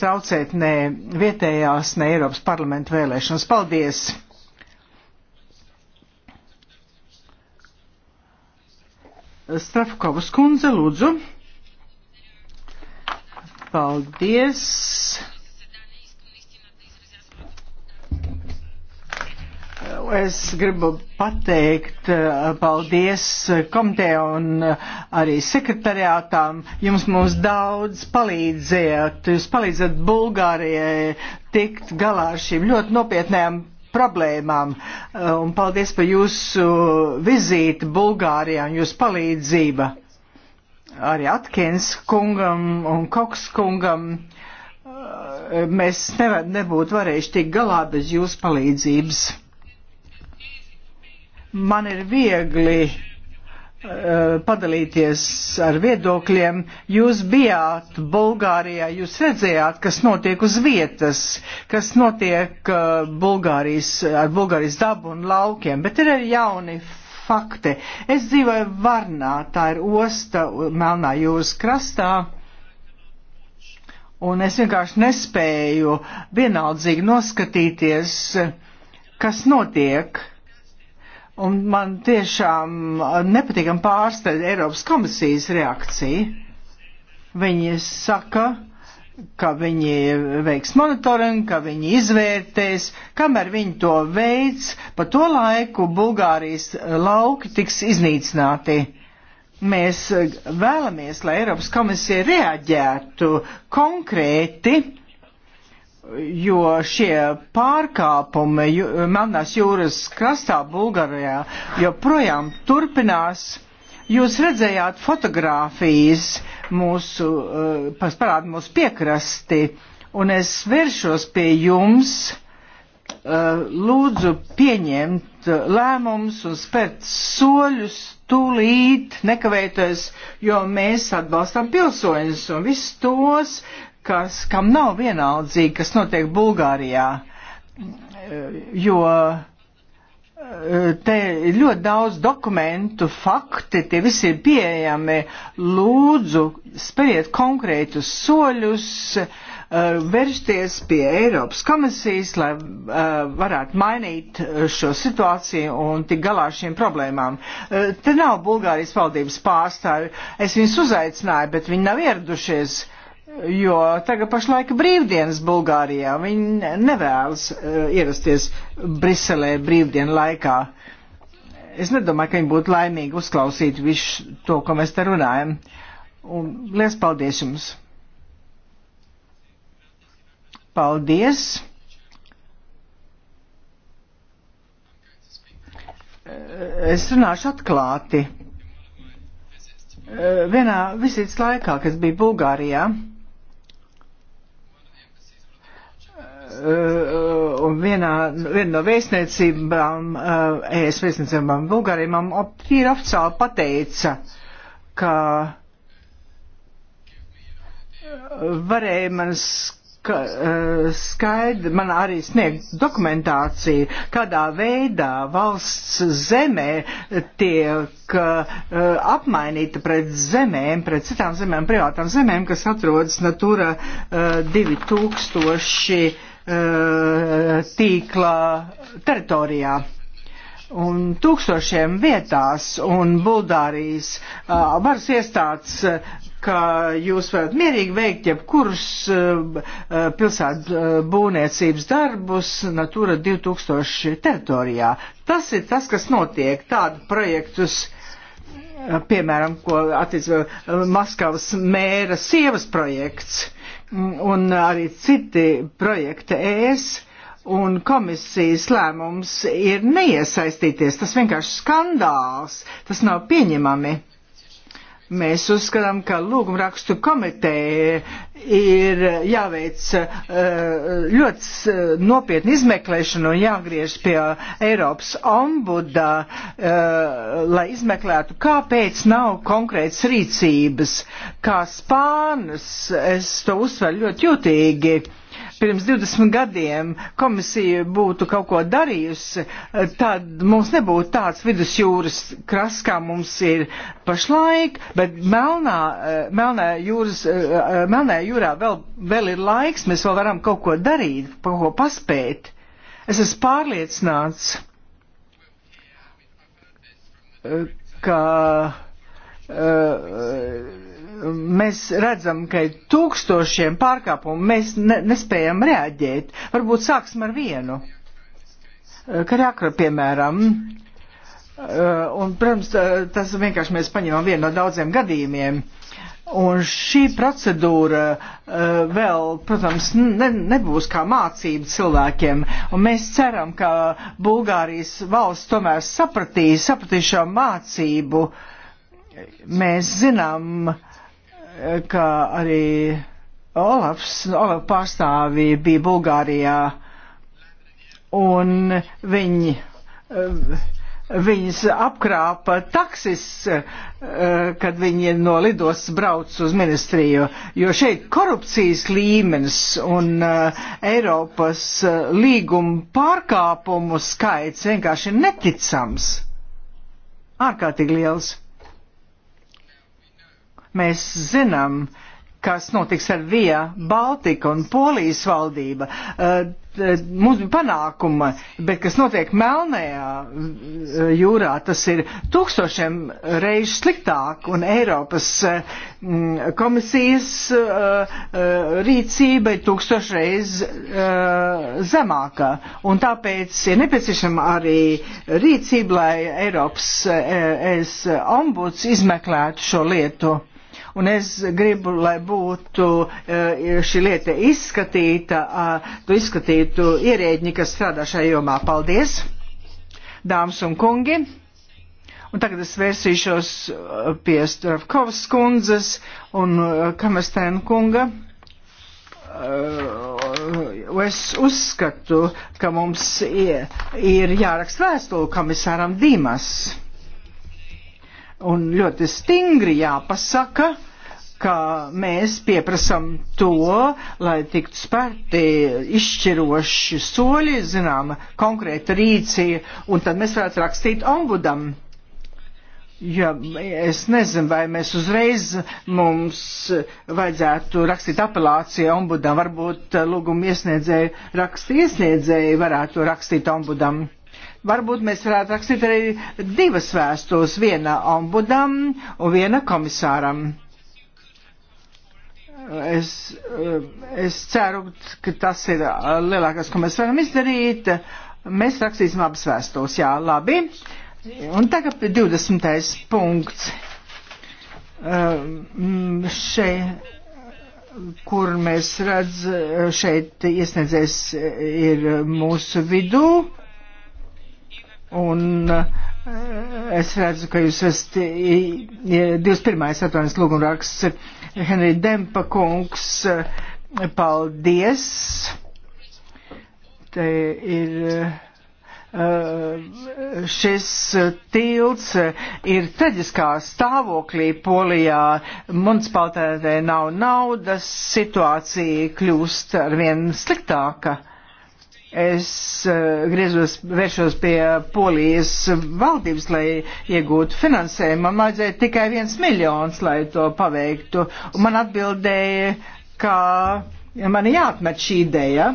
traucēt ne vietējās, ne Eiropas parlamenta vēlēšanas. Paldies! Strafkovas kundze, lūdzu. Paldies. Es gribu pateikt paldies komitē un arī sekretariātām. Jums mums daudz palīdzējāt. Jūs palīdzat Bulgārijai tikt galā ar šīm ļoti nopietnējām problēmām. Eh, un paldies par jūsu vizīti Bulgārijā un jūsu palīdzību arī Atkins kungam un Koks kungam. Eh, mēs nevar, nebūtu varējuši tik galā bez jūsu palīdzības. Man ir viegli Eh, padalīties ar viedokļiem. Jūs bijāt Bulgārijā, jūs redzējāt, kas notiek uz vietas, kas notiek eh, Bulgārijas, ar Bulgārijas dabu un laukiem, bet ir arī jauni fakti. Es dzīvoju Varnā, tā ir osta Melnā jūras krastā. Un es vienkārši nespēju vienaldzīgi noskatīties, kas notiek Un man tiešām uh, nepatīkam pārsteidz Eiropas komisijas reakcija. Viņi saka, ka viņi veiks monitoringu, ka viņi izvērtēs, kamēr viņi to veids, pa to laiku Bulgārijas lauki tiks iznīcināti. Mēs uh, vēlamies, lai Eiropas komisija reaģētu konkrēti jo šie pārkāpumi Melnās jūras krastā Bulgarijā joprojām turpinās. Jūs redzējāt fotogrāfijas mūsu, kas eh, parāda mūsu piekrasti, un es vēršos pie jums, eh, lūdzu pieņemt lēmums un spērt soļus tūlīt nekavēties, jo mēs atbalstām pilsoņus un visus tos, kas, kam nav vienaldzīgi, kas notiek Bulgārijā, jo eh, te ir ļoti daudz dokumentu, fakti, tie visi ir pieejami. Lūdzu, spējiet konkrētus soļus, eh, vērsties pie Eiropas komisijas, lai eh, varētu mainīt šo situāciju un tik galā ar šīm problēmām. Te nav Bulgārijas valdības pārstāvi, es viņus uzaicināju, bet viņi nav ieradušies jo tagad pašlaik brīvdienas Bulgārijā. Viņi nevēlas uh, ierasties Briselē brīvdienu laikā. Es nedomāju, ka viņi būtu laimīgi uzklausīt visu to, ko mēs te runājam. Un liels paldies jums! Paldies! Eh, es runāšu atklāti. Eh, vienā vizītes laikā, kas bija Bulgārijā, Uh, uh, un vienā, viena no vēstniecībām, uh, es vēstniecībām Bulgārijām, ir oficiāli pateica, ka varēja man ska, skaidri, man arī sniegt dokumentāciju, kādā veidā valsts zemē tiek apmainīta pret zemēm, pret citām zemēm, privātām zemēm, kas atrodas Natura 2000 Eh, tīkla teritorijā un tūkstošiem vietās un Bulgārijas uh, varas iestādes, eh, ka jūs varat mierīgi veikt jebkurus uh, pilsētu uh, būvniecības darbus Natura 2000 teritorijā. Tas ir tas, kas notiek tādu projektus. Piemēram, ko attiecībā Maskavas mēra sievas projekts, un arī citi projekti ES un komisijas lēmums ir neiesaistīties. Tas vienkārši skandāls, tas nav pieņemami. Mēs uzskatām, ka lūgumrakstu komiteja ir jāveic eh, ļoti nopietni izmeklēšana un jāgriež pie Eiropas ombuda, eh, lai izmeklētu, kāpēc nav konkrēts rīcības. Kā spānis, es to uzsveru ļoti jūtīgi pirms 20 gadiem komisija būtu kaut ko darījusi, tad mums nebūtu tāds vidusjūras krasts, kā mums ir pašlaik, bet melnā, eh, melnā, jūras, eh, eh, melnā jūrā vēl, vēl ir laiks, mēs vēl varam kaut ko darīt, kaut ko paspēt. Es esmu pārliecināts, ka. Uh, mēs redzam, ka ir tūkstošiem pārkāpumu, mēs ne, nespējam reaģēt. Varbūt sāksim ar vienu. Eh, Karjakra, piemēram. Eh, un, protams, eh, tas vienkārši mēs paņemam vienu no daudziem gadījumiem. Un šī procedūra uh, vēl, protams, ne, nebūs kā mācība cilvēkiem. Un mēs ceram, ka Bulgārijas valsts tomēr sapratīs, sapratīs šo mācību. Mēs zinām, uh, ka arī Olafs, Olaf pārstāvī bija Bulgārijā un viņi, eh, viņas apkrāpa taksis, eh, kad viņi no lidos brauc uz ministriju, jo šeit korupcijas līmenis un eh, Eiropas līguma pārkāpumu skaits vienkārši neticams. Ārkārtīgi liels. Mēs zinām, kas notiks ar Vija Baltika un Polijas valdība. Eh, eh, mums bija panākuma, bet kas notiek Melnajā eh, jūrā, tas ir tūkstošiem reižu sliktāk un Eiropas komisijas rīcība ir tūkstošreiz zemākā. Un tāpēc ir nepieciešama arī rīcība, lai Eiropas ombuds izmeklētu šo lietu Un es gribu, lai būtu e, šī lieta izskatīta, tu izskatītu ierēģi, kas strādā šajā jomā. Paldies, dāmas un kungi! Un tagad es vērsīšos e, pie Stravkovas kundzes un e, Kamestēna kunga. Es uzskatu, ka mums ir jāraksta vēstule komisāram Dīmas un ļoti stingri jāpasaka, ka mēs pieprasam to, lai tiktu spērti izšķiroši soļi, zināma konkrēta rīcija, un tad mēs varētu rakstīt ombudam. Ja, es nezinu, vai mēs uzreiz mums vajadzētu rakstīt apelāciju ombudam, varbūt eh, lūgumu iesniedzēju raksta iesniedzēju varētu rakstīt ombudam. Varbūt mēs varētu rakstīt arī divas vēstules, viena ombudam un viena komisāram Es, eh, es ceru, ka tas ir eh, lielākais, ko mēs varam izdarīt. Mēs rakstīsim abas vēstules. Jā, labi. Un tagad 20. punkts. Eh, mm, šeit, kur mēs redz, šeit iesniedzējs ir mūsu vidū. Un es redzu, ka jūs esat 21. atvainojas lūgumraksts Henri Dempa kungs, eh, paldies. Te ir eh, šis tilts ir traģiskā stāvoklī Polijā. Municipalitātē nav naudas, situācija kļūst arvien sliktāka. Es eh, griezos, vēršos pie polijas valdības, lai iegūtu finansējumu. Man vajadzēja tikai viens miljons, lai to paveiktu. Un man atbildēja, ka man jāatmet šī ideja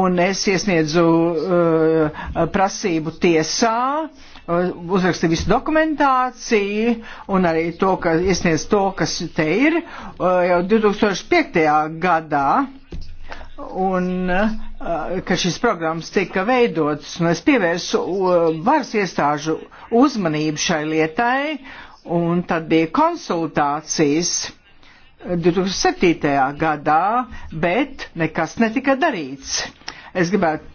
un es iesniedzu uh, prasību tiesā, uh, eh, uzrakstīju visu dokumentāciju un arī to, ka iesniedz to, kas te ir, uh, jau 2005. gadā un eh, ka šis programmas tika veidots, un nu, es pievērsu eh, varas iestāžu uzmanību šai lietai, un tad bija konsultācijas 2007. Eh, gadā, bet nekas netika darīts. Es gribētu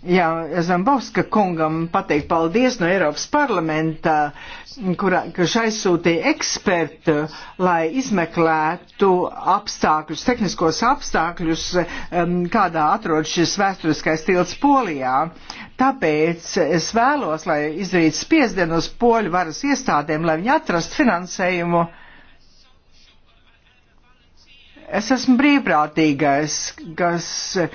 Jā, Zambovska kungam pateikt paldies no Eiropas parlamenta, kurā, kurš aizsūtīja ekspertu, lai izmeklētu apstākļus, tehniskos apstākļus, kādā atrodas šis vēsturiskais tilts Polijā. Tāpēc es vēlos, lai izdarītu spiesdienu uz poļu varas iestādēm, lai viņi atrastu finansējumu uh, Es esmu brīvprātīgais, kas eh,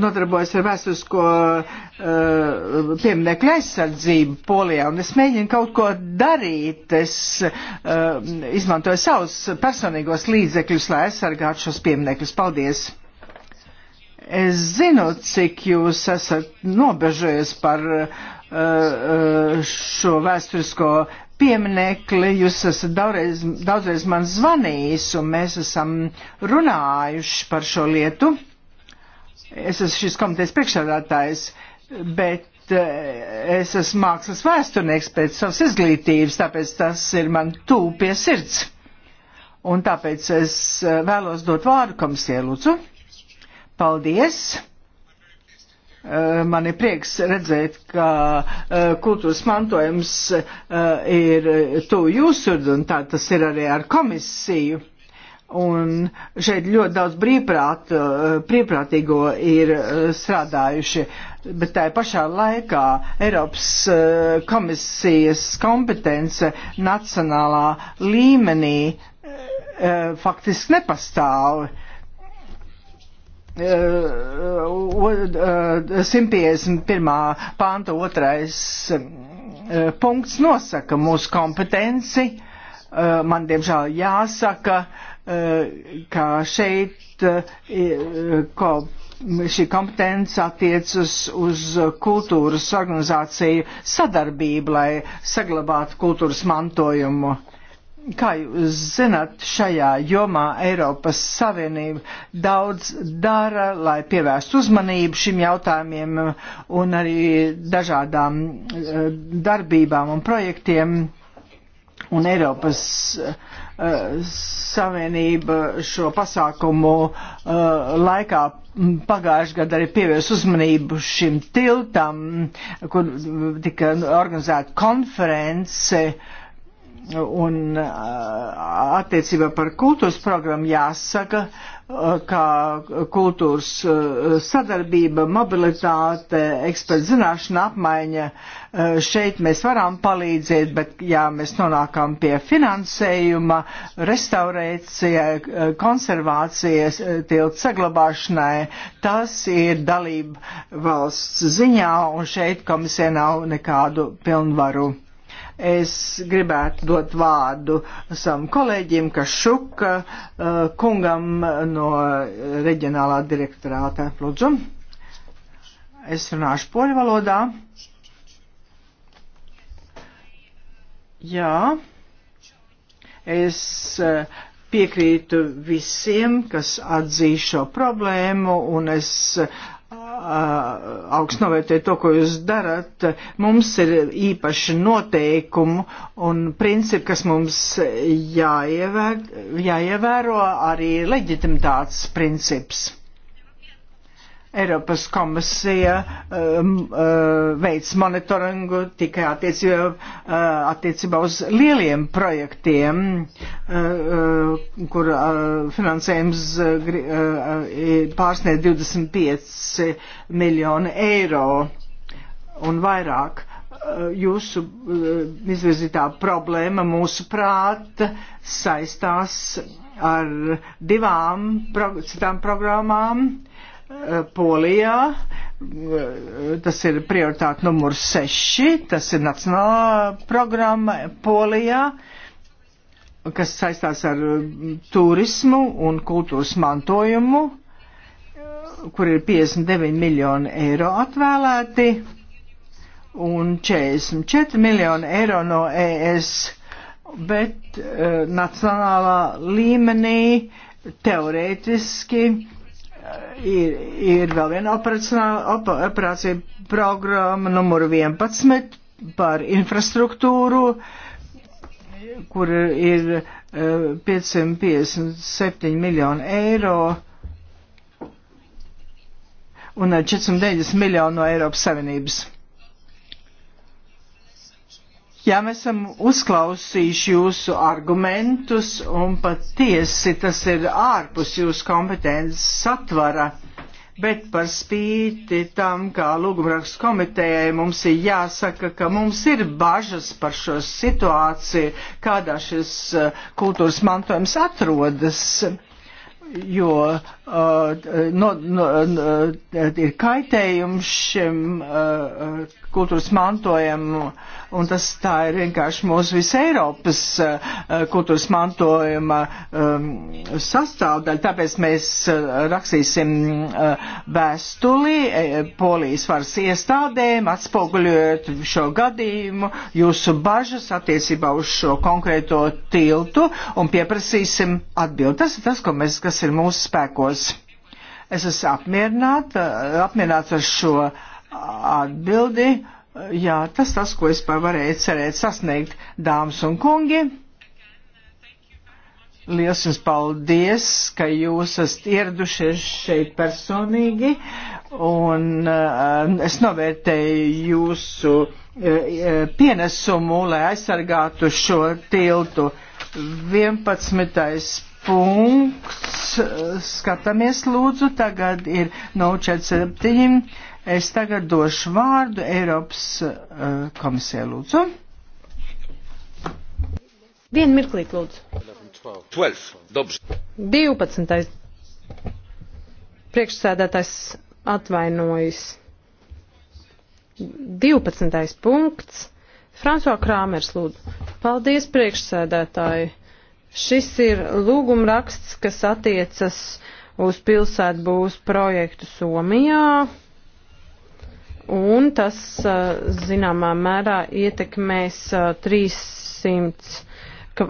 nodarbojas ar vēsturisko uh, eh, pieminiektu aizsardzību Polijā, un es mēģinu kaut ko darīt. Es uh, izmantoju savus personīgos līdzekļus, lai aizsargātu šos pieminiektus. Paldies! Es zinu, cik jūs esat nobežojies par uh, šo vēsturisko pieminekli, jūs esat daudzreiz, daudzreiz man zvanījis un mēs esam runājuši par šo lietu. Es esmu šis komitejas priekšsādātājs, bet eh, es esmu mākslas vēsturnieks pēc savas izglītības, tāpēc tas ir man tūp pie sirds. Un tāpēc es eh, vēlos dot vārdu komisijai, lūdzu. Paldies! Eh, man ir prieks redzēt, ka eh, kultūras mantojums eh, ir tuvu jūsu, un tā tas ir arī ar komisiju. Un šeit ļoti daudz brīvprāt, brīvprātīgo ir strādājuši, bet tā pašā laikā Eiropas komisijas kompetence nacionālā līmenī faktiski nepastāv. Uh, 151. Uh, uh, uh, panta otrais um, punkts nosaka mūsu kompetenci. Man diemžēl jāsaka, ka šeit šī kompetence attiecas uz kultūras organizāciju sadarbību, lai saglabātu kultūras mantojumu Kā jūs zināt, šajā jomā Eiropas Savienība daudz dara, lai pievērstu uzmanību šim jautājumiem un arī dažādām eh, darbībām un projektiem. Un Eiropas eh, Savienība šo pasākumu eh, laikā pagājuši gadu arī pievērs uzmanību šim tiltam, kur tika organizēta konference uh, Un attiecībā par kultūras programmu jāsaka, kā kultūras sadarbība, mobilitāte, eksperta zināšana apmaiņa, šeit mēs varam palīdzēt, bet ja mēs nonākam pie finansējuma, restaurēcija, konservācijas, tiltu saglabāšanai, tas ir dalība valsts ziņā un šeit komisija nav nekādu pilnvaru. Es gribētu dot vārdu savam kolēģim Kašuka eh, kungam no reģionālā direktorāta. Lūdzu, es runāšu poļu valodā. Jā, es eh, piekrītu visiem, kas atzīst šo problēmu, un es uh, augstu novērtēt to, ko jūs darat. Mums ir īpaši noteikumu un principi, kas mums jāievēr, jāievēro, arī leģitimitātes princips. Eiropas komisija um, uh, veids monitoringu tikai attiecībā, uh, attiecībā uz lieliem projektiem, uh, uh kur uh, finansējums uh, pārsniedz 25 miljonu eiro un vairāk. Jūsu izvirzītā problēma mūsu prāt saistās ar divām pro citām programmām Eh, Polijā, eh, tas ir prioritāte numur 6, tas ir nacionālā programma Polijā, kas saistās ar eh, turismu un kultūras mantojumu, kur ir 59 miljoni eiro atvēlēti un 44 miljoni eiro no ES, bet uh, nacionālā līmenī teorētiski ir, ir vēl viena operācija programma numur 11 par infrastruktūru, kur ir 557 e, miljonu eiro un 490 miljonu no Eiropas Savienības. Jā, mēs esam uzklausījuši jūsu argumentus un patiesi tas ir ārpus jūsu kompetences satvara, bet par spīti tam, kā lūgumrakstu komitejai mums ir jāsaka, ka mums ir bažas par šo situāciju, kādā šis eh, kultūras mantojums atrodas, jo no, no, no, ir kaitējums šim uh, kultūras mantojumam, un tas tā ir vienkārši mūsu visa Eiropas uh, kultūras mantojuma um, sastāvdaļa. Tāpēc mēs uh, rakstīsim uh, vēstuli uh, polijas varas iestādēm, atspoguļojot šo gadījumu, jūsu bažas attiecībā uz šo konkrēto tiltu un pieprasīsim atbildi. Tas ir tas, mēs, kas ir mūsu spēkos gados. Es esmu apmierināta, apmierināta ar šo atbildi. Jā, tas tas, ko es varēju cerēt sasniegt, dāmas un kungi. Liels jums paldies, ka jūs esat ieradušies šeit personīgi, un uh, es novērtēju jūsu uh, pienesumu, lai aizsargātu šo tiltu. 11 punkts. Skatāmies lūdzu, tagad ir 047. Es tagad došu vārdu Eiropas eh, komisē lūdzu. Vienu mirklīt lūdzu. 12. 12. Priekšsēdētājs atvainojas. 12. punkts. Franso Krāmers lūdzu. Paldies priekšsēdētāji. Šis ir lūgumraksts, kas attiecas uz pilsētbūvas projektu Somijā, un tas, zināmā mērā, ietekmēs 300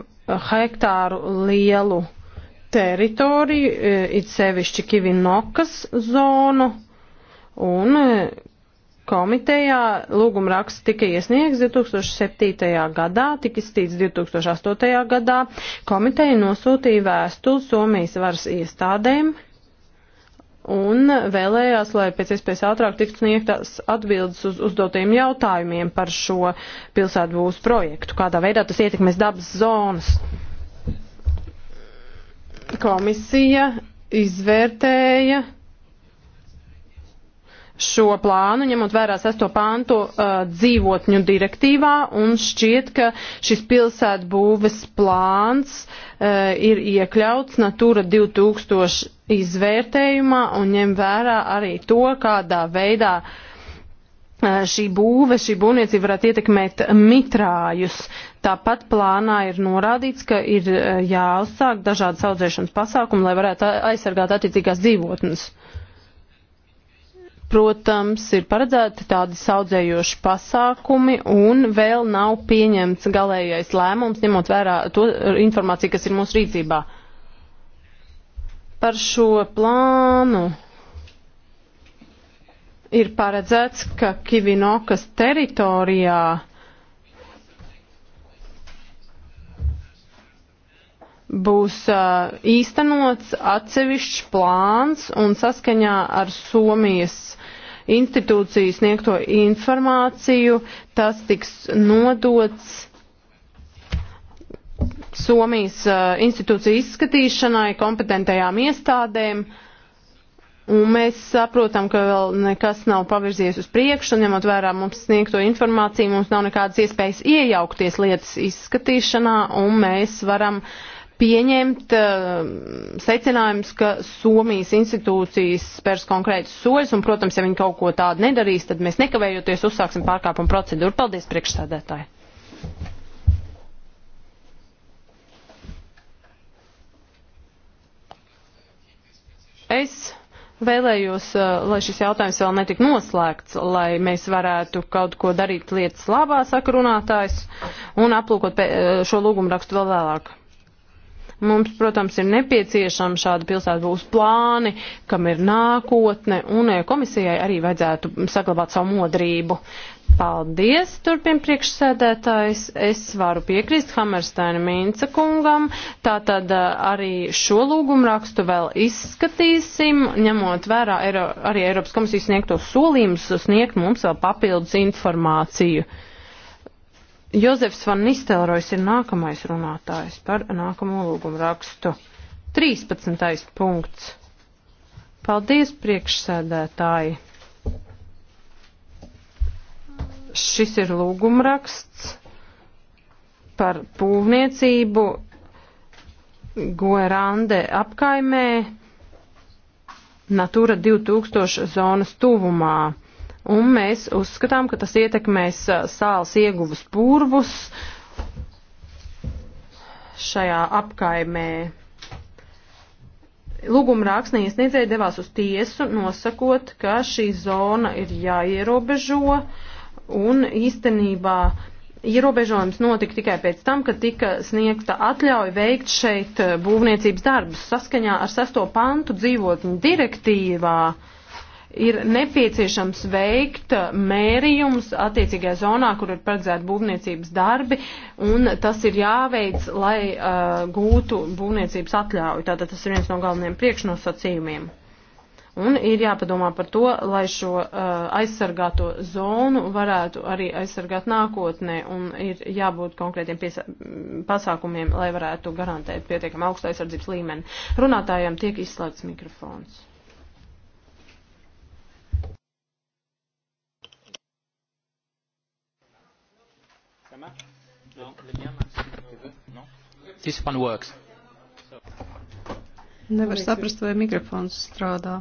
hektāru lielu teritoriju, e, it sevišķi Kivinokas zonu, un e, komitejā lūguma raksts tika iesniegts 2007. gadā, tika izstīts 2008. gadā. Komiteja nosūtīja vēstuli Somijas varas iestādēm un vēlējās, lai pēc iespējas ātrāk tiktu sniegtas atbildes uz uzdotiem jautājumiem par šo pilsētu būs projektu, kādā veidā tas ietekmēs dabas zonas. Komisija izvērtēja šo plānu, ņemot vērā sesto pāntu uh, dzīvotņu direktīvā, un šķiet, ka šis pilsētu būves plāns uh, ir iekļauts Natura 2000 izvērtējumā un ņem vērā arī to, kādā veidā uh, šī būve, šī būvniecība varētu ietekmēt mitrājus. Tāpat plānā ir norādīts, ka ir uh, jāuzsāk dažādas audzēšanas pasākumi, lai varētu aizsargāt attiecīgās dzīvotnes. Uh, protams, ir paredzēti tādi saudzējoši pasākumi un vēl nav pieņemts galējais lēmums, ņemot vērā to informāciju, kas ir mūsu rīcībā. Par šo plānu ir paredzēts, ka Kivinokas teritorijā būs uh, īstenots atsevišķs plāns un saskaņā ar Somijas institūciju sniegto informāciju, tas tiks nodots Somijas eh, institūciju izskatīšanai kompetentajām iestādēm. Un mēs saprotam, ka vēl nekas nav pavirzies uz priekšu, ņemot vērā mums sniegto informāciju, mums nav nekādas iespējas iejaukties lietas izskatīšanā, un mēs varam uh, pieņemt uh, secinājumus, ka Somijas institūcijas spērs konkrētus soļus, un, protams, ja viņi kaut ko tādu nedarīs, tad mēs nekavējoties uzsāksim pārkāpumu procedūru. Paldies, priekšsādētāji! Es vēlējos, eh, lai šis jautājums vēl netika noslēgts, lai mēs varētu kaut ko darīt lietas labā, saka runātājs, un aplūkot eh, šo lūgumu rakstu vēl vēlāk. Mums, protams, ir nepieciešama šāda pilsēta būs plāni, kam ir nākotne, un e, komisijai arī vajadzētu saglabāt savu modrību. Paldies, turpin priekšsēdētājs. Es varu piekrist Hamersteina Mīnca kungam. Tātad e, arī šo lūgumu rakstu vēl izskatīsim, ņemot vērā arī Eiropas komisijas sniegtos solījumus sniegt mums vēl papildus informāciju. Jozefs Van Nistelrojs ir nākamais runātājs par nākamo lūgumu rakstu. 13. punkts. Paldies, priekšsēdētāji. Šis ir lūgumraksts par būvniecību Goerande apkaimē Natura 2000 zonas tuvumā un mēs uzskatām, ka tas ietekmēs sāls ieguvus purvus šajā apkaimē. Lūguma rakstnieks iesniedzēji devās uz tiesu, nosakot, ka šī zona ir jāierobežo un īstenībā ierobežojums notika tikai pēc tam, kad tika sniegta atļauja veikt šeit būvniecības darbus saskaņā ar sesto pantu dzīvotņu direktīvā. Uh, ir nepieciešams veikt mērījums attiecīgajā zonā, kur ir paredzēti būvniecības darbi, un tas ir jāveic, lai uh, gūtu būvniecības atļauju. Tātad tas ir viens no galvenajiem priekšnosacījumiem. Un ir jāpadomā par to, lai šo uh, aizsargāto zonu varētu arī aizsargāt nākotnē, un ir jābūt konkrētiem pasākumiem, lai varētu garantēt pietiekam augstu aizsardzības līmeni. Runātājiem tiek izslēgts mikrofons. This one works. Nevar saprast, vai mikrofons strādā.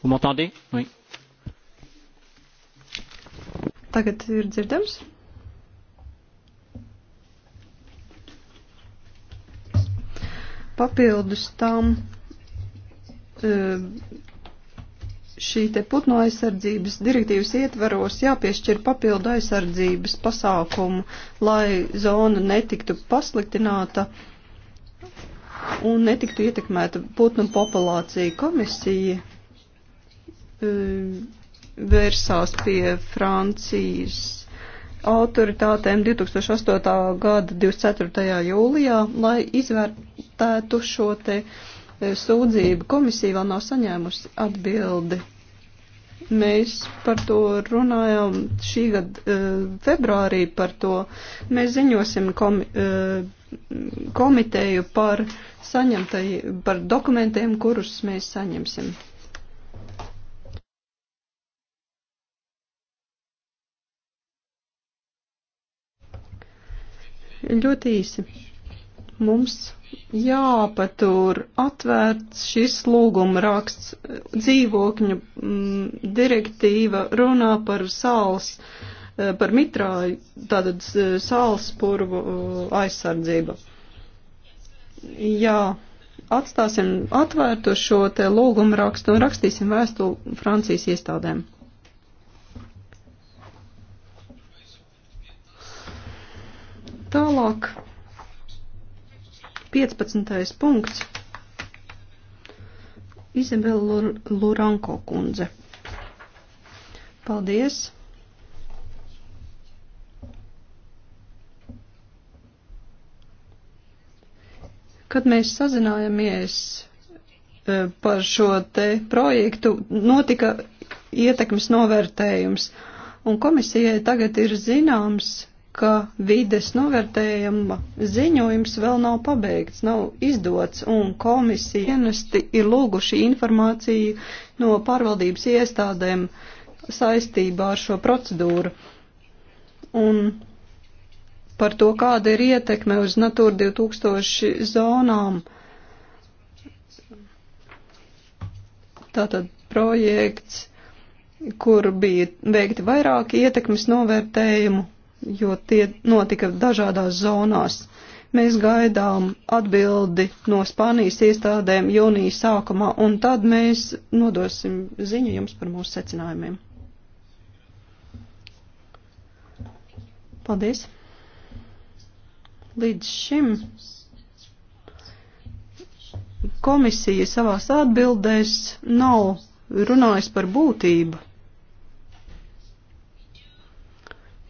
Vous m'entendez? Oui. Tagad ir dzirdams? Papildus tam eh, šī te putno aizsardzības direktīvas ietvaros jāpiešķir papildu aizsardzības pasākumu, lai zona netiktu pasliktināta un netiktu ietekmēta putnu populācija. Komisija e, vērsās pie Francijas autoritātēm 2008. gada 24. jūlijā, lai izvērtētu šo te uh, sūdzību. Komisija vēl nav saņēmusi atbildi. Mēs par to runājām šī gada eh, februārī par to. Mēs ziņosim komi, eh, komiteju par, saņemtai, par dokumentiem, kurus mēs saņemsim. Ļoti īsi Mums jāpatur atvērts šis lūguma raksts. Dzīvokļu mm, direktīva runā par sāls, eh, par mitrāju, tātad eh, sāls purvu eh, aizsardzību. Jā, atstāsim atvērtu šo te lūguma rakstu un rakstīsim vēstuli Francijas iestādēm. Tālāk 15. punkts. Izabela Lur Luranko kundze. Paldies! Kad mēs sazinājāmies e, par šo te projektu, notika ietekmes novērtējums, un komisijai tagad ir zināms, ka vides novērtējuma ziņojums vēl nav pabeigts, nav izdots, un komisija ienesti ir lūguši informāciju no pārvaldības iestādēm saistībā ar šo procedūru. Un par to, kāda ir ietekme uz Natūra 2000 zonām. Tātad projekts, kur bija veikti vairāki ietekmes novērtējumu jo tie notika dažādās zonās. Mēs gaidām atbildi no Spānijas iestādēm jūnijas sākumā, un tad mēs nodosim ziņu jums par mūsu secinājumiem. Paldies! Līdz šim komisija savās atbildēs nav runājis par būtību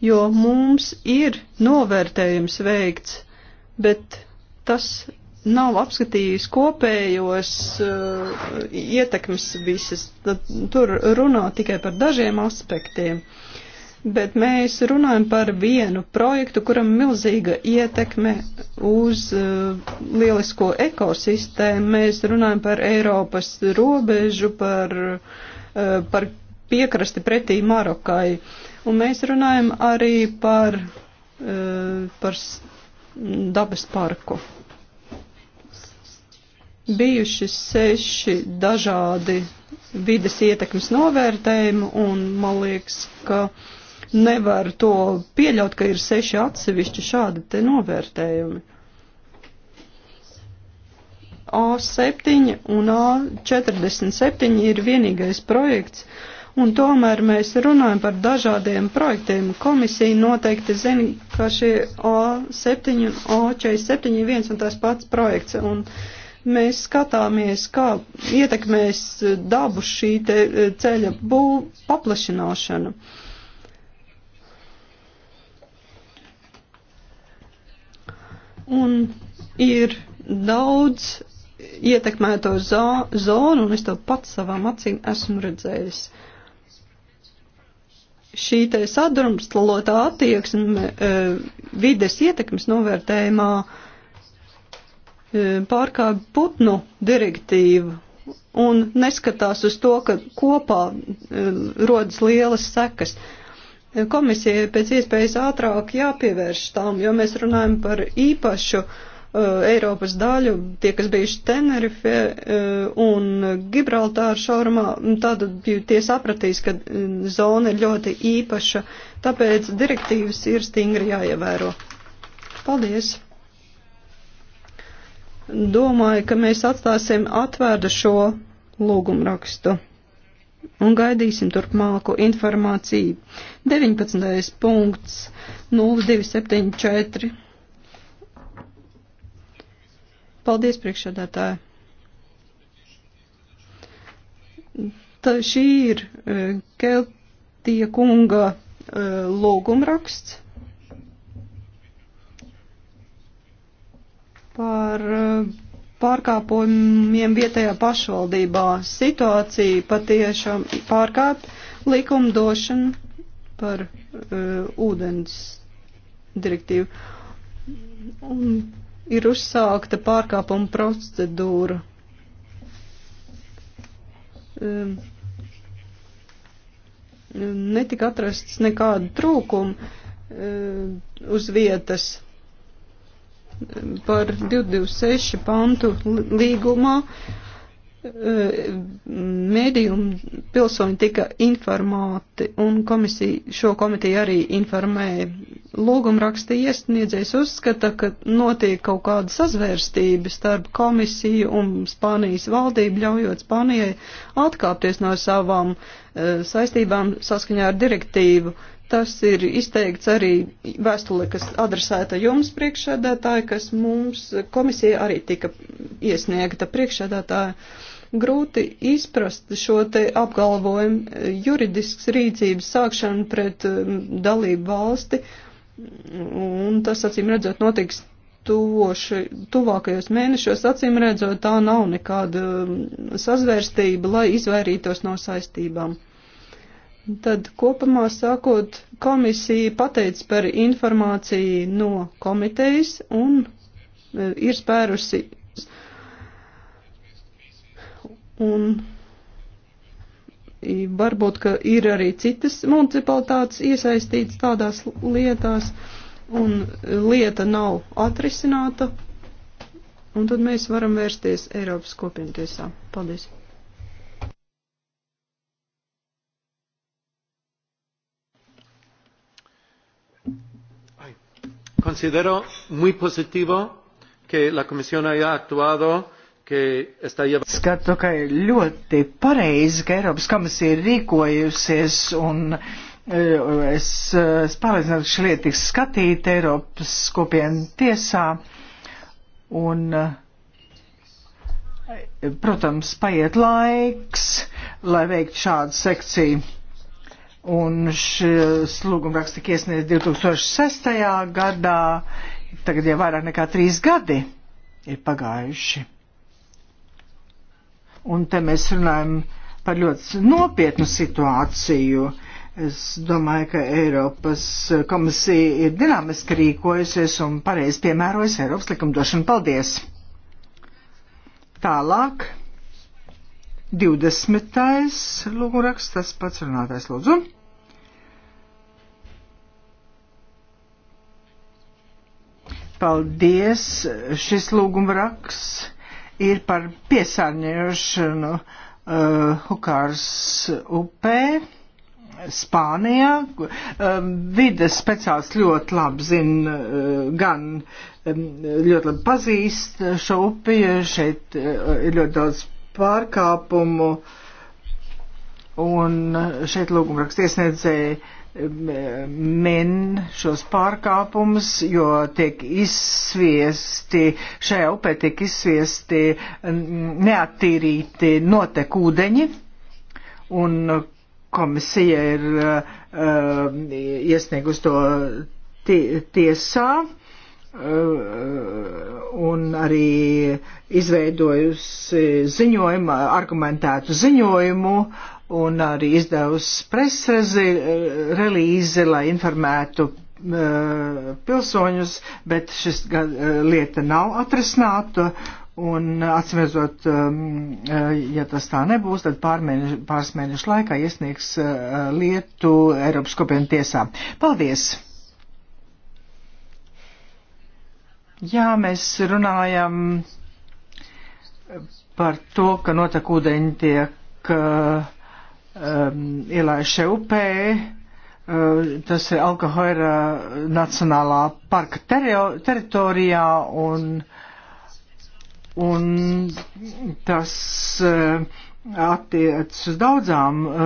jo mums ir novērtējums veikts, bet tas nav apskatījis kopējos uh, ietekmes visas. Tad, tur runā tikai par dažiem aspektiem. Bet mēs runājam par vienu projektu, kuram milzīga ietekme uz uh, lielisko ekosistēmu. Mēs runājam par Eiropas robežu, par, uh, par piekrasti pretī Marokai. Uh, Un mēs runājam arī par, eh, par dabas parku. Bijuši seši dažādi vides ietekmes novērtējumi, un man liekas, ka nevar to pieļaut, ka ir seši atsevišķi šādi te novērtējumi. A7 un A47 ir vienīgais projekts, uh, un tomēr mēs runājam par dažādiem projektiem. Komisija noteikti zina, ka šie O7 un O47 ir viens un tas pats projekts, un mēs skatāmies, kā ietekmēs dabu šī e, ceļa bū paplašināšana. Un ir daudz ietekmēto zonu, un es to pats savām acīm esmu redzējis. Uh, šī te sadrumstalotā attieksme e, vides ietekmes novērtējumā e, pārkāpj putnu direktīvu un neskatās uz to, ka kopā e, rodas lielas sekas. Komisijai pēc iespējas ātrāk jāpievērš tām, jo mēs runājam par īpašu uh, Uh, Eiropas daļu, tie, kas bijuši Tenerife uh, un Gibraltāra šaurumā, tad tie sapratīs, ka uh, zona ir ļoti īpaša, tāpēc direktīvas ir stingri jāievēro. Paldies! Domāju, ka mēs atstāsim atvērtu šo lūgumrakstu un gaidīsim turpmāku informāciju. 19. punkts 0274. Paldies, priekšsēdētāji. Tā šī ir e, Keltie kunga e, lūgumraksts par e, pārkāpumiem vietējā pašvaldībā. Situācija patiešām pārkāp likumdošanu par uh, ūdens direktīvu. Un ir uzsākta pārkāpuma procedūra. Um, netika atrasts nekādu trūkumu um, ehm, uz vietas. Ehm, par 226 pantu līgumā uh, mēdī un pilsoņi tika informēti, un komisija, šo komiteju arī informēja. Lūgumraksta iesniedzējs uzskata, ka notiek kaut kāda sazvērstība starp komisiju un Spānijas valdību, ļaujot Spānijai atkāpties no savām uh, saistībām saskaņā ar direktīvu. Tas ir izteikts arī vēstule, kas adresēta jums priekšsēdētāji, kas mums komisija arī tika iesniegta priekšsēdētāja. Uh, Grūti izprast šo te apgalvojumu eh, juridisks rīcības sākšana pret eh, dalību valsti, un tas, acīm redzot, notiks tuvoši, tuvākajos mēnešos, acīm redzot, tā nav nekāda mm, sazvērstība, lai izvairītos no saistībām. Tad kopumā sākot, komisija pateica par informāciju no komitejas un eh, ir spērusi Un varbūt, ka ir arī citas municipalitātes iesaistītas tādās lietās, un lieta nav atrisināta, un tad mēs varam vērsties Eiropas kopienu tiesā. Paldies! Considero muy positivo que la Comisión haya actuado Skatu, ka ir ļoti pareizi, ka Eiropas komisija ir rīkojusies un e, es, es pārliecinātu, ka šī lieta tiks skatīta Eiropas kopienu tiesā un, e, protams, paiet laiks, lai veiktu šādu sekciju. Un šis lūgumraksts tika iesniegts 2006. gadā, tagad jau vairāk nekā trīs gadi ir pagājuši. Un te mēs runājam par ļoti nopietnu situāciju. Es domāju, ka Eiropas komisija ir dinamiski rīkojusies un pareizi piemērojas Eiropas likumdošanu. Paldies! Tālāk. 20. lūguraks, tas pats runātais lūdzu. Paldies, šis lūgumraksts ir par piesārņošanu uh, Hukārs upē. Spānijā um, vides speciāls ļoti labi zina, uh, eh, gan um, ļoti labi pazīst šo upi, šeit uh, ir ļoti daudz pārkāpumu, un šeit lūgumrakstiesniedzēji uh, min šos pārkāpumus, jo tiek izsviesti, šajā upē tiek izsviesti neattīrīti notekūdeņi, un komisija ir uh, eh, iesniegus to tiesā, uh, un arī izveidojusi ziņojumu, argumentētu ziņojumu, uh, un arī izdevusi preses relīzi, lai informētu uh, pilsoņus, bet šis uh, lieta nav atrisināta. Un atsimēzot, um, e, ja tas tā nebūs, tad pārmēnešu, pāris mēnešu laikā iesniegs uh, lietu Eiropas kopienu tiesā. Paldies! Jā, mēs runājam par to, ka notekūdeņi tiek uh, um, ielaiž upē. Uh, tas ir Alkahoira Nacionālā parka teritorijā un, un tas uh, attiec uz daudzām uh,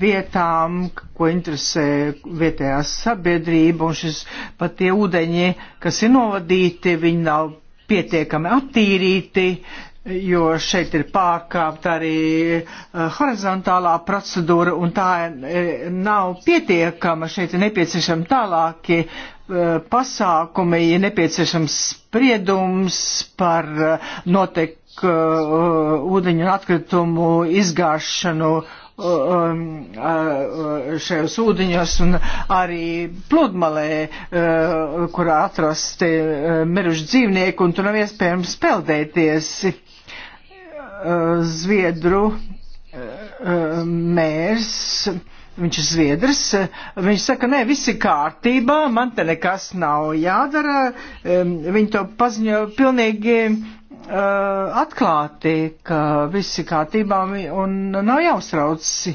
vietām, ko interesē vietējā sabiedrība, un šis pat tie ūdeņi, kas ir novadīti, viņi nav pietiekami attīrīti, jo šeit ir pārkāpta arī eh, horizontālā procedūra un tā eh, nav pietiekama. Šeit ir nepieciešami tālāki eh, pasākumi, ir nepieciešams spriedums par noteiktu ūdeņu un atkritumu izgāšanu uh, Um, uh, šajos ūdeņos un arī pludmalē, uh, kurā atrasti uh, miruši dzīvnieki, un tur nav iespējams peldēties. Zviedru mērs Viņš ir zviedrs. Viņš saka, nē, viss ir kārtībā, man te nekas nav jādara. Um, viņi to paziņo pilnīgi Eh, atklāti, ka visi kārtībā un nav jāuztraucasi.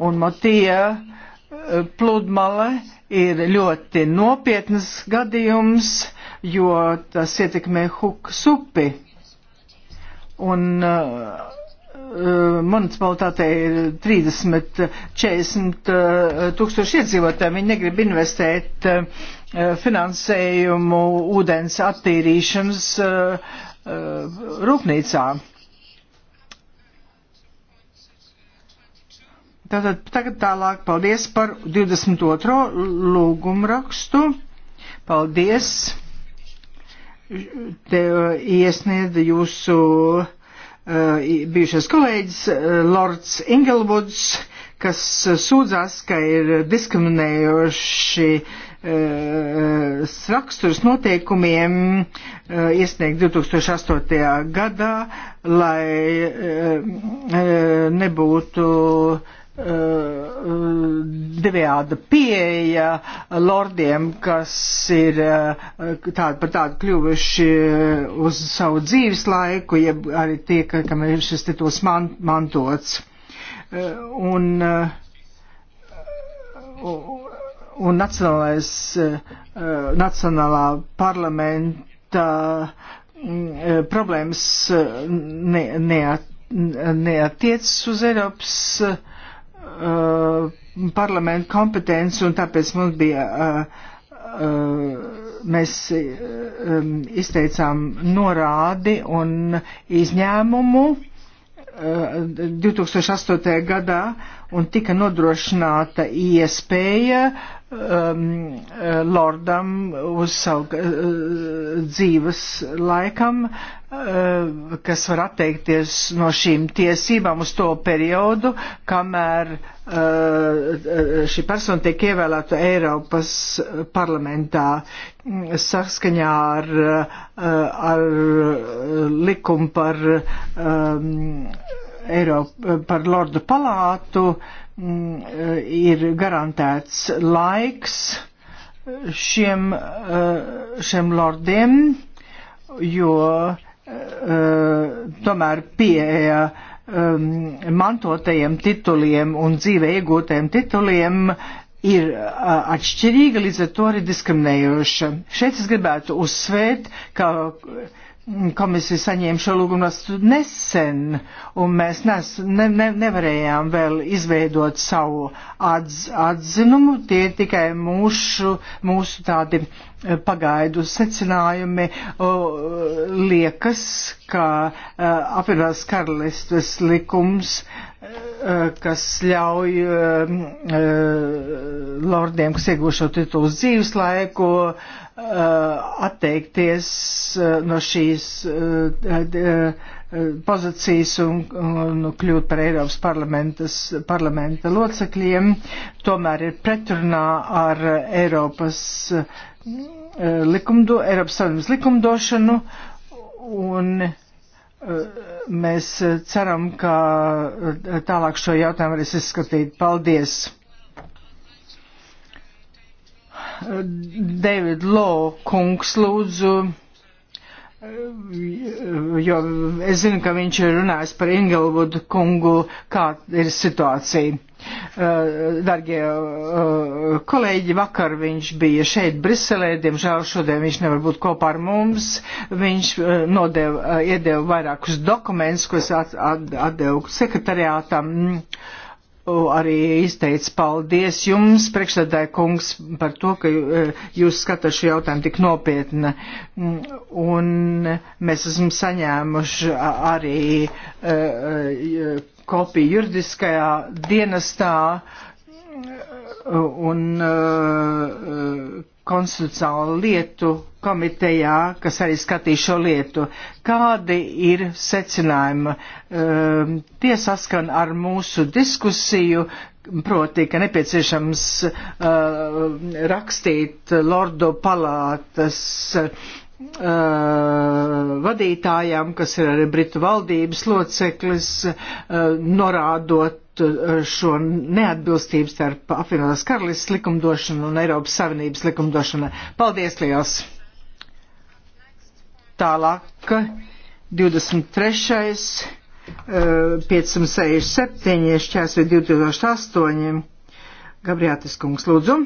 Un Matija eh, pludmale ir ļoti nopietnas gadījums, jo tas ietekmē huk supi. Un uh, municipalitātei ir 30, 40 tūkstoši iedzīvotāji, viņi negrib investēt uh, Eh, finansējumu ūdens attīrīšanas eh, eh, rūpnīcā. Tātad tagad tālāk paldies par 22. lūgumu rakstu. Paldies. Te iesniedza jūsu uh, bijušais kolēģis uh, Lords Ingelvuds, kas sūdzās, ka ir diskriminējoši uh, Eh, raksturs noteikumiem eh, iesniegt 2008. gadā, lai eh, nebūtu devējāda pieeja lordiem, kas ir tādu par tādu kļuvuši uz savu dzīves laiku, jeb arī tie, kam ir šis tituls man, mantots. Un, un un nacionālais, eh, eh, nacionālā parlamenta mm, eh, problēmas ne, neat, neatiecas uz Eiropas parlamentu kompetenci, un tāpēc mums bija, mēs izteicām norādi un izņēmumu 2008. gadā un tika nodrošināta iespēja Um, lordam uz savu uh, dzīves laikam, uh, kas var atteikties no šīm tiesībām uz to periodu, kamēr uh, šī persona tiek ievēlēta Eiropas parlamentā saskaņā ar, ar likumu par, um, Eiropa, par Lordu palātu. Uh, Mm, ir garantēts laiks šiem, eh, šiem lordiem, jo eh, tomēr pieeja ehm, mantotajiem tituliem un dzīvē iegūtajiem tituliem ir eh, atšķirīga, līdz ar to arī diskriminējoša. Šeit es gribētu uzsvērt, ka komisija saņēma šo lūgumu rakstu nesen, un mēs nes, ne, ne, nevarējām vēl izveidot savu atz, atzinumu, tie ir tikai mūsu, mūsu tādi eh, pagaidu secinājumi. O, liekas, ka eh, apvienotās karalistes likums, o, eh, kas ļauj o, lordiem, kas iegūšo titulus dzīves laiku, o, Uh, atteikties uh, no šīs uh, pozīcijas un, un kļūt par Eiropas parlamenta locekļiem, tomēr ir pretrunā ar Eiropas, likumdo, Eiropas Savienības likumdošanu un mēs ceram, ka tālāk šo jautājumu varēs izskatīt. Paldies! David Law kungs lūdzu, jo es zinu, ka viņš ir runājis par Inglewood kungu, kā ir situācija. Eh, dargie eh, kolēģi, vakar viņš bija šeit Briselē, diemžēl šodien viņš nevar būt kopā ar mums. Viņš eh, nodeva, iedeva vairākus dokumentus, ko es atdevu sekretariātam. At, arī izteica paldies jums, priekšsēdāja kungs, par to, ka e, jūs skatāt šo jautājumu tik nopietni. Mm, un mēs esam saņēmuši arī e, e, kopiju juridiskajā dienestā un konstitucionālo lietu komitejā, kas arī skatīs šo lietu. Kādi ir secinājumi? Um, tie saskan ar mūsu diskusiju, proti, ka nepieciešams uh, rakstīt Lordu palātas uh, ehm, vadītājām, kas ir arī Britu valdības loceklis, norādot Eh, šo neatbilstību starp apvienotās karalistas likumdošanu un Eiropas Savienības likumdošanu. Paldies liels! Tālāk 23. 567, šķērsvie 2008. Gabriētis kungs, lūdzu.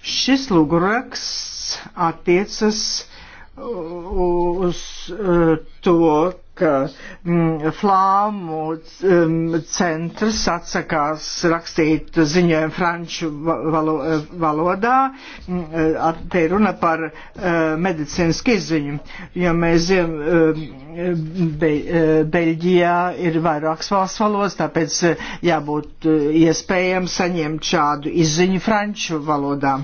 Šis lūguraksts attiecas uz eh, to ka mm, flāmu mm, centrs atsakās rakstīt ziņojumu franču valo, valodā. Mm, te ir runa par uh, medicīnisku izziņu, jo mēs zinām, uh, Be, uh, Beļģijā ir vairākas valsts valodas, tāpēc uh, jābūt uh, iespējams saņemt šādu izziņu franču valodā.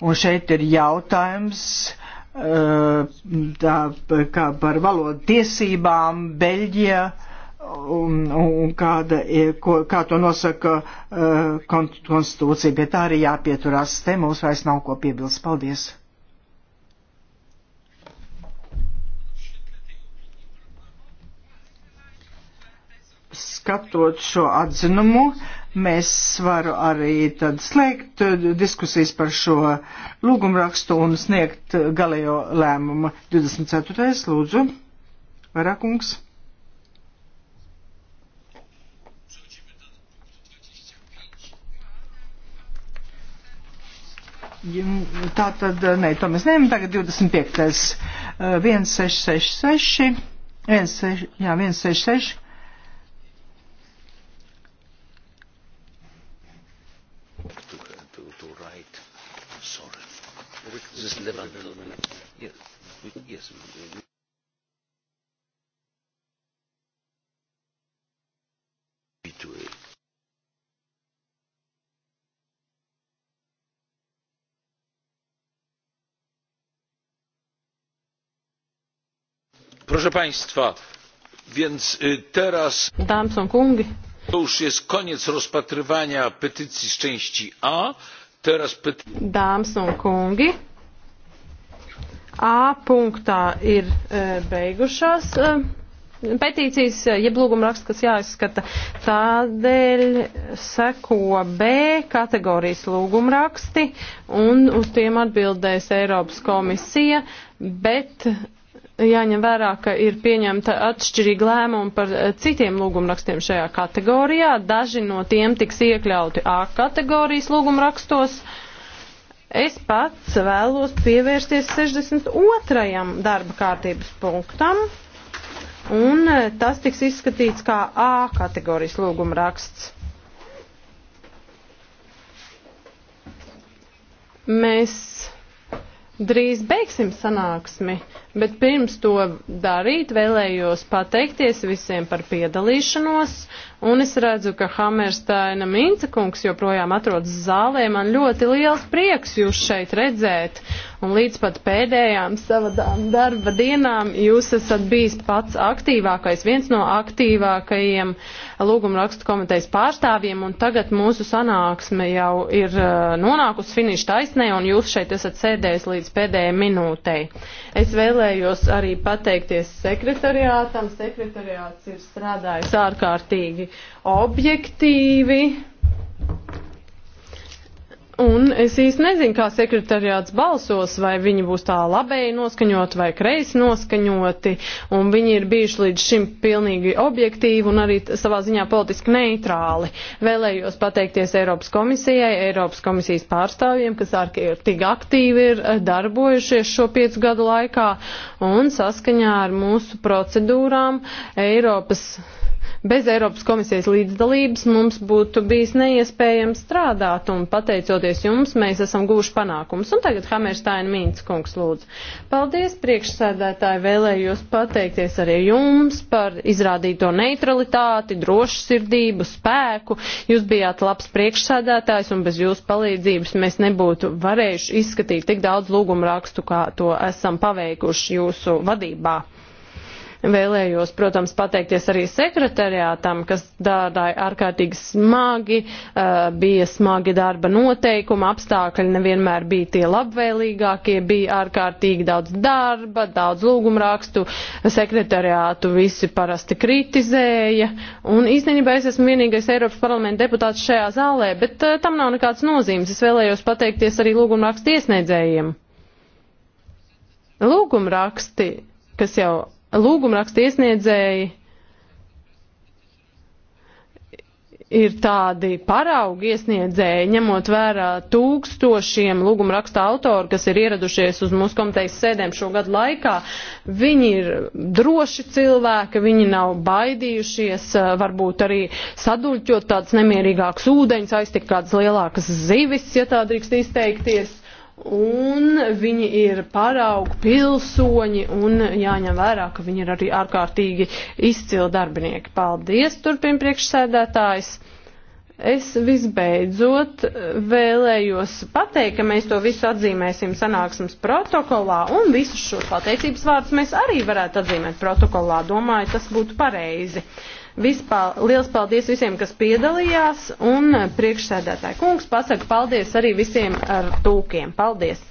Un šeit ir jautājums. Uh, Eh, tā, kā par valodu tiesībām Beļģijā un, un kāda, eh, ko, kā to nosaka eh, konstitūcija, pie tā arī jāpieturās. Te mums vairs nav ko piebilst. Paldies! Skatot šo atzinumu, uh, Mēs varu arī tad slēgt eh, diskusijas par šo lūgumrakstu un sniegt galējo lēmumu. 24. lūdzu, Varakungs. Tā tad, eh, nē, to mēs neņemam, tagad 25. 1666, 16, jā, 166 Proszę Państwa, więc teraz Dāmas un kungi. to już jest koniec rozpatrywania petycji z części A. Teraz pety... Dāmas un kungi. A punktā ir e, beigušās. E, petīcijas, e, jeb lūguma raksts, kas jāizskata. Tādēļ seko B kategorijas lūguma raksti un uz tiem atbildēs Eiropas komisija, bet jāņem vērā, ka ir pieņemta atšķirīga lēmuma par eh, citiem lūgumrakstiem šajā kategorijā. Daži no tiem tiks iekļauti A kategorijas lūgumrakstos. Es pats vēlos pievērsties 62. darba kārtības punktam, un eh, tas tiks izskatīts kā A kategorijas lūgumraksts. Mēs drīz beigsim sanāksmi, bet pirms to darīt vēlējos pateikties visiem par piedalīšanos Un es redzu, ka Hamerstaina Mincekungs joprojām atrodas zālē. Man ļoti liels prieks jūs šeit redzēt. Un līdz pat pēdējām savām darba dienām jūs esat bijis pats aktīvākais, viens no aktīvākajiem lūgumrakstu komitejas pārstāvjiem. Un tagad mūsu sanāksme jau ir uh, nonākusi finiša taisnē, un jūs šeit esat sēdējis līdz pēdējai minūtei. Es vēlējos arī pateikties sekretariātam. Sekretariāts ir strādājis ārkārtīgi objektīvi. Un es īsti nezinu, kā sekretariāts balsos, vai viņi būs tā labēji noskaņoti vai kreisi noskaņoti, un viņi ir bijuši līdz šim pilnīgi objektīvi un arī savā ziņā politiski neitrāli. Vēlējos pateikties Eiropas komisijai, Eiropas komisijas pārstāvjiem, kas ārkārtīgi aktīvi ir eh, darbojušies šo piecu gadu laikā, un saskaņā ar mūsu procedūrām Eiropas Bez Eiropas komisijas līdzdalības mums būtu bijis neiespējams strādāt, un pateicoties jums, mēs esam guvuši panākumus. Un tagad Hamersteina Mīns kungs lūdzu. Paldies, priekšsēdētāji, vēlējos pateikties arī jums par izrādīto neutralitāti, drošsirdību, spēku. Jūs bijāt labs priekšsēdētājs, un bez jūsu palīdzības mēs nebūtu varējuši izskatīt tik daudz lūgumu rakstu, kā to esam paveikuši jūsu vadībā. Vēlējos, protams, pateikties arī sekretariātam, kas dādāja ārkārtīgi smagi, bija smagi darba noteikumi, apstākļi nevienmēr bija tie labvēlīgākie, bija ārkārtīgi daudz darba, daudz lūgumrakstu, sekretariātu visi parasti kritizēja, un īstenībā es esmu vienīgais Eiropas parlamenta deputāts šajā zālē, bet tam nav nekāds nozīmes. Es vēlējos pateikties arī lūgumrakstu iesniedzējiem. Lūgumraksti, kas jau lūgumraksta iesniedzēji ir tādi paraugi iesniedzēji, ņemot vērā tūkstošiem lūguma raksta autori, kas ir ieradušies uz mūsu komitejas sēdēm šo gadu laikā. Viņi ir droši cilvēki, viņi nav baidījušies, eh, varbūt arī saduļķot tāds nemierīgāks ūdeņus, aiztikt kādas lielākas zivis, ja tā drīkst izteikties un viņi ir paraugu pilsoņi, un jāņem vērā, ka viņi ir arī ārkārtīgi izcili darbinieki. Paldies, turpina priekšsēdētājs. Es visbeidzot vēlējos pateikt, ka mēs to visu atzīmēsim sanāksmes protokolā, un visus šos pateicības vārdus mēs arī varētu atzīmēt protokolā. Domāju, tas būtu pareizi. Uh, Vispār liels paldies visiem, kas piedalījās, un priekšsēdētāji kungs pasaka paldies arī visiem ar tūkiem. Paldies!